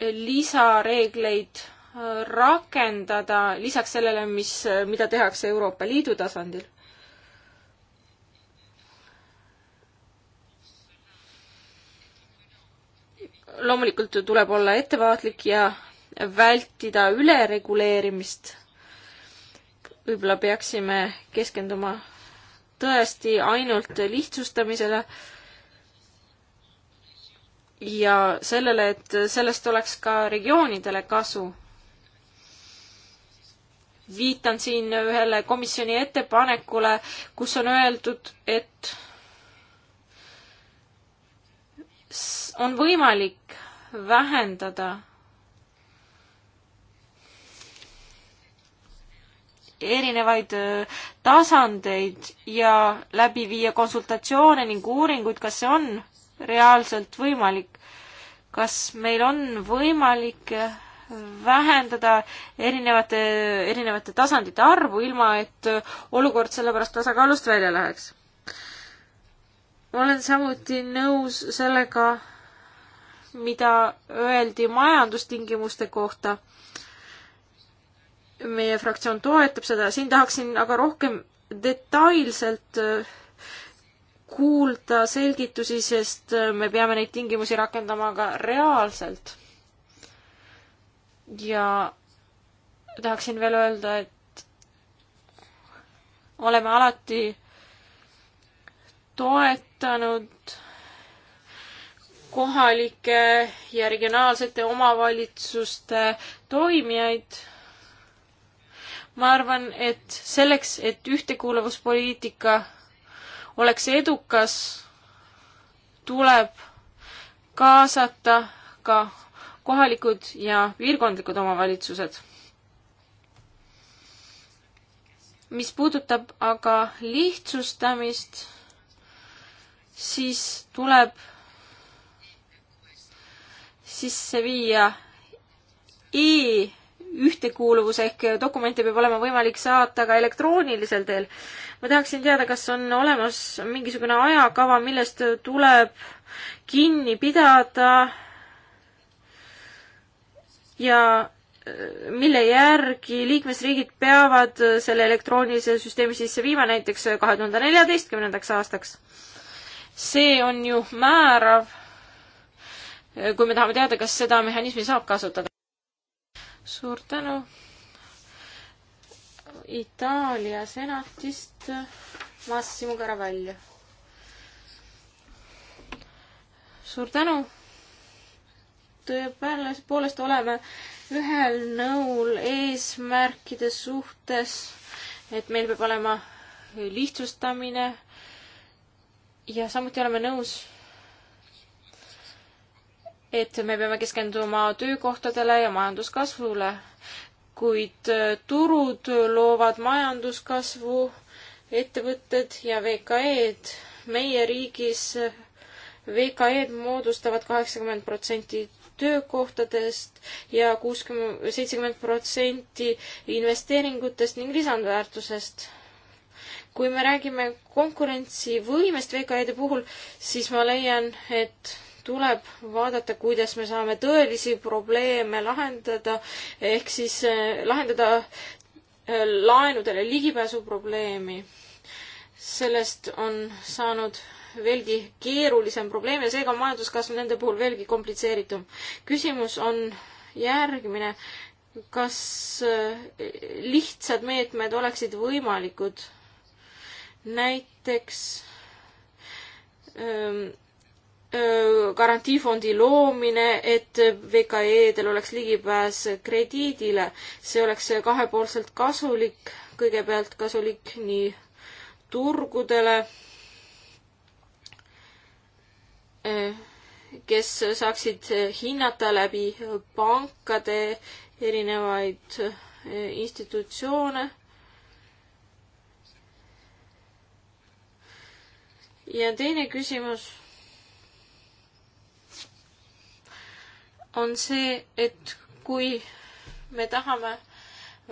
lisareegleid rakendada lisaks sellele, mis, mida tehakse Euroopa Liidu tasandil. loomulikult tuleb olla ettevaatlik ja vältida ülereguleerimist. võib-olla peaksime keskenduma tõesti ainult lihtsustamisele ja sellele, et sellest oleks ka regioonidele kasu. viitan siin ühele komisjoni ettepanekule, kus on öeldud, et on võimalik vähendada erinevaid äh, tasandeid ja läbi viia konsultatsioone ning uuringuid, kas see on reaalselt võimalik. kas meil on võimalik äh, vähendada erinevate, erinevate tasandite arvu, ilma et äh, olukord sellepärast tasakaalust välja läheks? olen samuti nõus sellega, mida öeldi majandustingimuste kohta. meie fraktsioon toetab seda, siin tahaksin aga rohkem detailselt äh, kuulda selgitusi, sest äh, me peame neid tingimusi rakendama ka reaalselt. ja tahaksin veel öelda, et oleme alati toetanud kohalike ja regionaalsete omavalitsuste toimijaid. ma arvan, et selleks, et ühtekuuluvuspoliitika oleks edukas, tuleb kaasata ka kohalikud ja piirkondlikud omavalitsused. mis puudutab aga lihtsustamist, siis tuleb sisse viia e ühtekuuluvus ehk dokumente peab olema võimalik saata ka elektroonilisel teel. ma tahaksin teada, kas on olemas mingisugune ajakava, millest tuleb kinni pidada ja äh, mille järgi liikmesriigid peavad selle elektroonilise süsteemi sisse viima näiteks kahe tuhande neljateistkümnendaks aastaks. see on ju määrav kui me tahame teada, kas seda mehhanismi saab kasutada. suur tänu. Itaalia senatist Massimo Caravaglio. suur tänu. tõepoolest oleme ühel nõul eesmärkide suhtes, et meil peab olema lihtsustamine ja samuti oleme nõus et me peame keskenduma töökohtadele ja majanduskasvule. kuid äh, turud loovad majanduskasvu, ettevõtted ja VKE-d. meie riigis äh, VKE-d moodustavad kaheksakümmend protsenti töökohtadest ja kuuskümmend, seitsekümmend protsenti investeeringutest ning lisandväärtusest kui me räägime konkurentsivõimest VKE-de puhul, siis ma leian, et tuleb vaadata, kuidas me saame tõelisi probleeme lahendada, ehk siis eh, lahendada eh, laenudele ligipääsu probleemi. sellest on saanud veelgi keerulisem probleem ja seega on majanduskasv nende puhul veelgi komplitseeritum. küsimus on järgmine, kas eh, lihtsad meetmed oleksid võimalikud? näiteks ehm, garantiifondi loomine, et VKE-del oleks ligipääs krediidile. see oleks kahepoolselt kasulik, kõigepealt kasulik nii turgudele, kes saaksid hinnata läbi pankade erinevaid institutsioone ja teine küsimus on see, et kui me tahame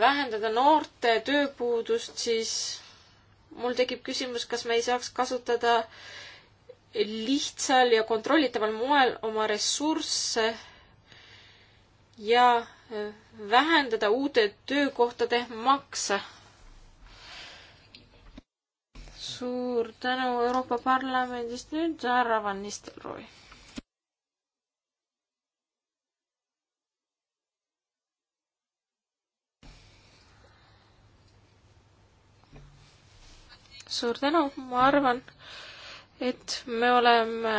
vähendada noorte tööpuudust, siis mul tekib küsimus, kas me ei saaks kasutada lihtsal ja kontrollitaval moel oma ressursse ja äh, vähendada uute töökohtade makse. suur tänu Euroopa Parlamendist nüüd härra Van Nistelrooy suur tänu, ma arvan, et me oleme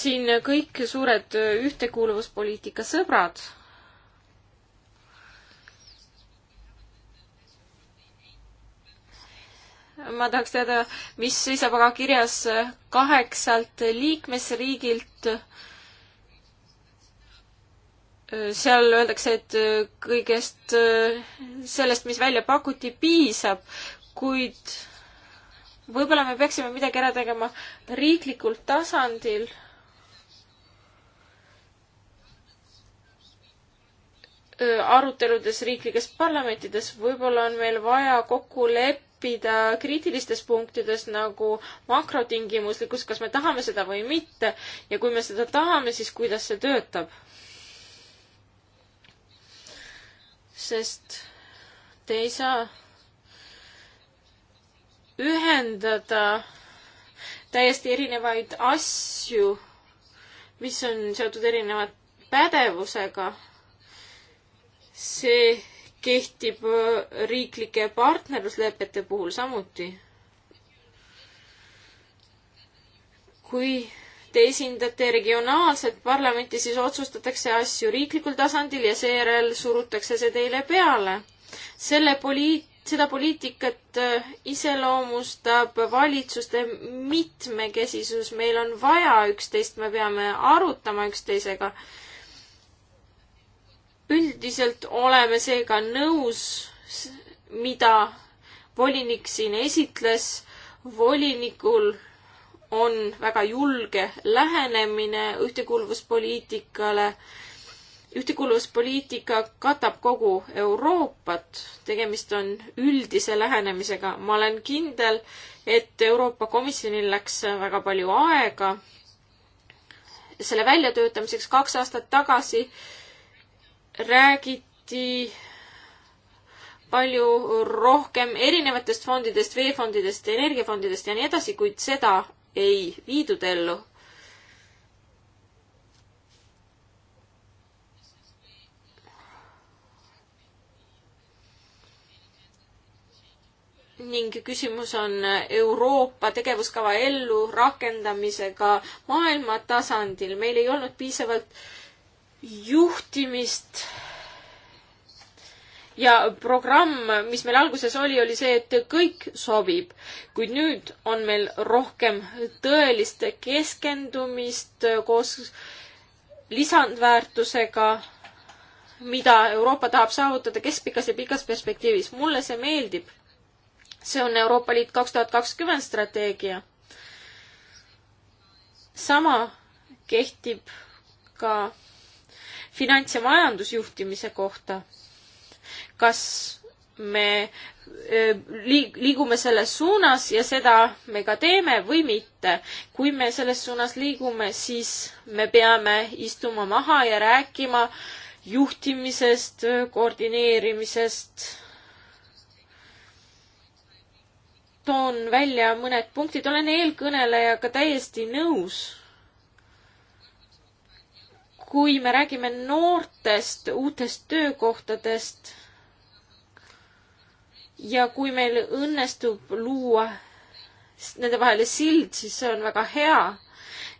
siin kõik suured ühtekuuluvuspoliitika sõbrad. ma tahaks teada, mis seisab aga kirjas kaheksalt liikmesriigilt. seal öeldakse, et kõigest sellest, mis välja pakuti, piisab kuid võib-olla me peaksime midagi ära tegema riiklikul tasandil. aruteludes riiklikes parlamentides, võib-olla on meil vaja kokku leppida kriitilistes punktides nagu makrotingimuslikkus, kas me tahame seda või mitte ja kui me seda tahame, siis kuidas see töötab. sest te ei saa ühendada täiesti erinevaid asju, mis on seotud erineva pädevusega. see kehtib äh, riiklike partnerluslepete puhul samuti. kui te esindate regionaalset parlamenti, siis otsustatakse asju riiklikul tasandil ja seejärel surutakse see teile peale. selle poliit-, seda poliitikat äh, iseloomustab valitsuste mitmekesisus, meil on vaja üksteist, me peame arutama üksteisega. üldiselt oleme seega nõus, mida volinik siin esitles. volinikul on väga julge lähenemine ühtekuuluvuspoliitikale ühtekuuluvuspoliitika katab kogu Euroopat, tegemist on üldise lähenemisega. ma olen kindel, et Euroopa Komisjonil läks väga palju aega selle väljatöötamiseks. kaks aastat tagasi räägiti palju rohkem erinevatest fondidest, veefondidest, energiafondidest ja nii edasi, kuid seda ei viidud ellu ning küsimus on Euroopa tegevuskava ellurakendamisega maailma tasandil. meil ei olnud piisavalt juhtimist ja programm, mis meil alguses oli, oli see, et kõik sobib, kuid nüüd on meil rohkem tõelist keskendumist koos lisandväärtusega, mida Euroopa tahab saavutada keskpikas ja pikas perspektiivis. mulle see meeldib see on Euroopa Liit kaks tuhat kakskümmend strateegia. sama kehtib ka finants- ja majandusjuhtimise kohta. kas me liigume selles suunas ja seda me ka teeme või mitte. kui me selles suunas liigume, siis me peame istuma maha ja rääkima juhtimisest, koordineerimisest toon välja mõned punktid, olen eelkõnelejaga täiesti nõus. kui me räägime noortest uutest töökohtadest ja kui meil õnnestub luua nende vahele sild, siis see on väga hea.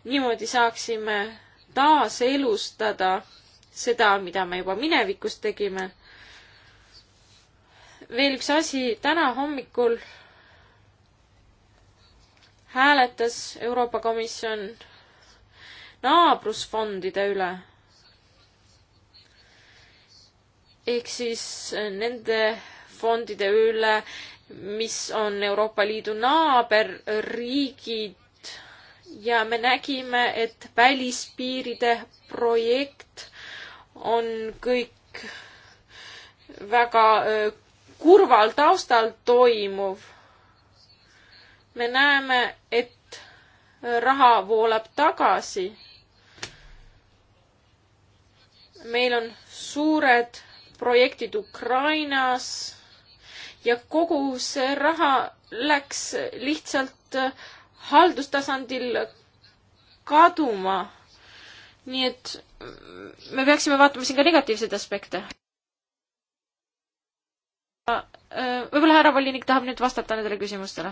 niimoodi saaksime taaselustada seda, mida me juba minevikus tegime. veel üks asi, täna hommikul hääletas Euroopa Komisjon naabrusfondide üle. ehk siis nende fondide üle, mis on Euroopa Liidu naaberriigid ja me nägime, et välispiiride projekt on kõik väga äh, kurval taustal toimuv me näeme, et raha voolab tagasi. meil on suured projektid Ukrainas ja kogu see raha läks lihtsalt haldustasandil kaduma. nii et me peaksime vaatama siin ka negatiivseid aspekte. Äh, äh, võib-olla härra volinik tahab nüüd vastata nendele küsimustele?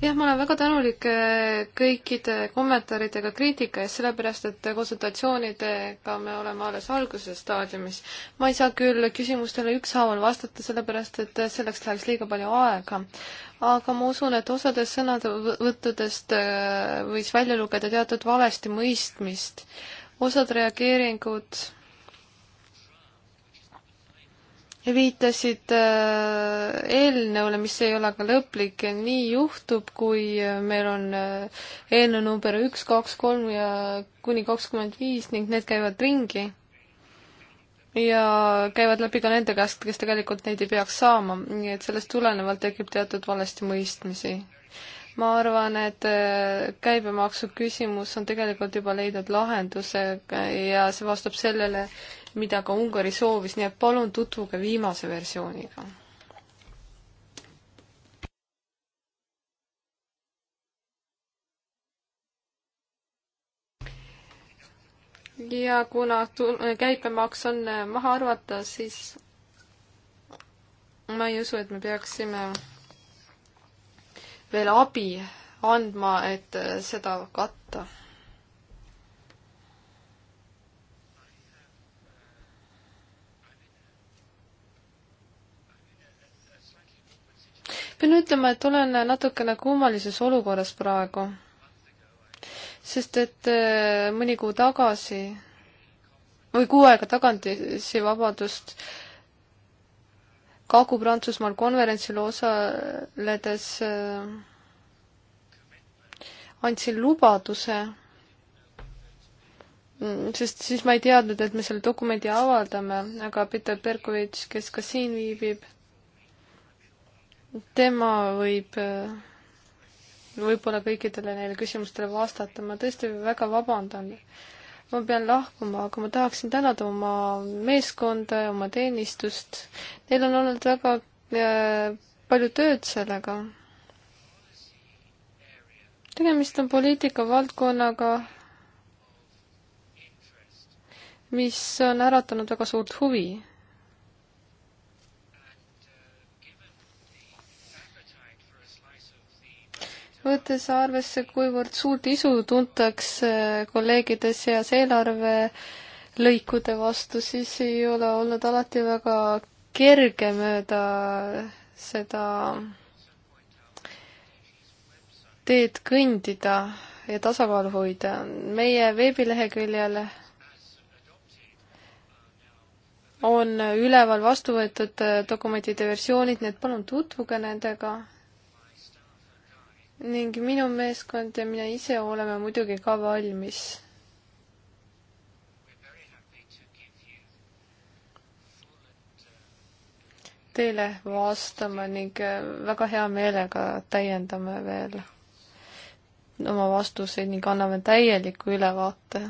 jah, ma olen väga tänulik äh, kõikide kommentaaridega kriitika eest, sellepärast et konsultatsioonidega me oleme alles alguses staadiumis. ma ei saa küll küsimustele ükshaaval vastata, sellepärast et äh, selleks läheks liiga palju aega. aga ma usun, et osadest sõnavõttudest äh, võis välja lugeda teatud valesti mõistmist. osad reageeringud viitasid äh, eelnõule, mis ei ole aga lõplik, nii juhtub, kui äh, meil on äh, eelnõu number üks, kaks, kolm ja kuni kakskümmend viis ning need käivad ringi. ja käivad läbi ka nende käest, kes tegelikult neid ei peaks saama, nii et sellest tulenevalt tekib teatud valestimõistmisi. ma arvan, et käibemaksu küsimus on tegelikult juba leidnud lahenduse ja see vastab sellele, mida ka Ungari soovis, nii et palun tutvuge viimase versiooniga. ja kuna käibemaks on äh, maha arvata, siis ma ei usu, et me peaksime veel abi andma, et äh, seda katta pean ütlema, et olen natukene kummalises olukorras praegu. sest et äh, mõni kuu tagasi või kuu aega tagasi, vabandust, Kagu-Prantsusmaal konverentsil osaledes äh, andsin lubaduse, mm, sest siis ma ei teadnud, et me selle dokumendi avaldame, aga Peter Berkovitš, kes ka siin viibib tema võib äh, võib-olla kõikidele neile küsimustele vastata, ma tõesti väga vabandan. ma pean lahkuma, aga ma tahaksin tänada oma meeskonda ja oma teenistust. Neil on olnud väga äh, palju tööd sellega. tegemist on poliitika valdkonnaga, mis on äratanud väga suurt huvi võttes arvesse, kuivõrd suurt isu tuntakse kolleegide seas eelarve lõikude vastu, siis ei ole olnud alati väga kerge mööda seda teed kõndida ja tasakaalu hoida. meie veebileheküljel on üleval vastu võetud dokumentide versioonid, nii et palun tutvuge nendega ning minu meeskond ja mina ise oleme muidugi ka valmis teile vastama ning äh, väga hea meelega täiendame veel oma vastuseid ning anname täieliku ülevaate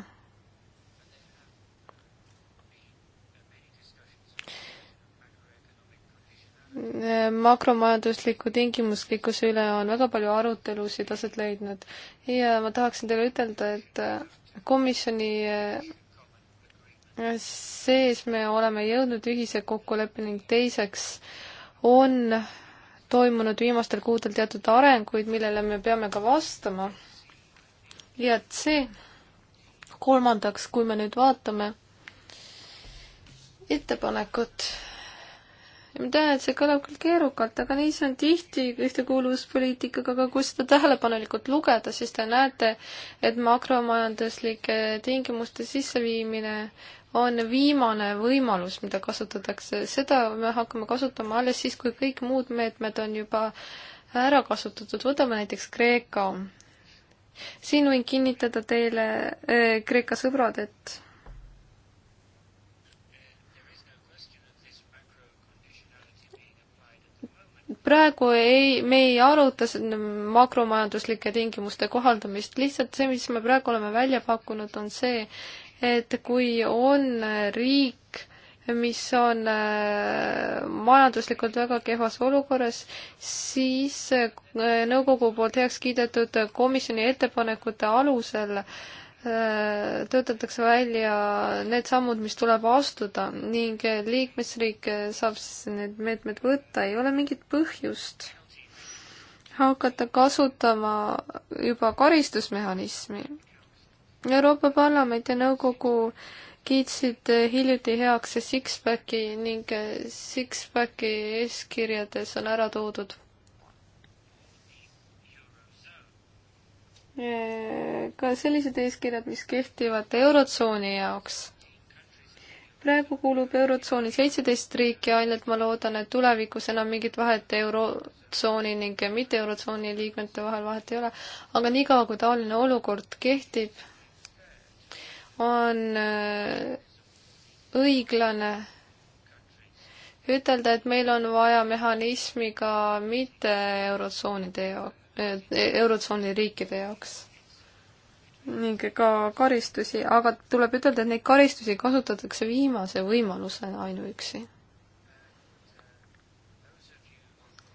makromajandusliku tingimuslikkuse üle on väga palju arutelusid aset leidnud ja ma tahaksin teile ütelda, et komisjoni eh, sees me oleme jõudnud ühise kokkuleppe ning teiseks on toimunud viimastel kuudel teatud arenguid, millele me peame ka vastama. ja et see, kolmandaks, kui me nüüd vaatame ettepanekut ja ma tean, et see kõlab küll keerukalt, aga nii see on tihti ühtekuuluvuspoliitikaga, aga kui seda tähelepanelikult lugeda, siis te näete, et makromajanduslike tingimuste sisseviimine on viimane võimalus, mida kasutatakse. seda me hakkame kasutama alles siis, kui kõik muud meetmed on juba ära kasutatud. võtame näiteks Kreeka. siin võin kinnitada teile äh, Kreeka sõbrad, et praegu ei, me ei aruta makromajanduslike tingimuste kohaldamist, lihtsalt see, mis me praegu oleme välja pakkunud, on see, et kui on riik, mis on äh, majanduslikult väga kehvas olukorras, siis äh, nõukogu poolt heaks kiidetud komisjoni ettepanekute alusel äh, Äh, töötatakse välja need sammud, mis tuleb astuda ning äh, liikmesriik äh, saab siis need meetmed võtta, ei ole mingit põhjust hakata kasutama juba karistusmehhanismi. Euroopa Parlament ja Nõukogu kiitsid hiljuti heaks Sixpacki ning Sixpacki eeskirjades on ära toodud ka sellised eeskirjad, mis kehtivad Eurotsooni jaoks. praegu kuulub Eurotsooni seitseteist riiki, ainult ma loodan, et tulevikus enam mingit vahet Eurotsooni ning mitte Eurotsooni liikmete vahel vahet ei ole, aga niikaua, kui taoline olukord kehtib, on äh, õiglane ütelda, et meil on vaja mehhanismi ka mitte Eurotsoonide jaoks E, Eurotsooni riikide jaoks ning ka karistusi, aga tuleb ütelda, et neid karistusi kasutatakse viimase võimalusena ainuüksi.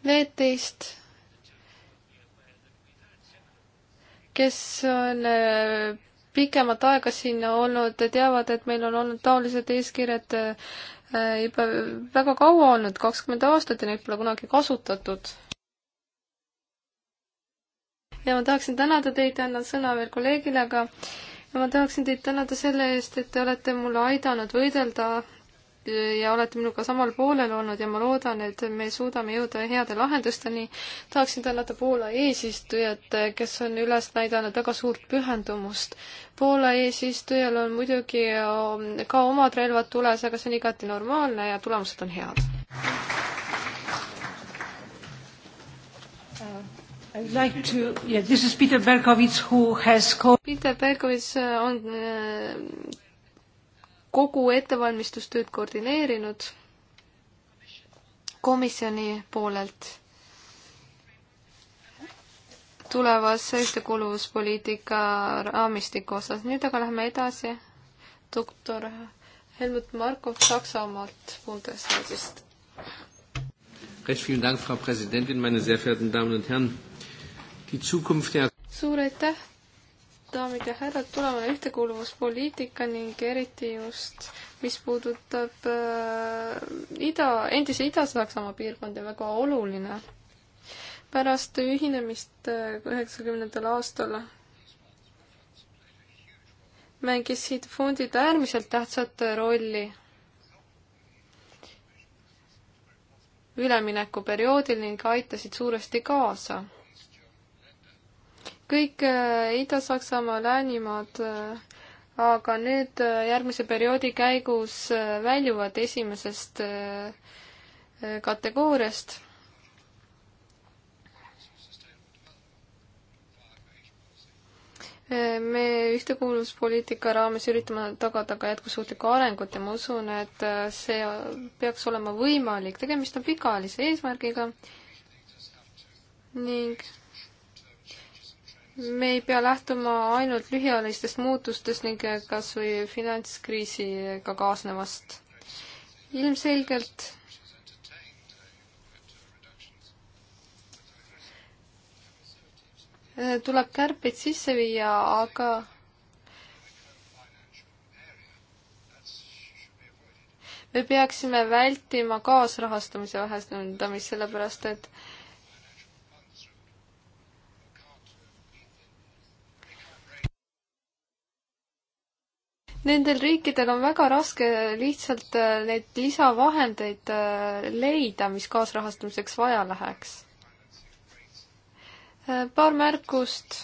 Need teist, kes on e, pikemat aega siin olnud, teavad, et meil on olnud taolised eeskirjad e, juba väga kaua olnud, kakskümmend aastat ja neid pole kunagi kasutatud ja ma tahaksin tänada teid, annan sõna veel kolleegile, aga ma tahaksin teid tänada selle eest, et te olete mulle aidanud võidelda ja olete minuga samal poolel olnud ja ma loodan, et me suudame jõuda heade lahendusteni. tahaksin tänada Poola eesistujat, kes on üles näidanud väga suurt pühendumust. Poola eesistujal on muidugi um, ka omad relvad tules, aga see on igati normaalne ja tulemused on head. Äh, I'd like to, yeah, this is Peter Berkovits who has co- Peter Berkovits äh, on äh, kogu ettevalmistustööd koordineerinud komisjoni poolelt tulevas ühtekuuluvuspoliitika raamistiku osas. nüüd aga lähme edasi. doktor Helmut Markov Saksamaalt Bundesraadist. Recht vielen Dank, Frau Präsidentin, meine sehr verehrten Damen und Herren suur aitäh, daamid ja härrad, tulevane ühtekuuluvuspoliitika ning eriti just, mis puudutab äh, ida, endise Ida-Saksamaa piirkonda, väga oluline. pärast ühinemist äh, üheksakümnendal äh, aastal mängisid fondid äärmiselt tähtsat rolli üleminekuperioodil ning aitasid suuresti kaasa kõik äh, Ida-Saksamaa läänimaad äh, aga nüüd äh, järgmise perioodi käigus väljuvad esimesest kategooriast. me ühtekuuluvuspoliitika raames üritame tagada ka jätkusuutlikku arengut ja ma usun, et see peaks olema võimalik, tegemist on pikaajalise eesmärgiga ning me ei pea lähtuma ainult lühiajalistest muutustest ning kas või finantskriisiga kaasnevast. ilmselgelt tuleb kärpeid sisse viia, aga me peaksime vältima kaasrahastamise vähestamist, sellepärast et äh, Nendel riikidel on väga raske lihtsalt äh, neid lisavahendeid äh, leida, mis kaasrahastamiseks vaja läheks. Äh, paar märkust.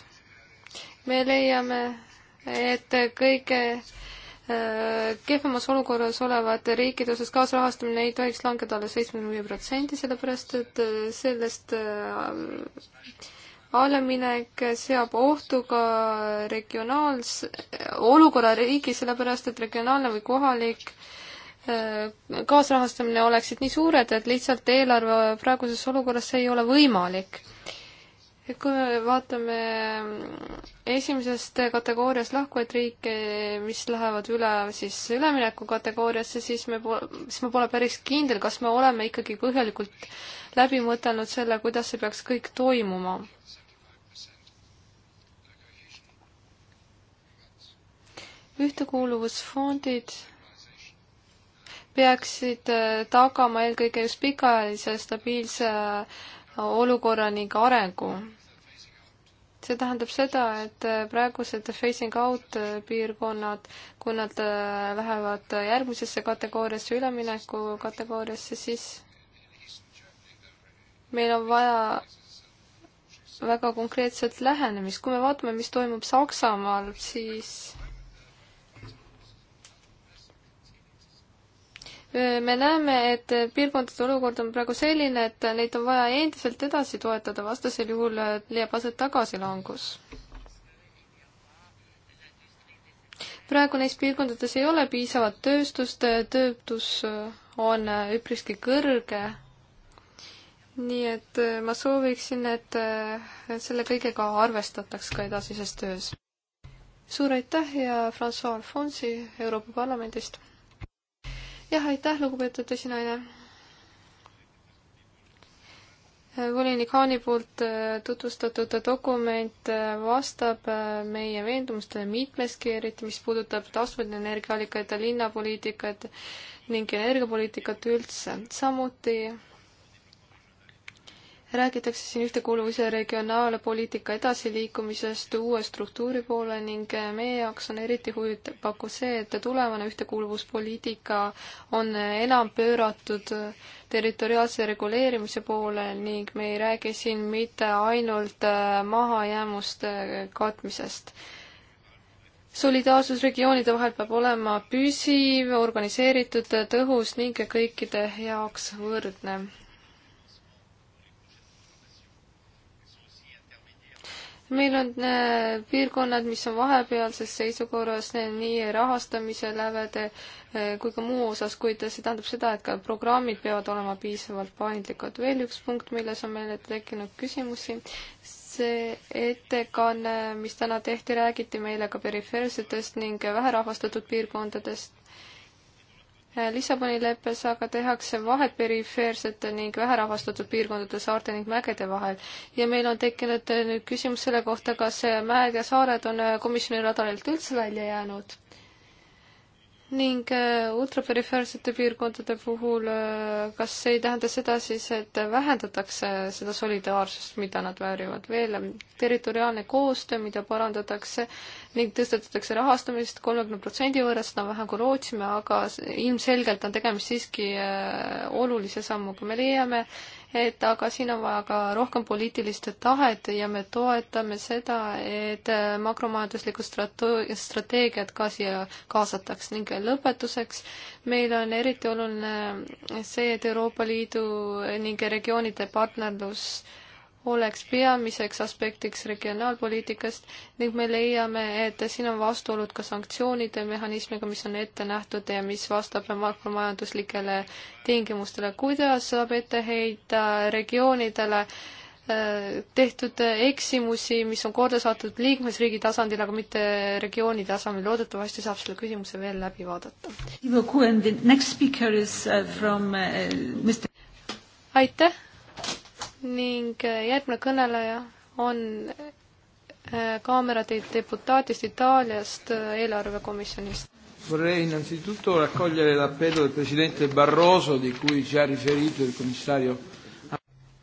me leiame, et kõige kehvemas olukorras olevate riikide osas kaasrahastamine ei tohiks langeda alla seitsmekümne viie protsendi, sellepärast et sellest allaminek seab ohtu ka regionaals-, olukorra riigis, sellepärast et regionaalne või kohalik äh, kaasrahastamine oleksid nii suured, et lihtsalt eelarve praeguses olukorras see ei ole võimalik. kui me vaatame mm, esimesest kategooriast lahkuvaid riike, mis lähevad üle siis ülemineku kategooriasse, siis me, siis ma pole päris kindel, kas me oleme ikkagi põhjalikult läbi mõtelnud selle, kuidas see peaks kõik toimuma ühtekuuluvusfondid peaksid äh, tagama eelkõige just pikaajalise stabiilse äh, olukorra ning arengu. see tähendab seda, et äh, praegused phasing out piirkonnad, kui nad lähevad järgmisesse kategooriasse, ülemineku kategooriasse, siis meil on vaja väga konkreetset lähenemist. kui me vaatame, mis toimub Saksamaal, siis Äh, me näeme, et piirkondade olukord on praegu selline, et neid on vaja endiselt edasi toetada, vastasel juhul äh, leiab aset tagasilangus. praegu neis piirkondades ei ole piisavat tööstust, äh, töötus on üpriski kõrge. nii et ma sooviksin, et selle kõigega arvestataks ka edasises töös. suur aitäh ja Francois Alfonsi Euroopa Parlamendist! jah, aitäh, lugupeetud esinaine. Äh, volinik Haani poolt äh, tutvustatud dokument äh, vastab meie veendumustele mitmeski, eriti mis puudutab taastuvenergia energiaallikaid ja linnapoliitikat ning energiapoliitikat üldse. samuti räägitakse siin ühtekuuluvuse regionaalpoliitika edasiliikumisest uue struktuuri poole ning eh, meie jaoks on eriti huvitav see, et tulevane ühtekuuluvuspoliitika on enam pööratud territoriaalse reguleerimise poole ning me ei räägi siin mitte ainult eh, mahajäämuste katmisest solidaarsus regioonide vahel peab olema püsiv, organiseeritud, tõhus ning kõikide jaoks võrdne. meil on äh, piirkonnad, mis on vahepealses seisukorras äh, nii rahastamise lävede äh, kui ka muu osas, kuid see tähendab seda, et ka programmid peavad olema piisavalt paindlikud. veel üks punkt, milles on meile tekkinud küsimusi, see ettekanne, mis täna tehti, räägiti meile ka perifeersetest ning väherahvastatud piirkondadest Äh, Lissaboni leppes aga tehakse vahet perifeersete ning väherahvastatud piirkondade saarte ning mägede vahel ja meil on tekkinud äh, nüüd küsimus selle kohta, kas äh, mäed ja saared on komisjoni radarilt üldse välja jäänud ning äh, ultraperifäärsete piirkondade puhul, äh, kas see ei tähenda seda siis, et vähendatakse äh, seda solidaarsust, mida nad väärivad veel, territoriaalne koostöö, mida parandatakse ning tõstetatakse rahastamist kolmekümne protsendi võrra, seda on vähem kui Rootsime, aga ilmselgelt on tegemist siiski olulise sammuga, me leiame, et aga siin on vaja ka rohkem poliitilist tahet ja me toetame seda, et makromajanduslikku strateegiat ka siia kaasataks ning lõpetuseks meil on eriti oluline see, et Euroopa Liidu ning regioonide partnerlus oleks peamiseks aspektiks regionaalpoliitikast ning me leiame, et siin on vastuolud ka sanktsioonide mehhanismiga, mis on ette nähtud ja mis vastab makromajanduslikele tingimustele. kuidas saab ette heita regioonidele äh, tehtud eksimusi, mis on korda saatud liikmesriigi tasandil, aga mitte regiooni tasandil. loodetavasti saab selle küsimuse veel läbi vaadata. Äh, äh, aitäh ning äh, järgmine kõneleja on äh, kaamera deputaatist Itaaliast äh, eelarvekomisjonist. Vorrei innanzitutto raccogliere l'appello del presidente Barroso di cui ci ha riferito il commissario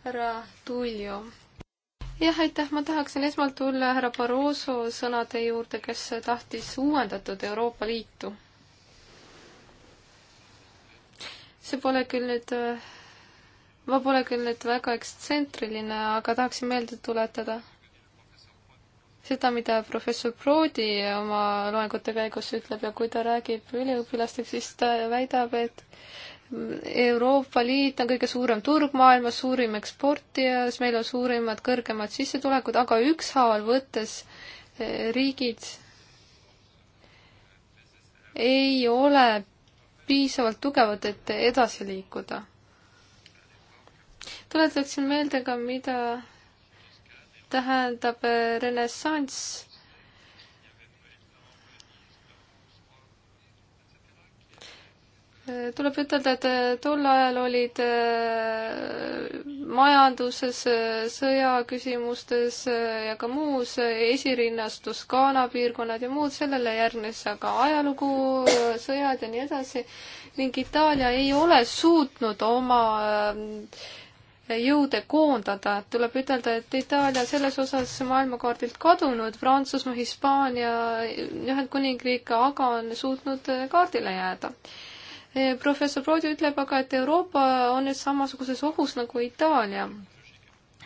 härra Tullio. jah, aitäh, ma tahaksin esmalt tulla härra Barroso sõnade juurde, kes tahtis uuendatud Euroopa Liitu. see pole küll nüüd ma pole küll nüüd väga ekstsentriline, aga tahaksin meelde tuletada seda, mida professor Brody oma loengute käigus ütleb ja kui ta räägib üliõpilastega, siis ta väidab, et Euroopa Liit on kõige suurem turg maailmas, suurim eksportija, siis meil on suurimad, kõrgemad sissetulekud, aga ükshaaval võttes eh, riigid ei ole piisavalt tugevad, et edasi liikuda tuletaksin meelde ka, mida tähendab renessanss. tuleb ütelda, et tol ajal olid äh, majanduses, äh, sõjaküsimustes äh, ja ka muus esirinnastus Ghana piirkonnad ja muud, sellele järgnes aga ajalugu, sõjad ja nii edasi ning Itaalia ei ole suutnud oma äh, jõude koondada, tuleb ütelda, et Itaalia selles osas maailmakaardilt kadunud, Prantsusmaa, Hispaania, Ühendkuningriik aga on suutnud kaardile jääda. Eh, professor Brody ütleb aga, et Euroopa on nüüd samasuguses ohus nagu Itaalia.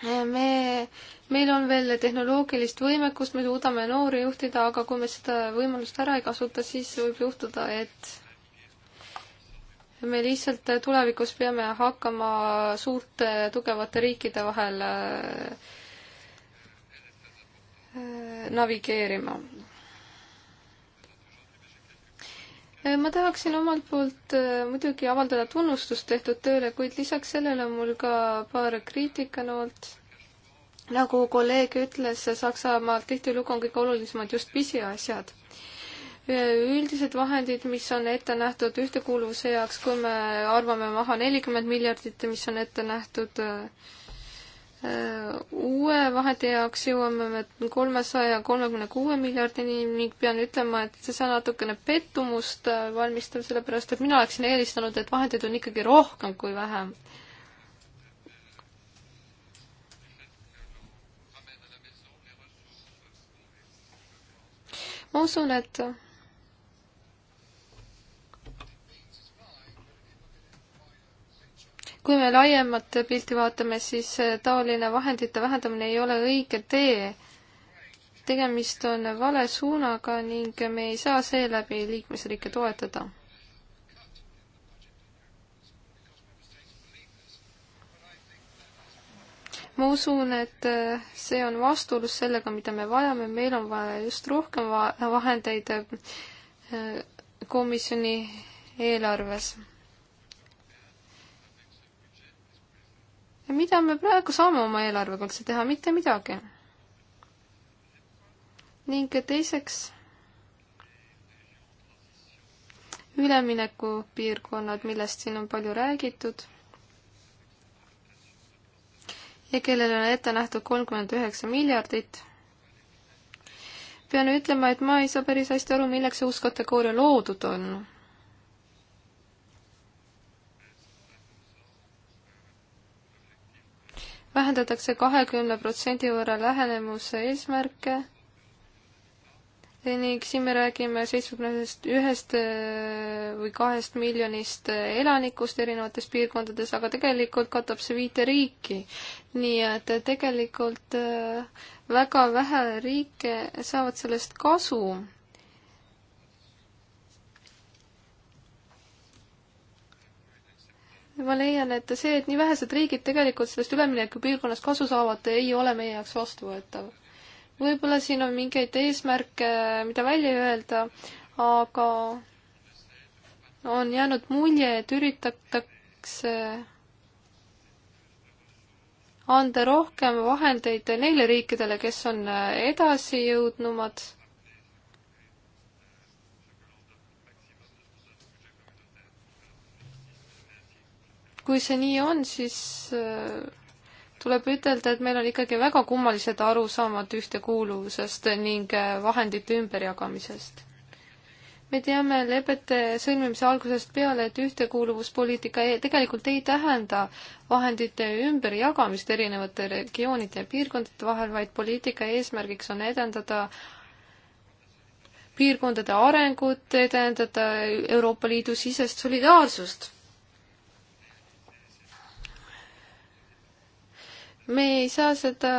Eh, me, meil on veel tehnoloogilist võimekust, me suudame noori juhtida, aga kui me seda võimalust ära ei kasuta, siis võib juhtuda, et me lihtsalt tulevikus peame hakkama suurte tugevate riikide vahel äh, navigeerima. Äh, ma tahaksin omalt poolt äh, muidugi avaldada tunnustust tehtud tööle, kuid lisaks sellele on mul ka paar kriitikanoolt. nagu kolleeg ütles, Saksamaalt tihtilugu on kõige olulisemad just pisiasjad üldised vahendid, mis on ette nähtud ühtekuuluvuse heaks, kui me arvame maha nelikümmend miljardit, mis on ette nähtud äh, uue vahendi jaoks jõuame me kolmesaja kolmekümne kuue miljardini ning pean ütlema, et see on natukene pettumust äh, valmistav, sellepärast et mina oleksin eelistanud, et vahendeid on ikkagi rohkem kui vähem. ma usun, et kui me laiemat pilti vaatame, siis äh, taoline vahendite vähendamine ei ole õige tee. tegemist on vale suunaga ning me ei saa seeläbi liikmesriike toetada. ma usun, et äh, see on vastuolus sellega, mida me vajame, meil on vaja just rohkem vahendeid äh, komisjoni eelarves mida me praegu saame oma eelarvega üldse teha, mitte midagi. ning teiseks, üleminekupiirkonnad, millest siin on palju räägitud ja kellele on ette nähtud kolmkümmend üheksa miljardit. pean ütlema, et ma ei saa päris hästi aru, milleks see uus kategooria loodud on. vähendatakse kahekümne protsendi võrra lähenemuse eesmärke ning siin me räägime seitsmekümnest ühest äh, või kahest miljonist äh, elanikust erinevates piirkondades, aga tegelikult katab see viite riiki. nii et tegelikult äh, väga vähe riike saavad sellest kasu ma leian, et see, et nii vähesed riigid tegelikult sellest üleminekupiirkonnast kasu saavad, ei ole meie jaoks vastuvõetav. võib-olla siin on mingeid eesmärke, mida välja öelda, aga on jäänud mulje, et üritatakse anda rohkem vahendeid neile riikidele, kes on edasijõudnumad kui see nii on, siis äh, tuleb ütelda, et meil on ikkagi väga kummalised arusaamad ühtekuuluvusest ning äh, vahendite ümberjagamisest. me teame lepete sõlmimise algusest peale, et ühtekuuluvuspoliitika ei, tegelikult ei tähenda vahendite ümberjagamist erinevate regioonide ja piirkondade vahel, vaid poliitika eesmärgiks on edendada piirkondade arengut, edendada Euroopa Liidu sisest solidaarsust me ei saa seda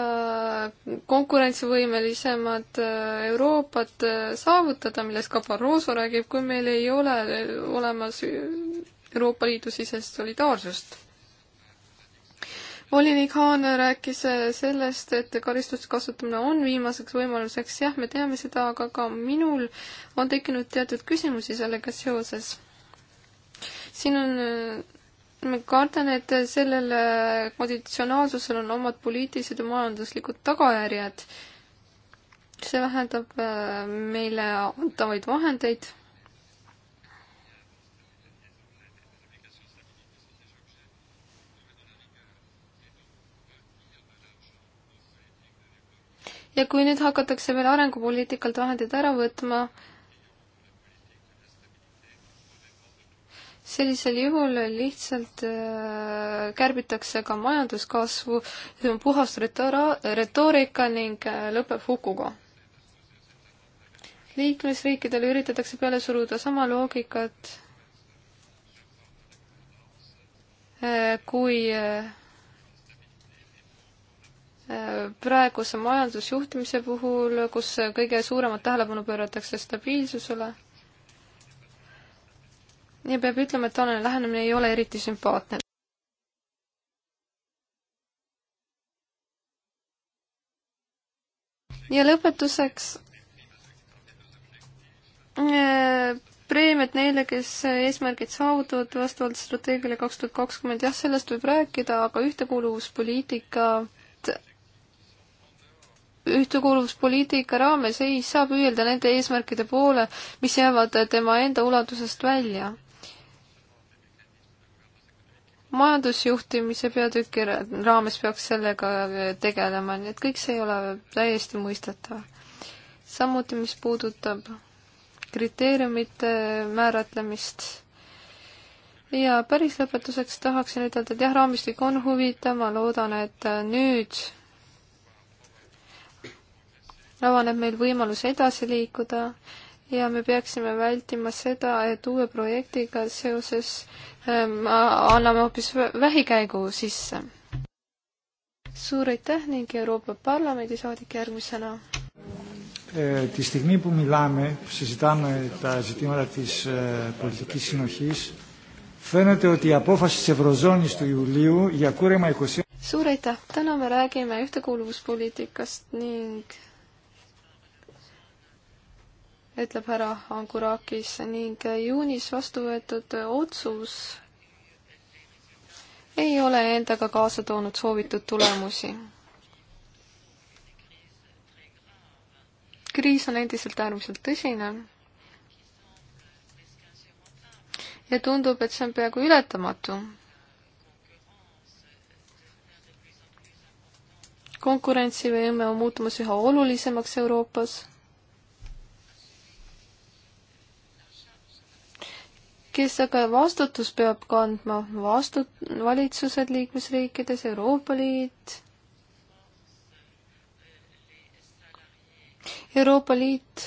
konkurentsivõimelisemat äh, Euroopat äh, saavutada, millest ka Barroso räägib, kui meil ei ole äh, olemas Euroopa Liidu sisest solidaarsust. volinik Haan rääkis sellest, et karistuste kasutamine on viimaseks võimaluseks, jah, me teame seda, aga ka minul on tekkinud teatud küsimusi sellega seoses. siin on ma kardan, et sellel äh, konditsionaalsusel on omad poliitilised ja majanduslikud tagajärjed. see vähendab äh, meile antavaid vahendeid. ja kui nüüd hakatakse veel arengupoliitikalt vahendeid ära võtma, sellisel juhul lihtsalt äh, kärbitakse ka majanduskasvu, see on puhas retoorika ning äh, lõpeb hukuga. liikmesriikidele üritatakse peale suruda sama loogikat äh, kui praeguse majandusjuhtimise puhul, kus kõige suuremat tähelepanu pööratakse stabiilsusele ja peab ütlema, et toonane lähenemine ei ole eriti sümpaatne. ja lõpetuseks äh, preemiat neile, kes eesmärgid saavutavad vastavalt strateegiale kaks tuhat kakskümmend, jah, sellest võib rääkida, aga ühtekuuluvuspoliitika, ühtekuuluvuspoliitika raames ei saa püüelda nende eesmärkide poole, mis jäävad tema enda ulatusest välja majandusjuhtimise peatüki raames peaks sellega tegelema, nii et kõik see ei ole täiesti mõistetav. samuti, mis puudutab kriteeriumite määratlemist ja päris lõpetuseks tahaksin ütelda, et jah, raamistik on huvitav, ma loodan, et nüüd avaneb meil võimalus edasi liikuda ja me peaksime vältima seda, et uue projektiga seoses ähm, anname hoopis vähikäigu sisse. suur aitäh ning Euroopa Parlamendi saadik järgmisena. Τη στιγμή που μιλάμε, που συζητάμε τα ζητήματα της ε, πολιτικής συνοχής, φαίνεται ότι η απόφαση της Ευρωζώνης του Ιουλίου για κούρεμα 20... Suur aitäh! Täna me räägime ühtekuuluvuspoliitikast ning ütleb härra Angurakis ning juunis vastu võetud otsus ei ole endaga kaasa toonud soovitud tulemusi. kriis on endiselt äärmiselt tõsine ja tundub, et see on peaaegu ületamatu. konkurentsivõime on muutumas üha olulisemaks Euroopas kes aga vastutus peab kandma? vastu-, valitsused liikmesriikides, Euroopa Liit? Euroopa Liit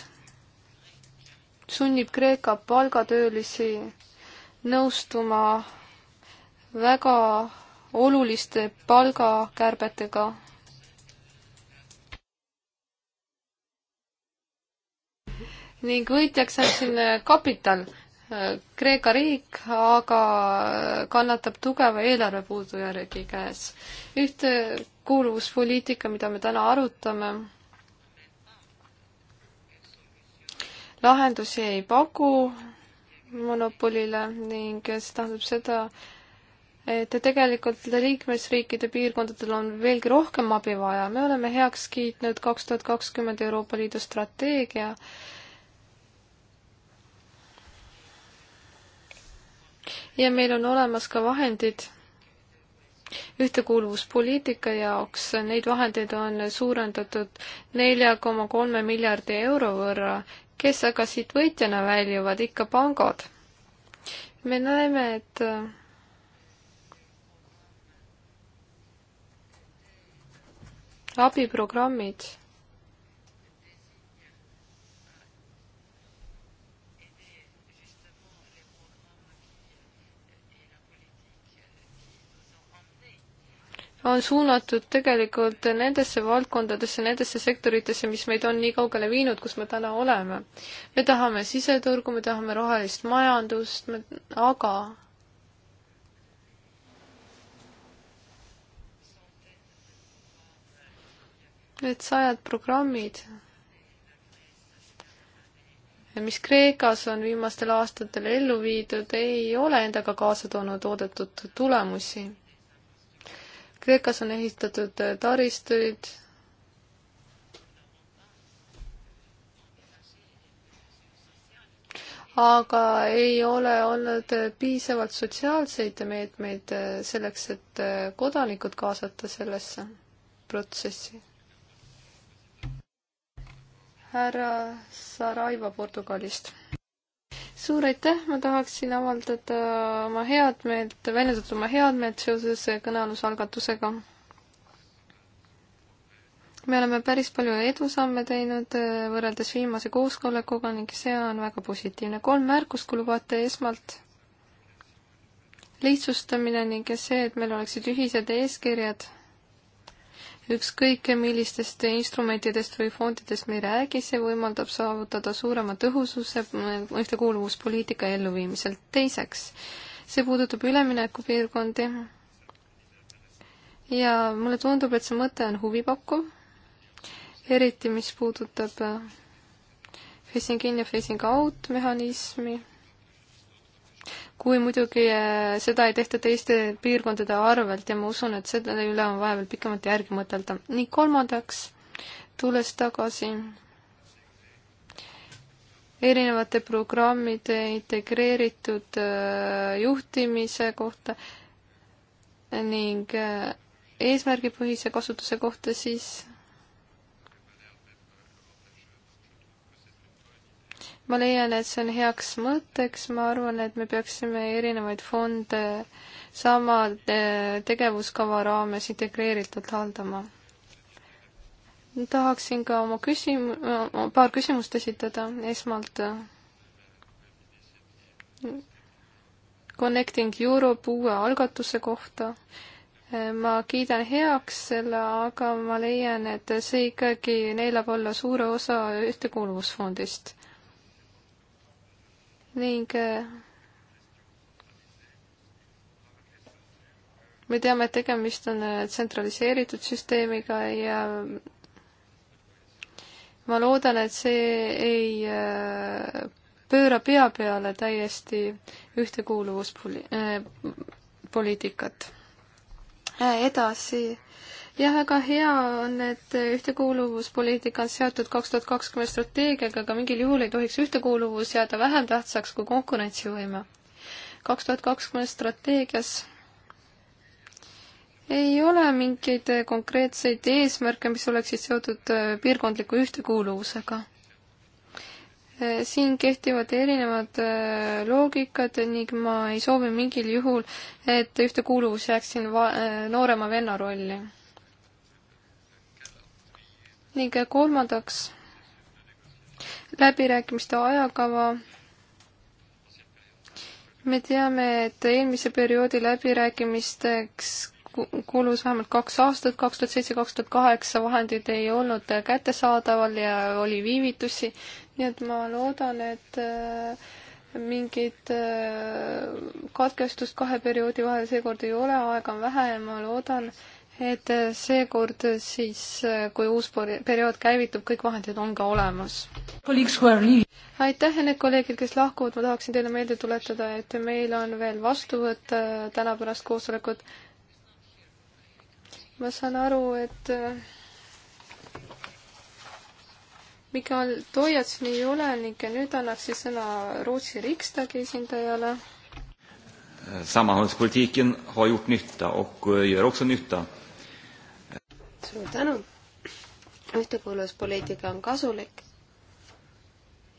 sunnib Kreeka palgatöölisi nõustuma väga oluliste palgakärbetega. ning võitjaks on siin kapital Kreeka riik aga kannatab tugeva eelarve puudujärgi käes. ühtekuuluvuspoliitika, mida me täna arutame, lahendusi ei paku monopolile ning see tähendab seda, et tegelikult liikmesriikide piirkondadel on veelgi rohkem abi vaja. me oleme heaks kiitnud kaks tuhat kakskümmend Euroopa Liidu strateegia ja meil on olemas ka vahendid ühtekuuluvuspoliitika jaoks, neid vahendeid on suurendatud nelja koma kolme miljardi euro võrra, kes aga siit võitjana väljuvad, ikka pangad. me näeme, et abiprogrammid on suunatud tegelikult nendesse valdkondadesse, nendesse sektoritesse, mis meid on nii kaugele viinud, kus me täna oleme. me tahame siseturgu, me tahame rohelist majandust, me, aga need sajad programmid, mis Kreekas on viimastel aastatel ellu viidud, ei ole endaga kaasa toonud oodatud tulemusi Kreekas on ehitatud äh, taristuid, aga ei ole olnud äh, piisavalt sotsiaalseid meetmeid äh, selleks, et kodanikud kaasata sellesse protsessi. härra Saraiva Portugalist suur aitäh, ma tahaksin avaldada oma head meelt, väljendada oma head meelt seoses kõnealuse algatusega. me oleme päris palju edusamme teinud eh, võrreldes viimase koosolekuga ning see on väga positiivne. kolm märkust, kui lubate, esmalt lihtsustamine ning see, et meil oleksid ühised eeskirjad ükskõik millistest instrumentidest või fondidest me ei räägi, see võimaldab saavutada suurema tõhususe mm, ühtekuuluvuspoliitika elluviimisel. teiseks, see puudutab üleminekupiirkondi ja mulle tundub, et see mõte on huvipakkuv, eriti mis puudutab facing äh, in ja facing out mehhanismi kui muidugi äh, seda ei tehta teiste piirkondade arvelt ja ma usun, et selle üle on vaja veel pikemalt järgi mõtelda. ning kolmandaks, tulles tagasi erinevate programmide integreeritud äh, juhtimise kohta ning äh, eesmärgipõhise kasutuse kohta, siis ma leian, et see on heaks mõtteks, ma arvan, et me peaksime erinevaid fonde sama eh, tegevuskava raames integreeritult haldama. tahaksin ka oma küsim-, paar küsimust esitada, esmalt eh, Connecting Europe uue algatuse kohta. Eh, ma kiidan heaks selle, aga ma leian, et see ikkagi neelab alla suure osa ühtekuuluvusfondist ning äh, me teame, et tegemist on äh, tsentraliseeritud süsteemiga ja ma loodan, et see ei äh, pööra pea peale täiesti ühtekuuluvuspoliitikat. edasi jah, väga hea on, et ühtekuuluvuspoliitika on seotud kaks tuhat kakskümmend strateegiaga, aga mingil juhul ei tohiks ühtekuuluvus jääda vähem tähtsaks kui konkurentsivõime. kaks tuhat kakskümmend strateegias ei ole mingeid konkreetseid eesmärke, mis oleksid seotud äh, piirkondliku ühtekuuluvusega. Äh, siin kehtivad erinevad äh, loogikad ning ma ei soovi mingil juhul, et ühtekuuluvus jääks siin noorema venna rolli ning kolmandaks läbirääkimiste ajakava. me teame, et eelmise perioodi läbirääkimisteks kulus vähemalt kaks aastat, kaks tuhat seitse, kaks tuhat kaheksa vahendid ei olnud kättesaadaval ja oli viivitusi, nii et ma loodan, et äh, mingit äh, katkestust kahe perioodi vahel seekord ei ole, aega on vähe ja ma loodan, et et seekord siis, kui uus periood käivitub, kõik vahendid on ka olemas. aitäh ja need kolleegid, kes lahkuvad, ma tahaksin teile meelde tuletada, et meil on veel vastuvõtt äh, täna pärast koosolekut. ma saan aru, et äh, Mikael Toiats nii ei ole ning nüüd annaks siis sõna Rootsi Riksdagi esindajale. Äh, Sammanhållspolitiken har gjort nytta och gör också nytta suur tänu. ühtekuuluvuspoliitika on kasulik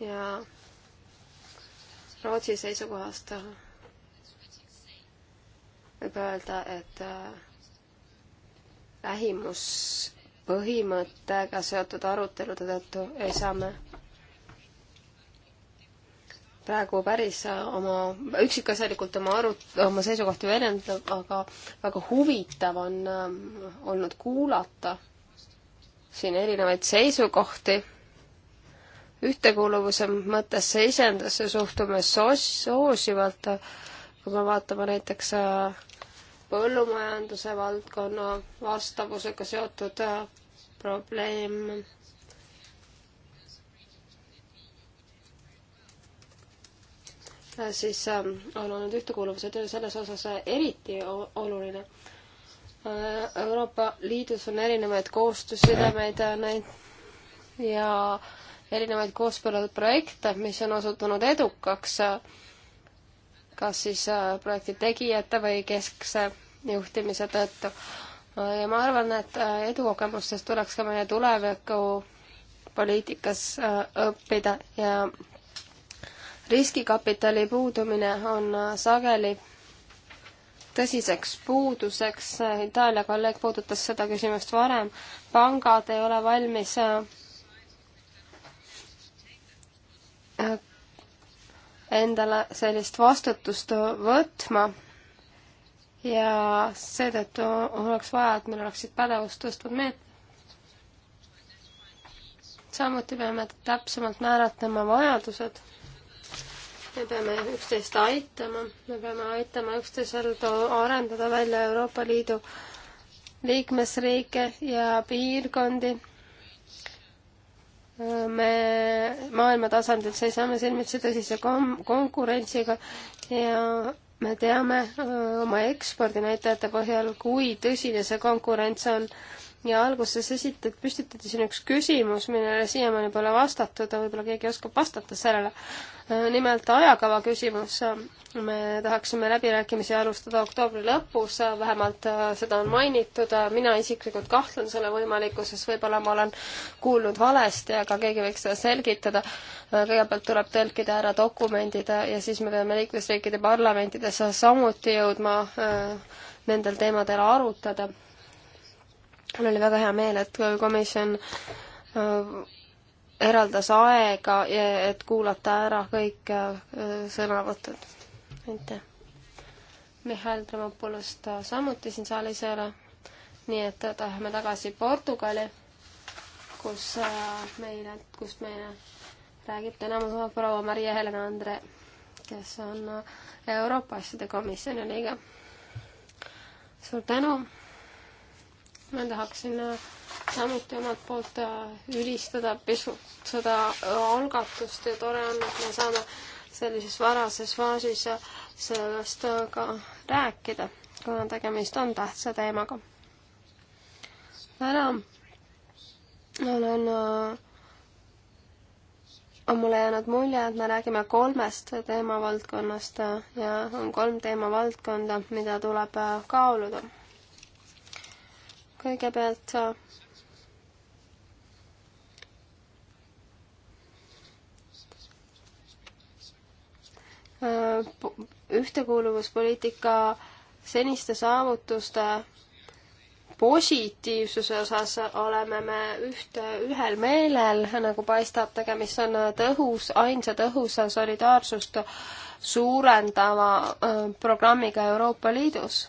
ja Rootsi seisukohast võib öelda, et äh, lähimuspõhimõttega seotud arutelude tõttu ei saa me praegu päris äh, oma, üksikasjalikult oma aru, oma seisukohti väljendada, aga väga huvitav on äh, olnud kuulata siin erinevaid seisukohti. ühtekuuluvuse mõttes see iseendasse suhtume soos-, soosivalt, kui me vaatame näiteks äh, põllumajanduse valdkonna vastavusega seotud äh, probleem siis ähm, on olnud ühtekuuluvuse töö selles osas äh, eriti oluline. Äh, Euroopa Liidus on erinevaid koostöösidemeid äh, neid ja erinevaid koostööprojekte, mis on osutunud edukaks kas siis projekti tegijate või keskse juhtimise tõttu. ja ma arvan, et edukogemustest tuleks ka meie tuleviku poliitikas õppida ja riskikapitali puudumine on sageli tõsiseks puuduseks, Itaalia kolleeg puudutas seda küsimust varem, pangad ei ole valmis äh, endale sellist vastutust võtma ja seetõttu oleks vaja, et meil oleksid pädevust tõstvad meetmed. samuti peame täpsemalt määratlema vajadused me peame üksteist aitama, me peame aitama üksteisel arendada välja Euroopa Liidu liikmesriike ja piirkondi. me maailma tasandil seisame silmitsi tõsise kom-, konkurentsiga ja me teame oma ekspordinäitajate põhjal, kui tõsine see konkurents on ja alguses esitati, püstitati siin üks küsimus, millele siiamaani pole vastatud, võib-olla keegi oskab vastata sellele. Äh, nimelt ajakava küsimus. me tahaksime läbirääkimisi alustada oktoobri lõpus, vähemalt äh, seda on mainitud, mina isiklikult kahtlen selle võimalikkuses, võib-olla ma olen kuulnud valesti, aga keegi võiks seda selgitada. Äh, kõigepealt tuleb tõlkida ära dokumendid ja siis me peame liikmesriikide parlamentides samuti jõudma nendel teemadel arutada mul oli väga hea meel, et komisjon äh, eraldas aega, et kuulata ära kõik äh, sõnavõtud. aitäh! Mihhail Tremopolust äh, samuti siin saalis ei ole, nii et läheme tagasi Portugali, kus meile, kust meile räägib täna mu proua Maria Helena Andre, kes on Euroopa asjade komisjoni liige. suur tänu! ma tahaksin äh, samuti omalt poolt äh, ülistada pisut seda äh, algatust ja tore on, et me saame sellises varases faasis sellest ka rääkida, kuna tegemist on tähtsa teemaga. täna olen on mulle jäänud mulje, et me räägime kolmest teemavaldkonnast ja on kolm teemavaldkonda, mida tuleb kaaluda kõigepealt äh, ühtekuuluvuspoliitika seniste saavutuste positiivsuse osas oleme me ühte, ühel meelel, nagu paistab, tegemist on tõhus, ainsa tõhusa solidaarsust suurendava äh, programmiga Euroopa Liidus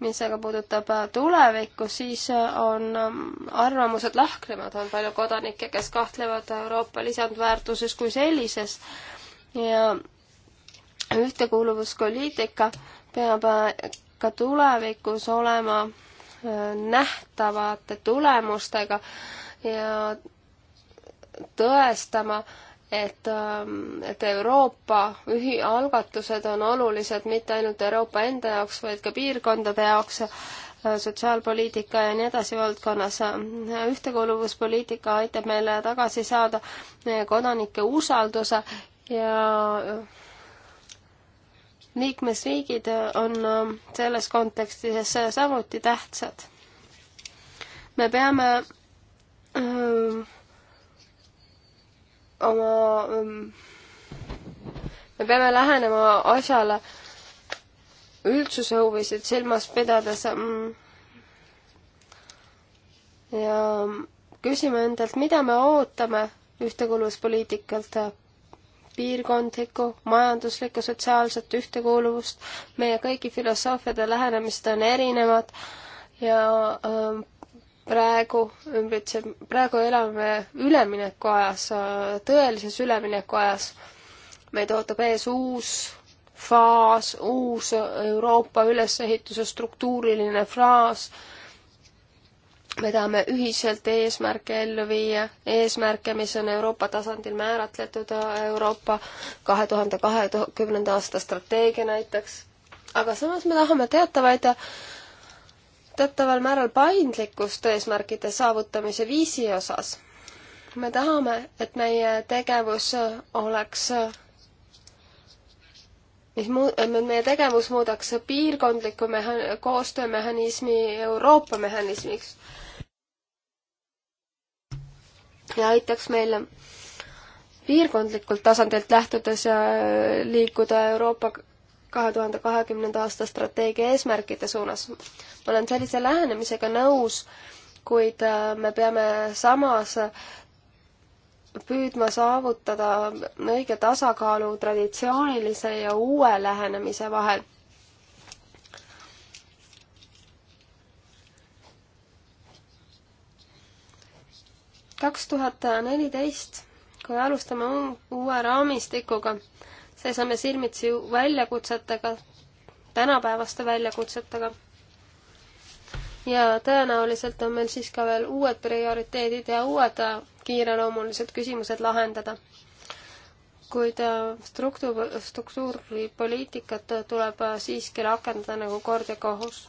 mis aga puudutab äh, tulevikku, siis äh, on ähm, arvamused lahknevad, on palju kodanikke, kes kahtlevad Euroopa lisandväärtuses kui sellises ja ühtekuuluvuspoliitika peab äh, ka tulevikus olema nähtavate tulemustega ja tõestama, et, ähm, et Euroopa ühi-, algatused on olulised mitte ainult Euroopa enda jaoks, vaid ka piirkondade jaoks, äh, sotsiaalpoliitika ja nii edasi valdkonnas. ühtekuuluvuspoliitika aitab meile tagasi saada meie kodanike usalduse ja äh, liikmesriigid on äh, selles kontekstis samuti tähtsad. me peame öö, oma ähm, me peame lähenema asjale üldsuse huvisid silmas pidades. Mm, ja mm, küsime endalt, mida me ootame ühtekuuluvuspoliitikalt, äh, piirkondlikku, majanduslikku, sotsiaalset ühtekuuluvust. meie kõigi filosoofiad ja lähenemised on erinevad ja ähm, praegu ümbritseb, praegu elame üleminekuajas, tõelises üleminekuajas. meid ootab ees uus faas, uus Euroopa ülesehituse struktuuriline fraas. me tahame ühiselt eesmärke ellu viia, eesmärke, mis on Euroopa tasandil määratletud Euroopa kahe tuhande kahekümnenda aasta strateegia näiteks. aga samas me tahame teatavaid teataval määral paindlikkust eesmärkide saavutamise viisi osas. me tahame, et meie tegevus oleks mis muu-, meie tegevus muudaks piirkondliku meha-, koostöömehhanismi Euroopa mehhanismiks. ja aitaks meil piirkondlikult tasandilt lähtudes liikuda Euroopa kahe tuhande kahekümnenda aasta strateegia eesmärkide suunas. ma olen sellise lähenemisega nõus, kuid äh, me peame samas püüdma saavutada õige tasakaalu traditsioonilise ja uue lähenemise vahel. kaks tuhat neliteist, kui alustame uue raamistikuga, seisame silmitsi väljakutsetega, tänapäevaste väljakutsetega. ja tõenäoliselt on meil siis ka veel uued prioriteedid ja uued kiireloomulised küsimused lahendada. kuid äh, struktuur, struktuuripoliitikat tuleb äh, siiski rakendada nagu kord ja kohus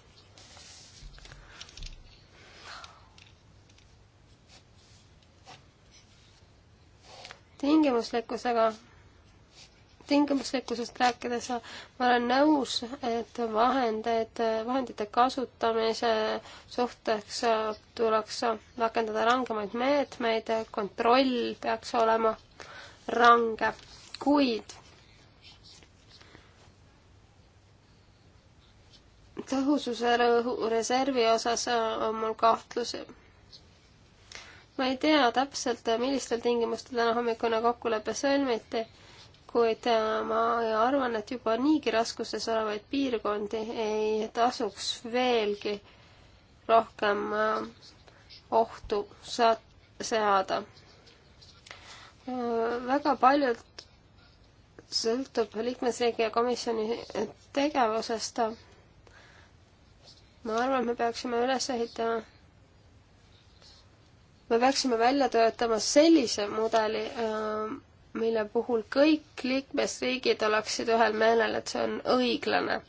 tingimuslikkusega tingimuslikkusest rääkides ma olen nõus, et vahendeid, vahendite kasutamise suhteks tuleks rakendada rangemaid meetmeid, kontroll peaks olema range, kuid tõhususe reservi osas on mul kahtlusi ma ei tea täpselt, millistel tingimustel täna hommikune kokkulepe sõlmiti kuid äh, ma arvan, et juba niigi raskuses olevaid piirkondi ei tasuks veelgi rohkem äh, ohtu seada. Äh, väga paljud sõltub liikmesriigi ja komisjoni tegevusest. ma arvan, me peaksime üles ehitama me peaksime välja töötama sellise mudeli äh,, mille puhul kõik liikmesriigid oleksid ühel meelel, et see on õiglane.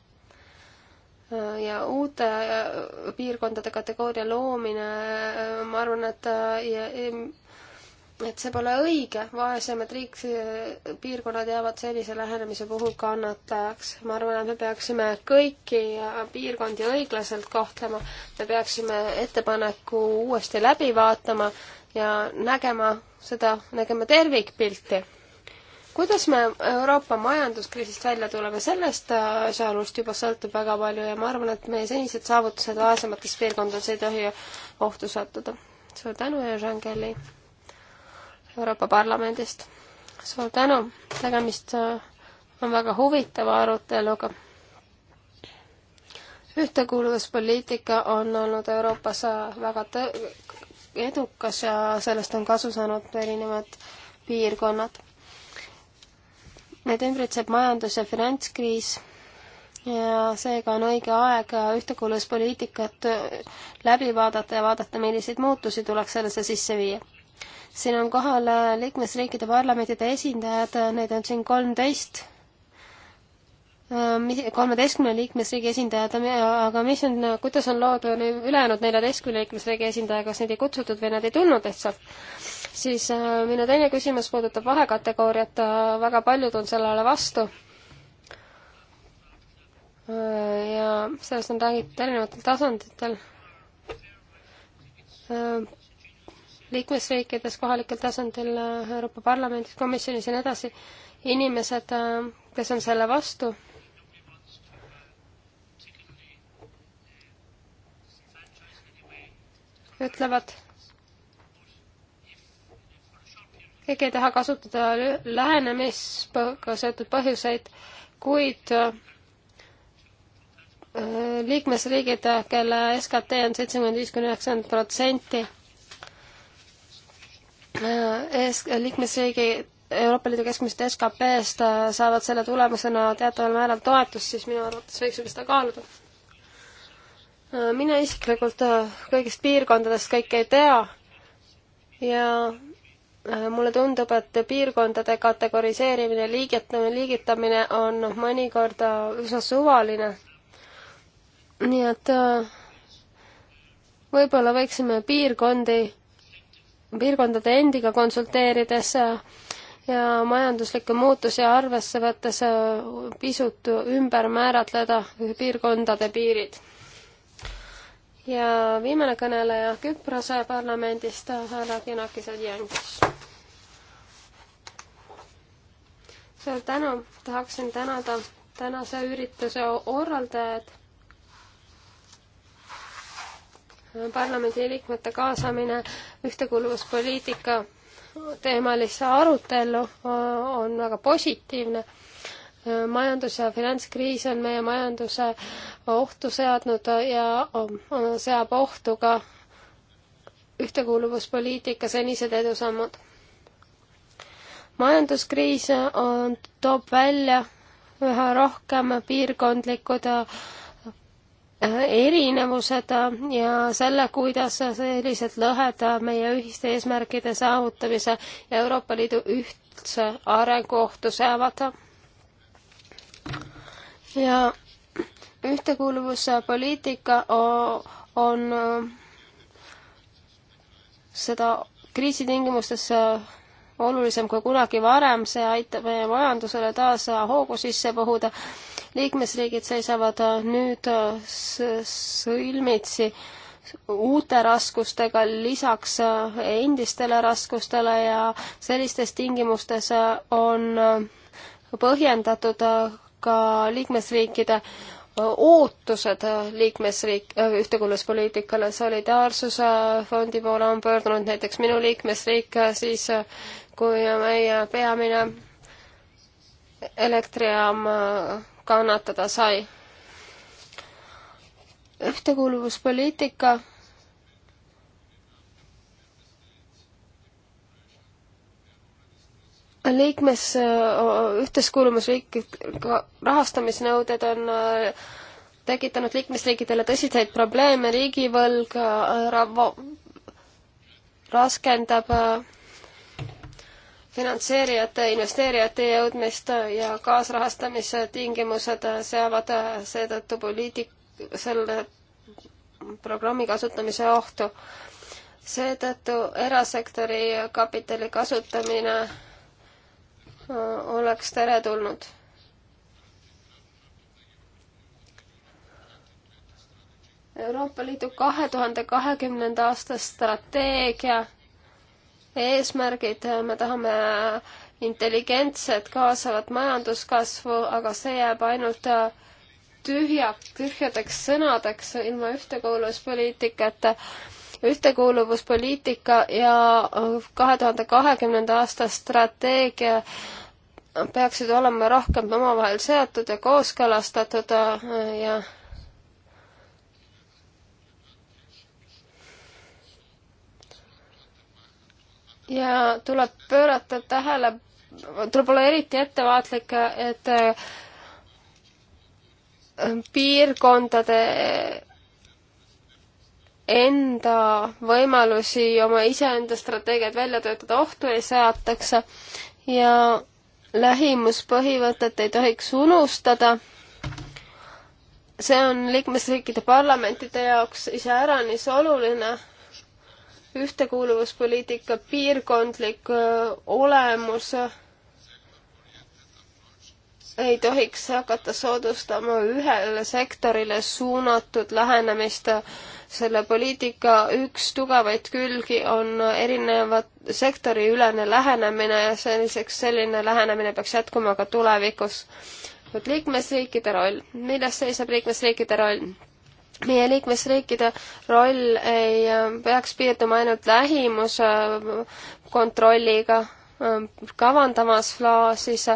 ja uute piirkondade kategooria loomine, ma arvan, et ja, et see pole õige, vaesemad riik, piirkonnad jäävad sellise lähenemise puhul kannatajaks. ma arvan, et me peaksime kõiki piirkondi õiglaselt kohtlema, me peaksime ettepaneku uuesti läbi vaatama ja nägema seda, nägema tervikpilti. kuidas me Euroopa majanduskriisist välja tuleme, sellest äh, asjaolust juba sõltub väga palju ja ma arvan, et meie senised saavutused vaesemates piirkondades ei tohi ohtu sattuda. suur tänu ja Jean Kelly Euroopa Parlamendist. suur tänu, tegemist äh, on väga huvitava aruteluga ühtekuuluvuspoliitika on olnud Euroopas äh, väga tõ-, edukas ja sellest on kasu saanud erinevad piirkonnad. Need ümbritseb majandus- ja finantskriis ja seega on õige aeg ühtekuuluvuspoliitikat läbi vaadata ja vaadata, milliseid muutusi tuleks sellesse sisse viia. siin on kohal liikmesriikide parlamentide esindajad, neid on siin kolmteist Äh, kolmeteistkümne liikmesriigi esindajad, aga mis on, kuidas on lood ülejäänud neljateistkümne liikmesriigi esindaja, kas neid ei kutsutud või nad ei tulnud lihtsalt? siis äh, minu teine küsimus puudutab vahekategooriat, äh, väga paljud on sellele vastu. ja sellest on räägitud erinevatel tasanditel. liikmesriikides, kohalikul tasandil, Euroopa Parlamendis, komisjonis ja nii edasi, inimesed, kes on selle vastu ütlevad, keegi ei taha kasutada lähenemisega seotud põhjuseid, kuid äh, liikmesriigid, kelle SKT on seitsekümmend viis kuni üheksakümmend protsenti, äh, liikmesriigi Euroopa Liidu keskmist SKP-st äh, saavad selle tulemusena teataval määral toetust, siis minu arvates võiksime seda kaaluda mina isiklikult äh, kõigist piirkondadest kõike ei tea ja äh, mulle tundub, et piirkondade kategoriseerimine, liigetamine, liigitamine on mõnikord äh, üsna suvaline. nii et võib-olla võiksime piirkondi, piirkondade endiga konsulteerides ja majanduslikke muutusi arvesse võttes pisut ümber määratleda piirkondade piirid ja viimane kõneleja Küprose parlamendist, härra Kinakis Adjankis. suur tänu, tahaksin tänada tänase ürituse korraldajad. parlamendiliikmete kaasamine ühtekuuluvuspoliitika teemalisse arutellu äh, on väga positiivne majandus- ja finantskriis on meie majanduse ohtu seadnud ja seab ohtu ka ühtekuuluvuspoliitika senised edusammud. majanduskriis on, toob välja üha rohkem piirkondlikud erinevused ja selle, kuidas sellised lõhed meie ühiste eesmärkide saavutamise ja Euroopa Liidu ühtse arengu ohtu seavad ja ühtekuuluvuspoliitika on äh, seda kriisitingimustes äh, olulisem kui kunagi varem, see aitab meie majandusele taas äh, hoogu sisse puhuda. liikmesriigid seisavad nüüd sõlmitsi uute raskustega lisaks endistele raskustele ja sellistes tingimustes on põhjendatud ka liikmesriikide ootused liikmesriik, ühtekuuluvuspoliitikale, Solidaarsuse fondi poole on pöördunud näiteks minu liikmesriik, siis kui meie peamine elektrijaam kannatada sai. ühtekuuluvuspoliitika liikmes, ühteskuuluvusriikide rahastamisnõuded on tekitanud liikmesriikidele tõsiseid probleeme, riigivõlg raskendab finantseerijate, investeerijate jõudmist ja kaasrahastamise tingimused seavad seetõttu poliitik-, selle programmi kasutamise ohtu. seetõttu erasektori kapitali kasutamine oleks teretulnud. Euroopa Liidu kahe tuhande kahekümnenda aasta strateegia eesmärgid, me tahame intelligentset kaasavat majanduskasvu, aga see jääb ainult tühja, tühjadeks sõnadeks ilma ühtekuuluvuspoliitikata ühtekuuluvuspoliitika ja kahe tuhande kahekümnenda aasta strateegia peaksid olema rohkem omavahel seotud ja kooskõlastatud äh, ja ja tuleb pöörata tähele, tuleb olla eriti ettevaatlik, et äh, piirkondade enda võimalusi oma iseenda strateegiat välja töötada ohtu ei seataks ja lähimuspõhimõtet ei tohiks unustada. see on liikmesriikide parlamentide jaoks iseäranis oluline. ühtekuuluvuspoliitika piirkondlik olemus ei tohiks hakata soodustama ühele sektorile suunatud lähenemist selle poliitika üks tugevaid külgi on erinevad sektoriülene lähenemine ja selliseks selline lähenemine peaks jätkuma ka tulevikus. vot liikmesriikide roll, milles seisneb liikmesriikide roll? meie liikmesriikide roll ei äh, peaks piirduma ainult lähimuse äh, kontrolliga, äh, kavandamas flaasis,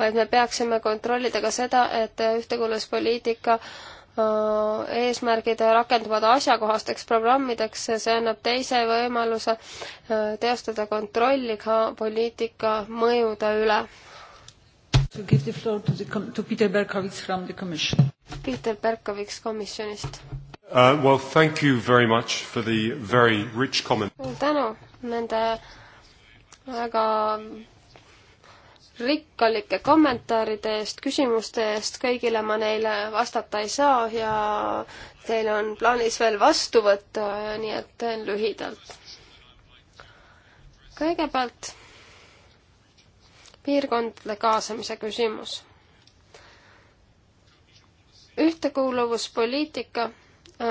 vaid me peaksime kontrollida ka seda, et ühtekuuluvuspoliitika äh, Äh, eesmärgid rakenduvad asjakohasteks programmideks, see annab teise võimaluse äh, teostada kontrolli ka poliitika mõjude üle. To give the floor to, the, to Peter Berkovits from the Commission. Peter Berkovits komisjonist uh,. Well, thank you very much for the very rich comment. tänu nende väga rikkalike kommentaaride eest, küsimuste eest, kõigile ma neile vastata ei saa ja teil on plaanis veel vastu võtta, nii et teen lühidalt. kõigepealt piirkondade kaasamise küsimus. ühtekuuluvuspoliitika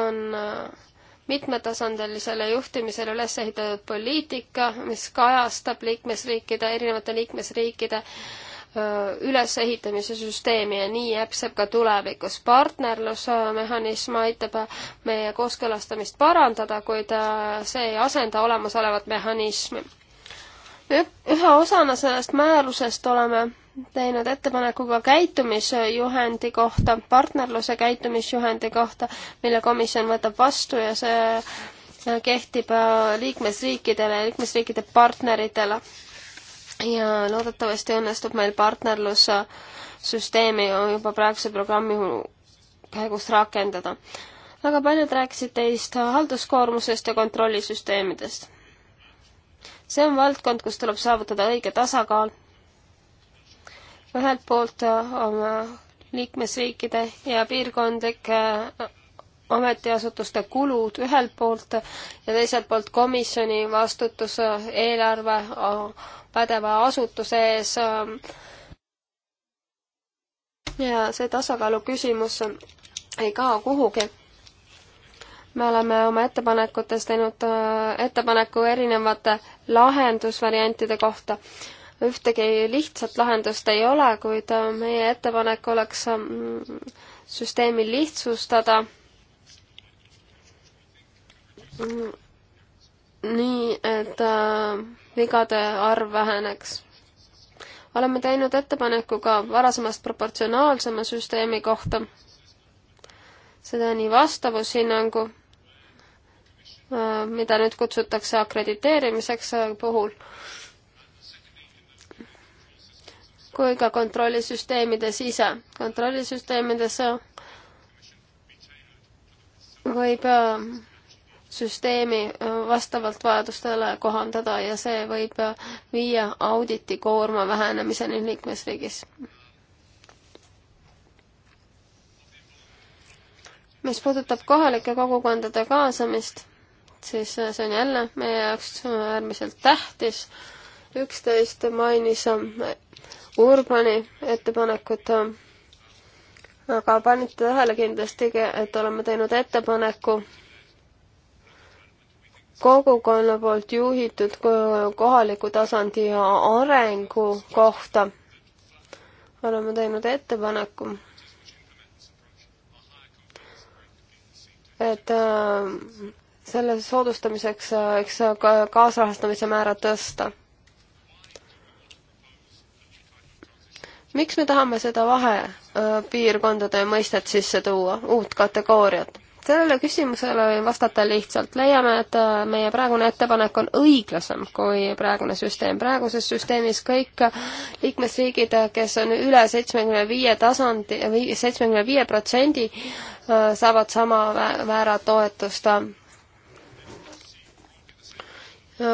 on äh, mitmetasandilisele juhtimisele üles ehitatud poliitika, mis kajastab liikmesriikide, erinevate liikmesriikide ülesehitamise süsteemi ja nii jääb ka tulevikus. partnerlusmehhanism aitab meie kooskõlastamist parandada, kuid see ei asenda olemasolevat mehhanismi. ühe osana sellest määrusest oleme teinud ettepaneku ka käitumisjuhendi kohta, partnerluse käitumisjuhendi kohta, mille komisjon võtab vastu ja see äh, kehtib äh, liikmesriikidele ja liikmesriikide partneritele. ja loodetavasti õnnestub meil partnerlussüsteemi juba praeguse programmi käigus rakendada. väga paljud rääkisid teist halduskoormusest ja kontrollisüsteemidest. see on valdkond, kus tuleb saavutada õige tasakaal ühelt poolt äh, oma liikmesriikide ja piirkondlike äh, ametiasutuste kulud ühelt poolt ja teiselt poolt komisjoni vastutus äh, eelarve pädeva asutuse ees. ja see tasakaalu küsimus ei kao kuhugi. me oleme oma ettepanekutes teinud ettepaneku erinevate lahendusvariantide kohta ühtegi lihtsat lahendust ei ole, kuid äh, meie ettepanek oleks mm, süsteemi lihtsustada mm, nii, et äh, vigade arv väheneks. oleme teinud ettepaneku ka varasemast proportsionaalsema süsteemi kohta, seda nii vastavushinnangu, äh, mida nüüd kutsutakse akrediteerimiseks puhul, kui ka kontrollisüsteemides ise. kontrollisüsteemides võib äh, süsteemi äh, vastavalt vajadustele kohandada ja see võib äh, viia auditi koorma vähenemiseni liikmesriigis. mis puudutab kohalike kogukondade kaasamist, siis see on jälle meie jaoks äärmiselt tähtis. üksteist mainis Urbani ettepanekut, aga panite tähele kindlasti, et oleme teinud ettepaneku kogukonna poolt juhitud kohaliku tasandi arengu kohta. oleme teinud ettepaneku et äh, selle soodustamiseks äh, eks ka kaasrahastamise määra tõsta. miks me tahame seda vahepiirkondade mõistet sisse tuua, uut kategooriat? sellele küsimusele võin vastata lihtsalt. leiame, et äh, meie praegune ettepanek on õiglasem kui praegune süsteem. praeguses süsteemis kõik liikmesriigid, kes on üle seitsmekümne viie tasandi, seitsmekümne viie protsendi, äh, saavad sama määra toetust äh,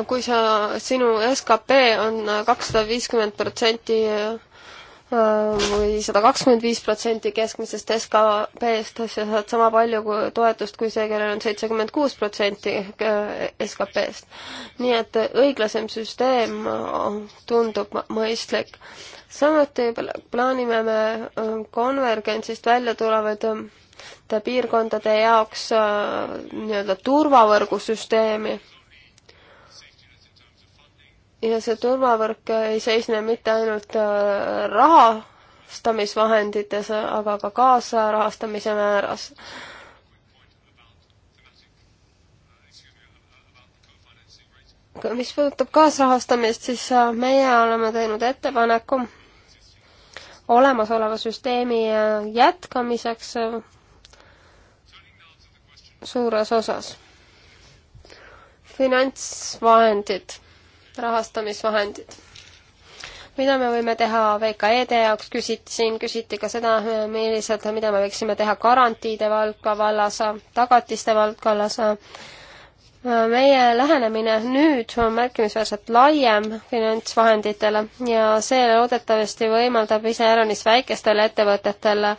kui sa, sinu skp on kakssada viiskümmend protsenti Äh, või sada kakskümmend viis protsenti keskmisest SKP-st, sa saad sama palju kui toetust kui see, kellel on seitsekümmend kuus protsenti äh, SKP-st. nii et õiglasem süsteem äh, tundub mõistlik. samuti plaanime me konvergentsist välja tulevaid piirkondade jaoks nii-öelda turvavõrgusüsteemi ja see turvavõrk ei seisne mitte ainult äh, rahastamisvahendites, aga ka kaasrahastamise määras. mis puudutab kaasrahastamist, siis äh, meie oleme teinud ettepaneku olemasoleva süsteemi äh, jätkamiseks suures osas. finantsvahendid rahastamisvahendid. mida me võime teha VKE-de jaoks, küsiti siin, küsiti ka seda, millised, mida me võiksime teha garantiide valdka vallas, tagatiste valdkonnas. meie lähenemine nüüd on märkimisväärselt laiem finantsvahenditele ja see loodetavasti võimaldab iseäranis väikestel etteõtetel äh,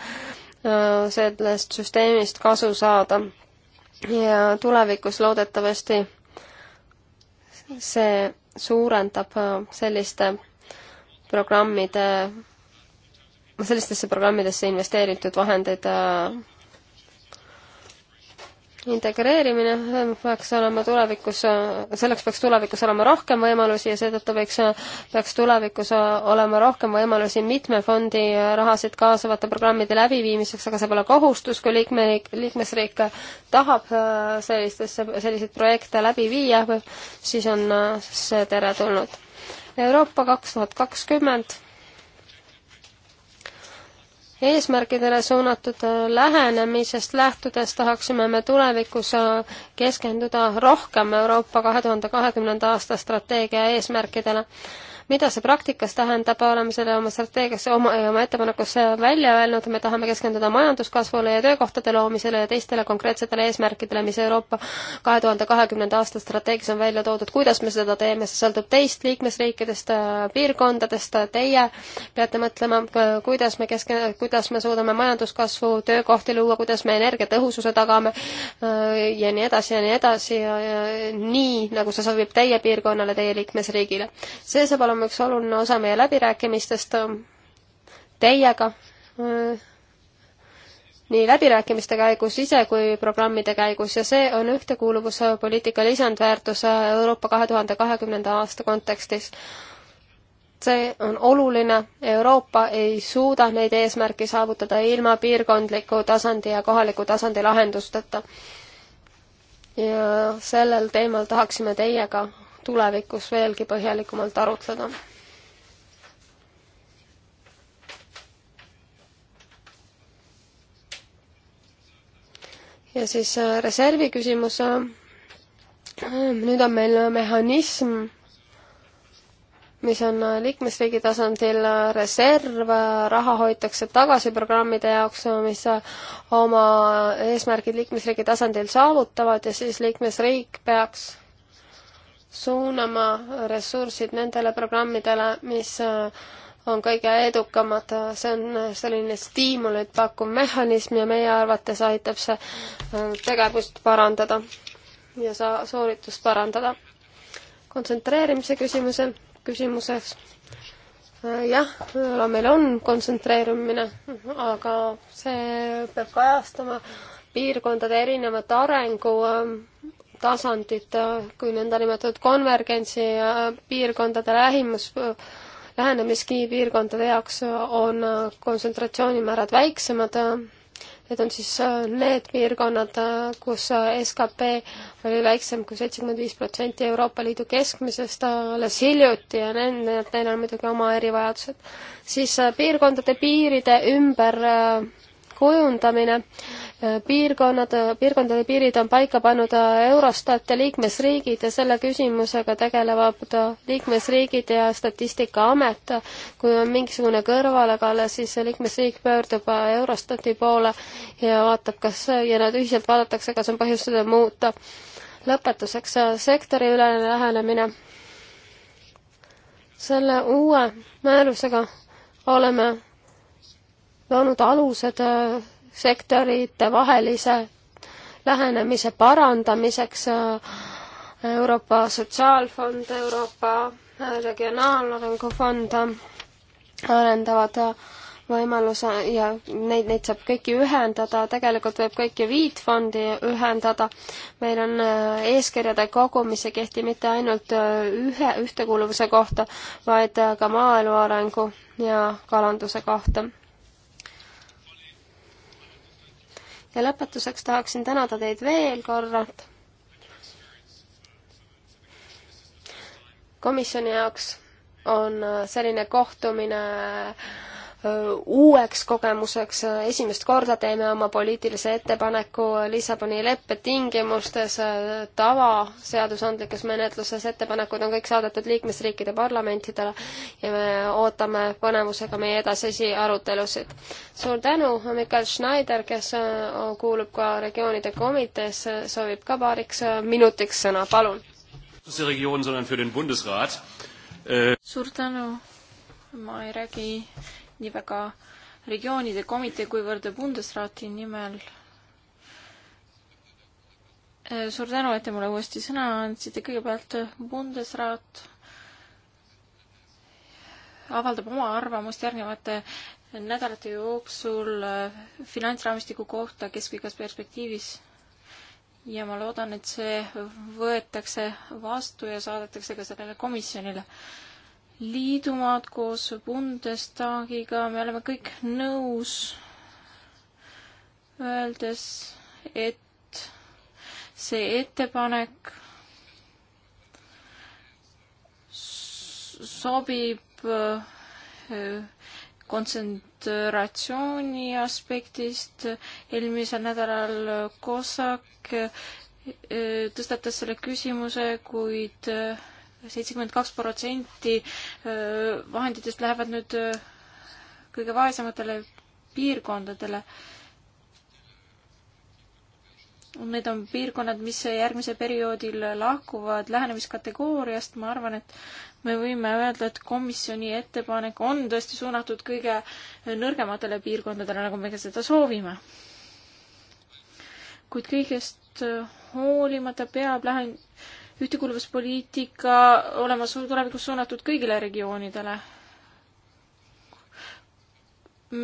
sellest süsteemist kasu saada. ja tulevikus loodetavasti see suurendab äh, selliste programmide, sellistesse programmidesse investeeritud vahendeid äh, integreerimine peaks olema tulevikus, selleks peaks tulevikus olema rohkem võimalusi ja seetõttu võiks, peaks tulevikus olema rohkem võimalusi mitme fondi rahasid kaasavate programmide läbiviimiseks, aga see pole kohustus, kui liikme, liikmesriik tahab äh, sellistesse, selliseid projekte läbi viia, siis on see teretulnud. Euroopa kaks tuhat kakskümmend eesmärkidele suunatud äh, lähenemisest lähtudes tahaksime me tulevikus äh, keskenduda rohkem Euroopa kahe tuhande kahekümnenda aasta strateegia eesmärkidele mida see praktikas tähendab, oleme selle oma strateegiasse, oma, oma ettepanekusse välja öelnud, me tahame keskenduda majanduskasvule ja töökohtade loomisele ja teistele konkreetsetele eesmärkidele, mis Euroopa kahe tuhande kahekümnenda aasta strateegias on välja toodud. kuidas me seda teeme, see sõltub teist liikmesriikidest, äh, piirkondadest, teie peate mõtlema, kuidas me kesk-, kuidas me suudame majanduskasvu, töökohti luua, kuidas me energiatõhususe tagame äh, ja nii edasi ja nii edasi ja, ja nii, nagu see sobib teie piirkonnale, teie liikmesriigile. see saab olema olema üks oluline osa meie läbirääkimistest teiega, nii läbirääkimiste käigus ise kui programmide käigus ja see on ühtekuuluvuspoliitika lisandväärtus Euroopa kahe tuhande kahekümnenda aasta kontekstis. see on oluline, Euroopa ei suuda neid eesmärke saavutada ilma piirkondliku tasandi ja kohaliku tasandi lahendusteta. ja sellel teemal tahaksime teiega tulevikus veelgi põhjalikumalt arutleda. ja siis äh, reservi küsimus. Äh, nüüd on meil mehhanism, mis on äh, liikmesriigi tasandil reserv, raha hoitakse tagasi programmide jaoks, mis oma eesmärgid liikmesriigi tasandil saavutavad ja siis liikmesriik peaks suunama ressursid nendele programmidele, mis äh, on kõige edukamad, see on äh, selline stiimulit pakkuv mehhanism ja meie arvates aitab see äh, tegevust parandada ja sa-, sooritust parandada. kontsentreerimise küsimuse, küsimuseks jah, meil on kontsentreerumine, aga see peab kajastama piirkondade erinevat arengu ähm, tasandit kui nõndanimetatud konvergentsi äh, piirkondade lähimus, lähenemisgi piirkondade jaoks on äh, kontsentratsioonimäärad väiksemad. Need on siis äh, need piirkonnad, kus skp oli väiksem kui seitsekümmend viis protsenti Euroopa Liidu keskmisest alles hiljuti ja nendel, neil on muidugi oma erivajadused. siis piirkondade piiride ümber kujundamine äh, piirkonnad, piirkondade piirid on paika pannud Eurostat ja liikmesriigid ja selle küsimusega tegelevad liikmesriigid ja Statistikaamet. kui on mingisugune kõrvalekalle, siis liikmesriik pöördub Eurostati poole ja vaatab, kas, ja nad ühiselt vaadatakse, kas on põhjust seda muuta. lõpetuseks sektoriülene lähenemine. selle uue määrusega oleme loonud alused sektorite vahelise lähenemise parandamiseks äh, Euroopa Sotsiaalfond, Euroopa äh, Regionaalarengu Fond äh, arendavad võimaluse ja neid, neid saab kõiki ühendada, tegelikult võib kõiki viit fondi ühendada. meil on eeskirjade kogu, mis ei kehti mitte ainult ühe, ühtekuuluvuse kohta, vaid ka maaelu arengu ja kalanduse kohta. ja lõpetuseks tahaksin tänada teid veel korralt. komisjoni jaoks on äh, selline kohtumine uueks kogemuseks, esimest korda teeme oma poliitilise ettepaneku Lissaboni leppe tingimustes, tavaseadusandlikus menetluses ettepanekud on kõik saadetud liikmesriikide parlamentidele ja me ootame põnevusega meie edasisi arutelusid. suur tänu, Mikael Schneider, kes kuulub ka regioonide komiteesse, soovib ka paariks minutiks sõna, palun. Äh, suur tänu, ma ei räägi nii väga regioonide komitee kuivõrd Bundesrati nimel. Äh, suur tänu, et te mulle uuesti sõna andsite, kõigepealt äh, Bundesrat avaldab oma arvamust järgnevate nädalate jooksul äh, finantsraamistiku kohta keskpikas perspektiivis ja ma loodan, et see võetakse vastu ja saadetakse ka sellele komisjonile liidumaad koos Bundestagiga, me oleme kõik nõus, öeldes, et see ettepanek sobib äh, kontsentratsiooni aspektist. eelmisel nädalal Kosak äh, tõstatas selle küsimuse, kuid äh, seitsekümmend kaks protsenti vahenditest lähevad nüüd kõige vaesematele piirkondadele. Need on piirkonnad, mis järgmisel perioodil lahkuvad lähenemiskategooriast, ma arvan, et me võime öelda, et komisjoni ettepanek on tõesti suunatud kõige nõrgematele piirkondadele, nagu me ka seda soovime. kuid kõigest hoolimata peab lähen-, ühtekuuluvuspoliitika olema tulevikus suunatud kõigile regioonidele.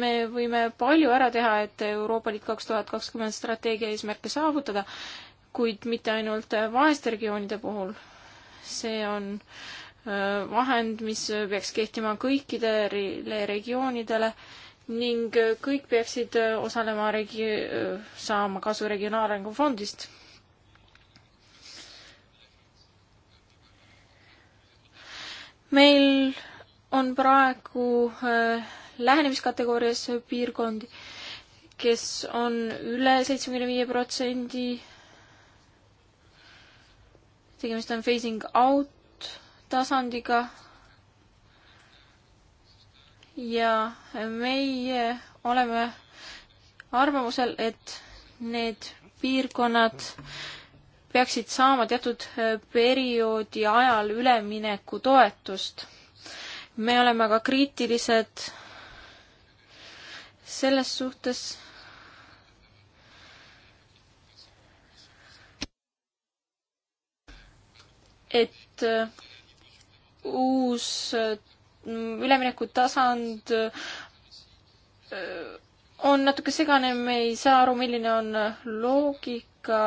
me võime palju ära teha, et Euroopa Liit kaks tuhat kakskümmend strateegia eesmärke saavutada, kuid mitte ainult vaeste regioonide puhul. see on vahend, mis peaks kehtima kõikidele regioonidele ning kõik peaksid osalema regi-, saama kasu Regionaalarengu fondist meil on praegu äh, lähenemiskategoorias piirkondi, kes on üle seitsmekümne viie protsendi. tegemist on phasing out tasandiga. ja meie oleme arvamusel, et need piirkonnad, peaksid saama teatud äh, perioodi ajal üleminekutoetust. me oleme ka kriitilised selles suhtes, et äh, uus äh, üleminekutasand on natuke segane, me ei saa aru, milline on loogika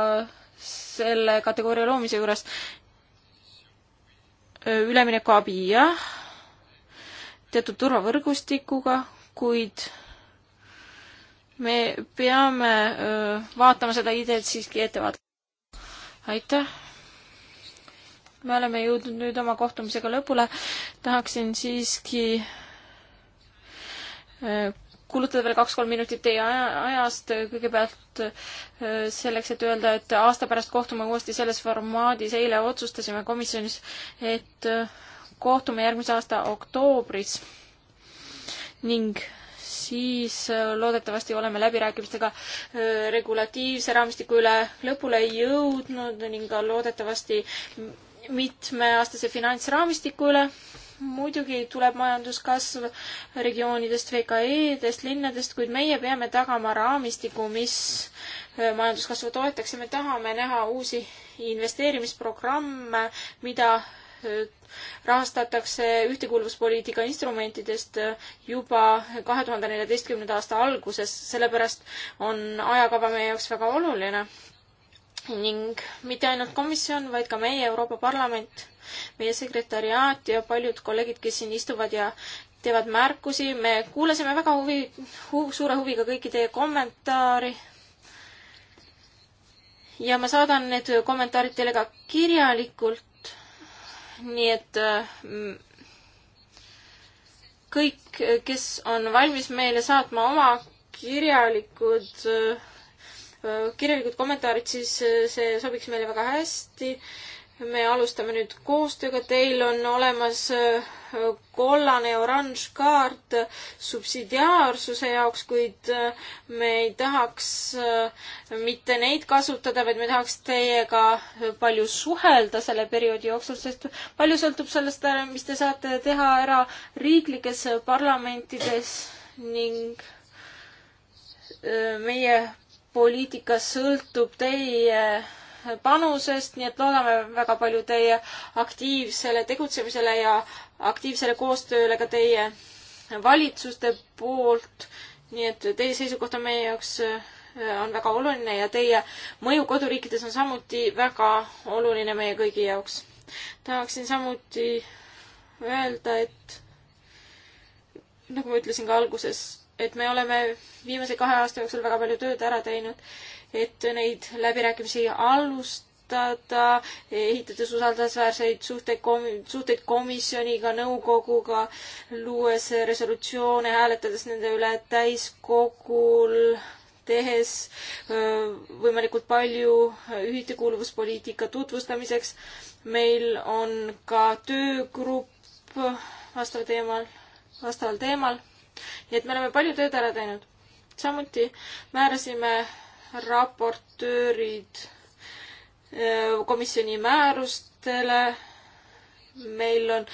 selle kategooria loomise juures. üleminekuabi, jah, teatud turvavõrgustikuga, kuid me peame öö, vaatama seda ideed siiski ettevaatlikult. aitäh! me oleme jõudnud nüüd oma kohtumisega lõpule. tahaksin siiski öö, kulutada veel kaks-kolm minutit teie aja, ajast kõigepealt äh, selleks, et öelda, et aasta pärast kohtume uuesti selles formaadis. eile otsustasime komisjonis, et äh, kohtume järgmise aasta oktoobris ning siis äh, loodetavasti oleme läbirääkimistega regulatiivse raamistiku üle lõpule jõudnud ning ka loodetavasti mitmeaastase finantsraamistiku üle muidugi tuleb majanduskasv regioonidest, VKE-dest, linnadest, kuid meie peame tagama raamistiku, mis äh, majanduskasvu toetaks ja me tahame näha uusi investeerimisprogramme, mida äh, rahastatakse ühtekuuluvuspoliitika instrumentidest äh, juba kahe tuhande neljateistkümnenda aasta alguses, sellepärast on ajakava meie jaoks väga oluline. ning mitte ainult komisjon, vaid ka meie Euroopa Parlament meie sekretäriaat ja paljud kolleegid, kes siin istuvad ja teevad märkusi, me kuulasime väga huvi hu,, suure huviga kõiki teie kommentaari. ja ma saadan need kommentaarid teile ka kirjalikult. nii et mm, kõik, kes on valmis meile saatma oma kirjalikud, äh, kirjalikud kommentaarid, siis äh, see sobiks meile väga hästi me alustame nüüd koostööga, teil on olemas äh, kollane ja oranž kaart subsidiaarsuse jaoks, kuid äh, me ei tahaks äh, mitte neid kasutada, vaid me tahaks teiega palju suhelda selle perioodi jooksul, sest palju sõltub sellest, mis te saate teha ära riiklikes parlamentides ning meie poliitika sõltub teie panusest, nii et loodame väga palju teie aktiivsele tegutsemisele ja aktiivsele koostööle ka teie valitsuste poolt. nii et teie seisukoht on meie jaoks, äh, on väga oluline ja teie mõju koduriikides on samuti väga oluline meie kõigi jaoks. tahaksin samuti öelda, et nagu ma ütlesin ka alguses, et me oleme viimase kahe aasta jooksul väga palju tööd ära teinud et neid läbirääkimisi alustada, ehitades usaldusväärseid suhteid kom-, suhteid komisjoniga, nõukoguga, luues resolutsioone, hääletades nende üle täiskogul tehes võimalikult palju ühtekuuluvuspoliitika tutvustamiseks. meil on ka töögrupp vastaval teemal, vastaval teemal. nii et me oleme palju tööd ära teinud. samuti määrasime raportöörid äh, komisjoni määrustele. meil on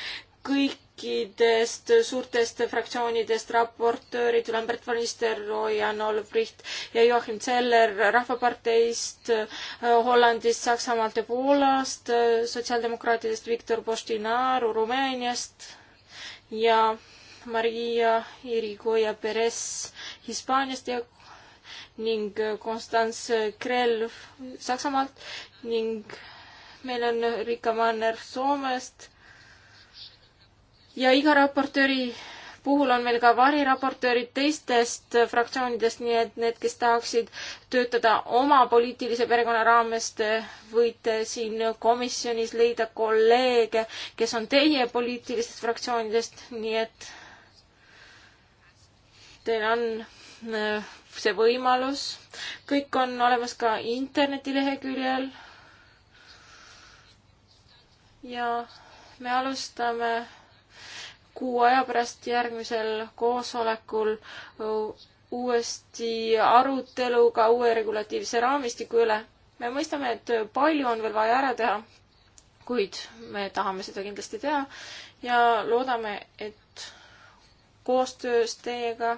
kõikidest suurtest fraktsioonidest raportöörid, Lambert von Nistelrooy, Jan Olbricht ja Joachim Zeller Rahvaparteist, äh, Hollandist, Saksamaalt ja Poolast, äh, sotsiaaldemokraatidest Viktor Postinaru Rumeeniast ja Maria Irigoya Perez Hispaaniast ja ning Konstanz Krell Saksamaalt ning meil on Rika Manner Soomest. ja iga raportööri puhul on meil ka variraportöörid teistest fraktsioonidest, nii et need, kes tahaksid töötada oma poliitilise perekonna raamest, võite siin komisjonis leida kolleege, kes on teie poliitilistest fraktsioonidest, nii et teil on äh, see võimalus. kõik on olemas ka internetileheküljel. ja me alustame kuu aja pärast järgmisel koosolekul uuesti aruteluga uue regulatiivse raamistiku üle. me mõistame, et palju on veel vaja ära teha, kuid me tahame seda kindlasti teha ja loodame, et koostöös teiega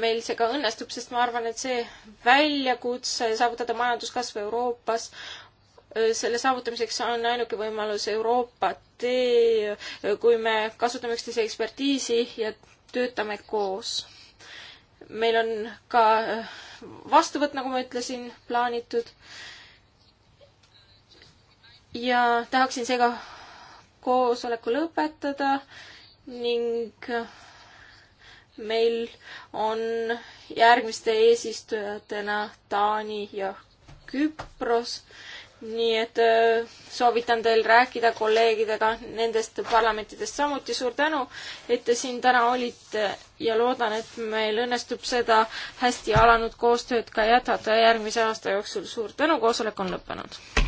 meil see ka õnnestub, sest ma arvan, et see väljakutse saavutada majanduskasv Euroopas, äh, selle saavutamiseks on ainuke võimalus Euroopa tee, kui me kasutame üksteise ekspertiisi ja töötame koos. meil on ka äh, vastuvõtt, nagu ma ütlesin, plaanitud. ja tahaksin seega koosoleku lõpetada ning äh, meil on järgmiste eesistujatena Taani ja Küpros, nii et äh, soovitan teil rääkida kolleegidega nendest parlamentidest samuti. suur tänu, et te siin täna olite ja loodan, et meil õnnestub seda hästi alanud koostööd ka jätkata järgmise aasta jooksul. suur tänu, koosolek on lõppenud.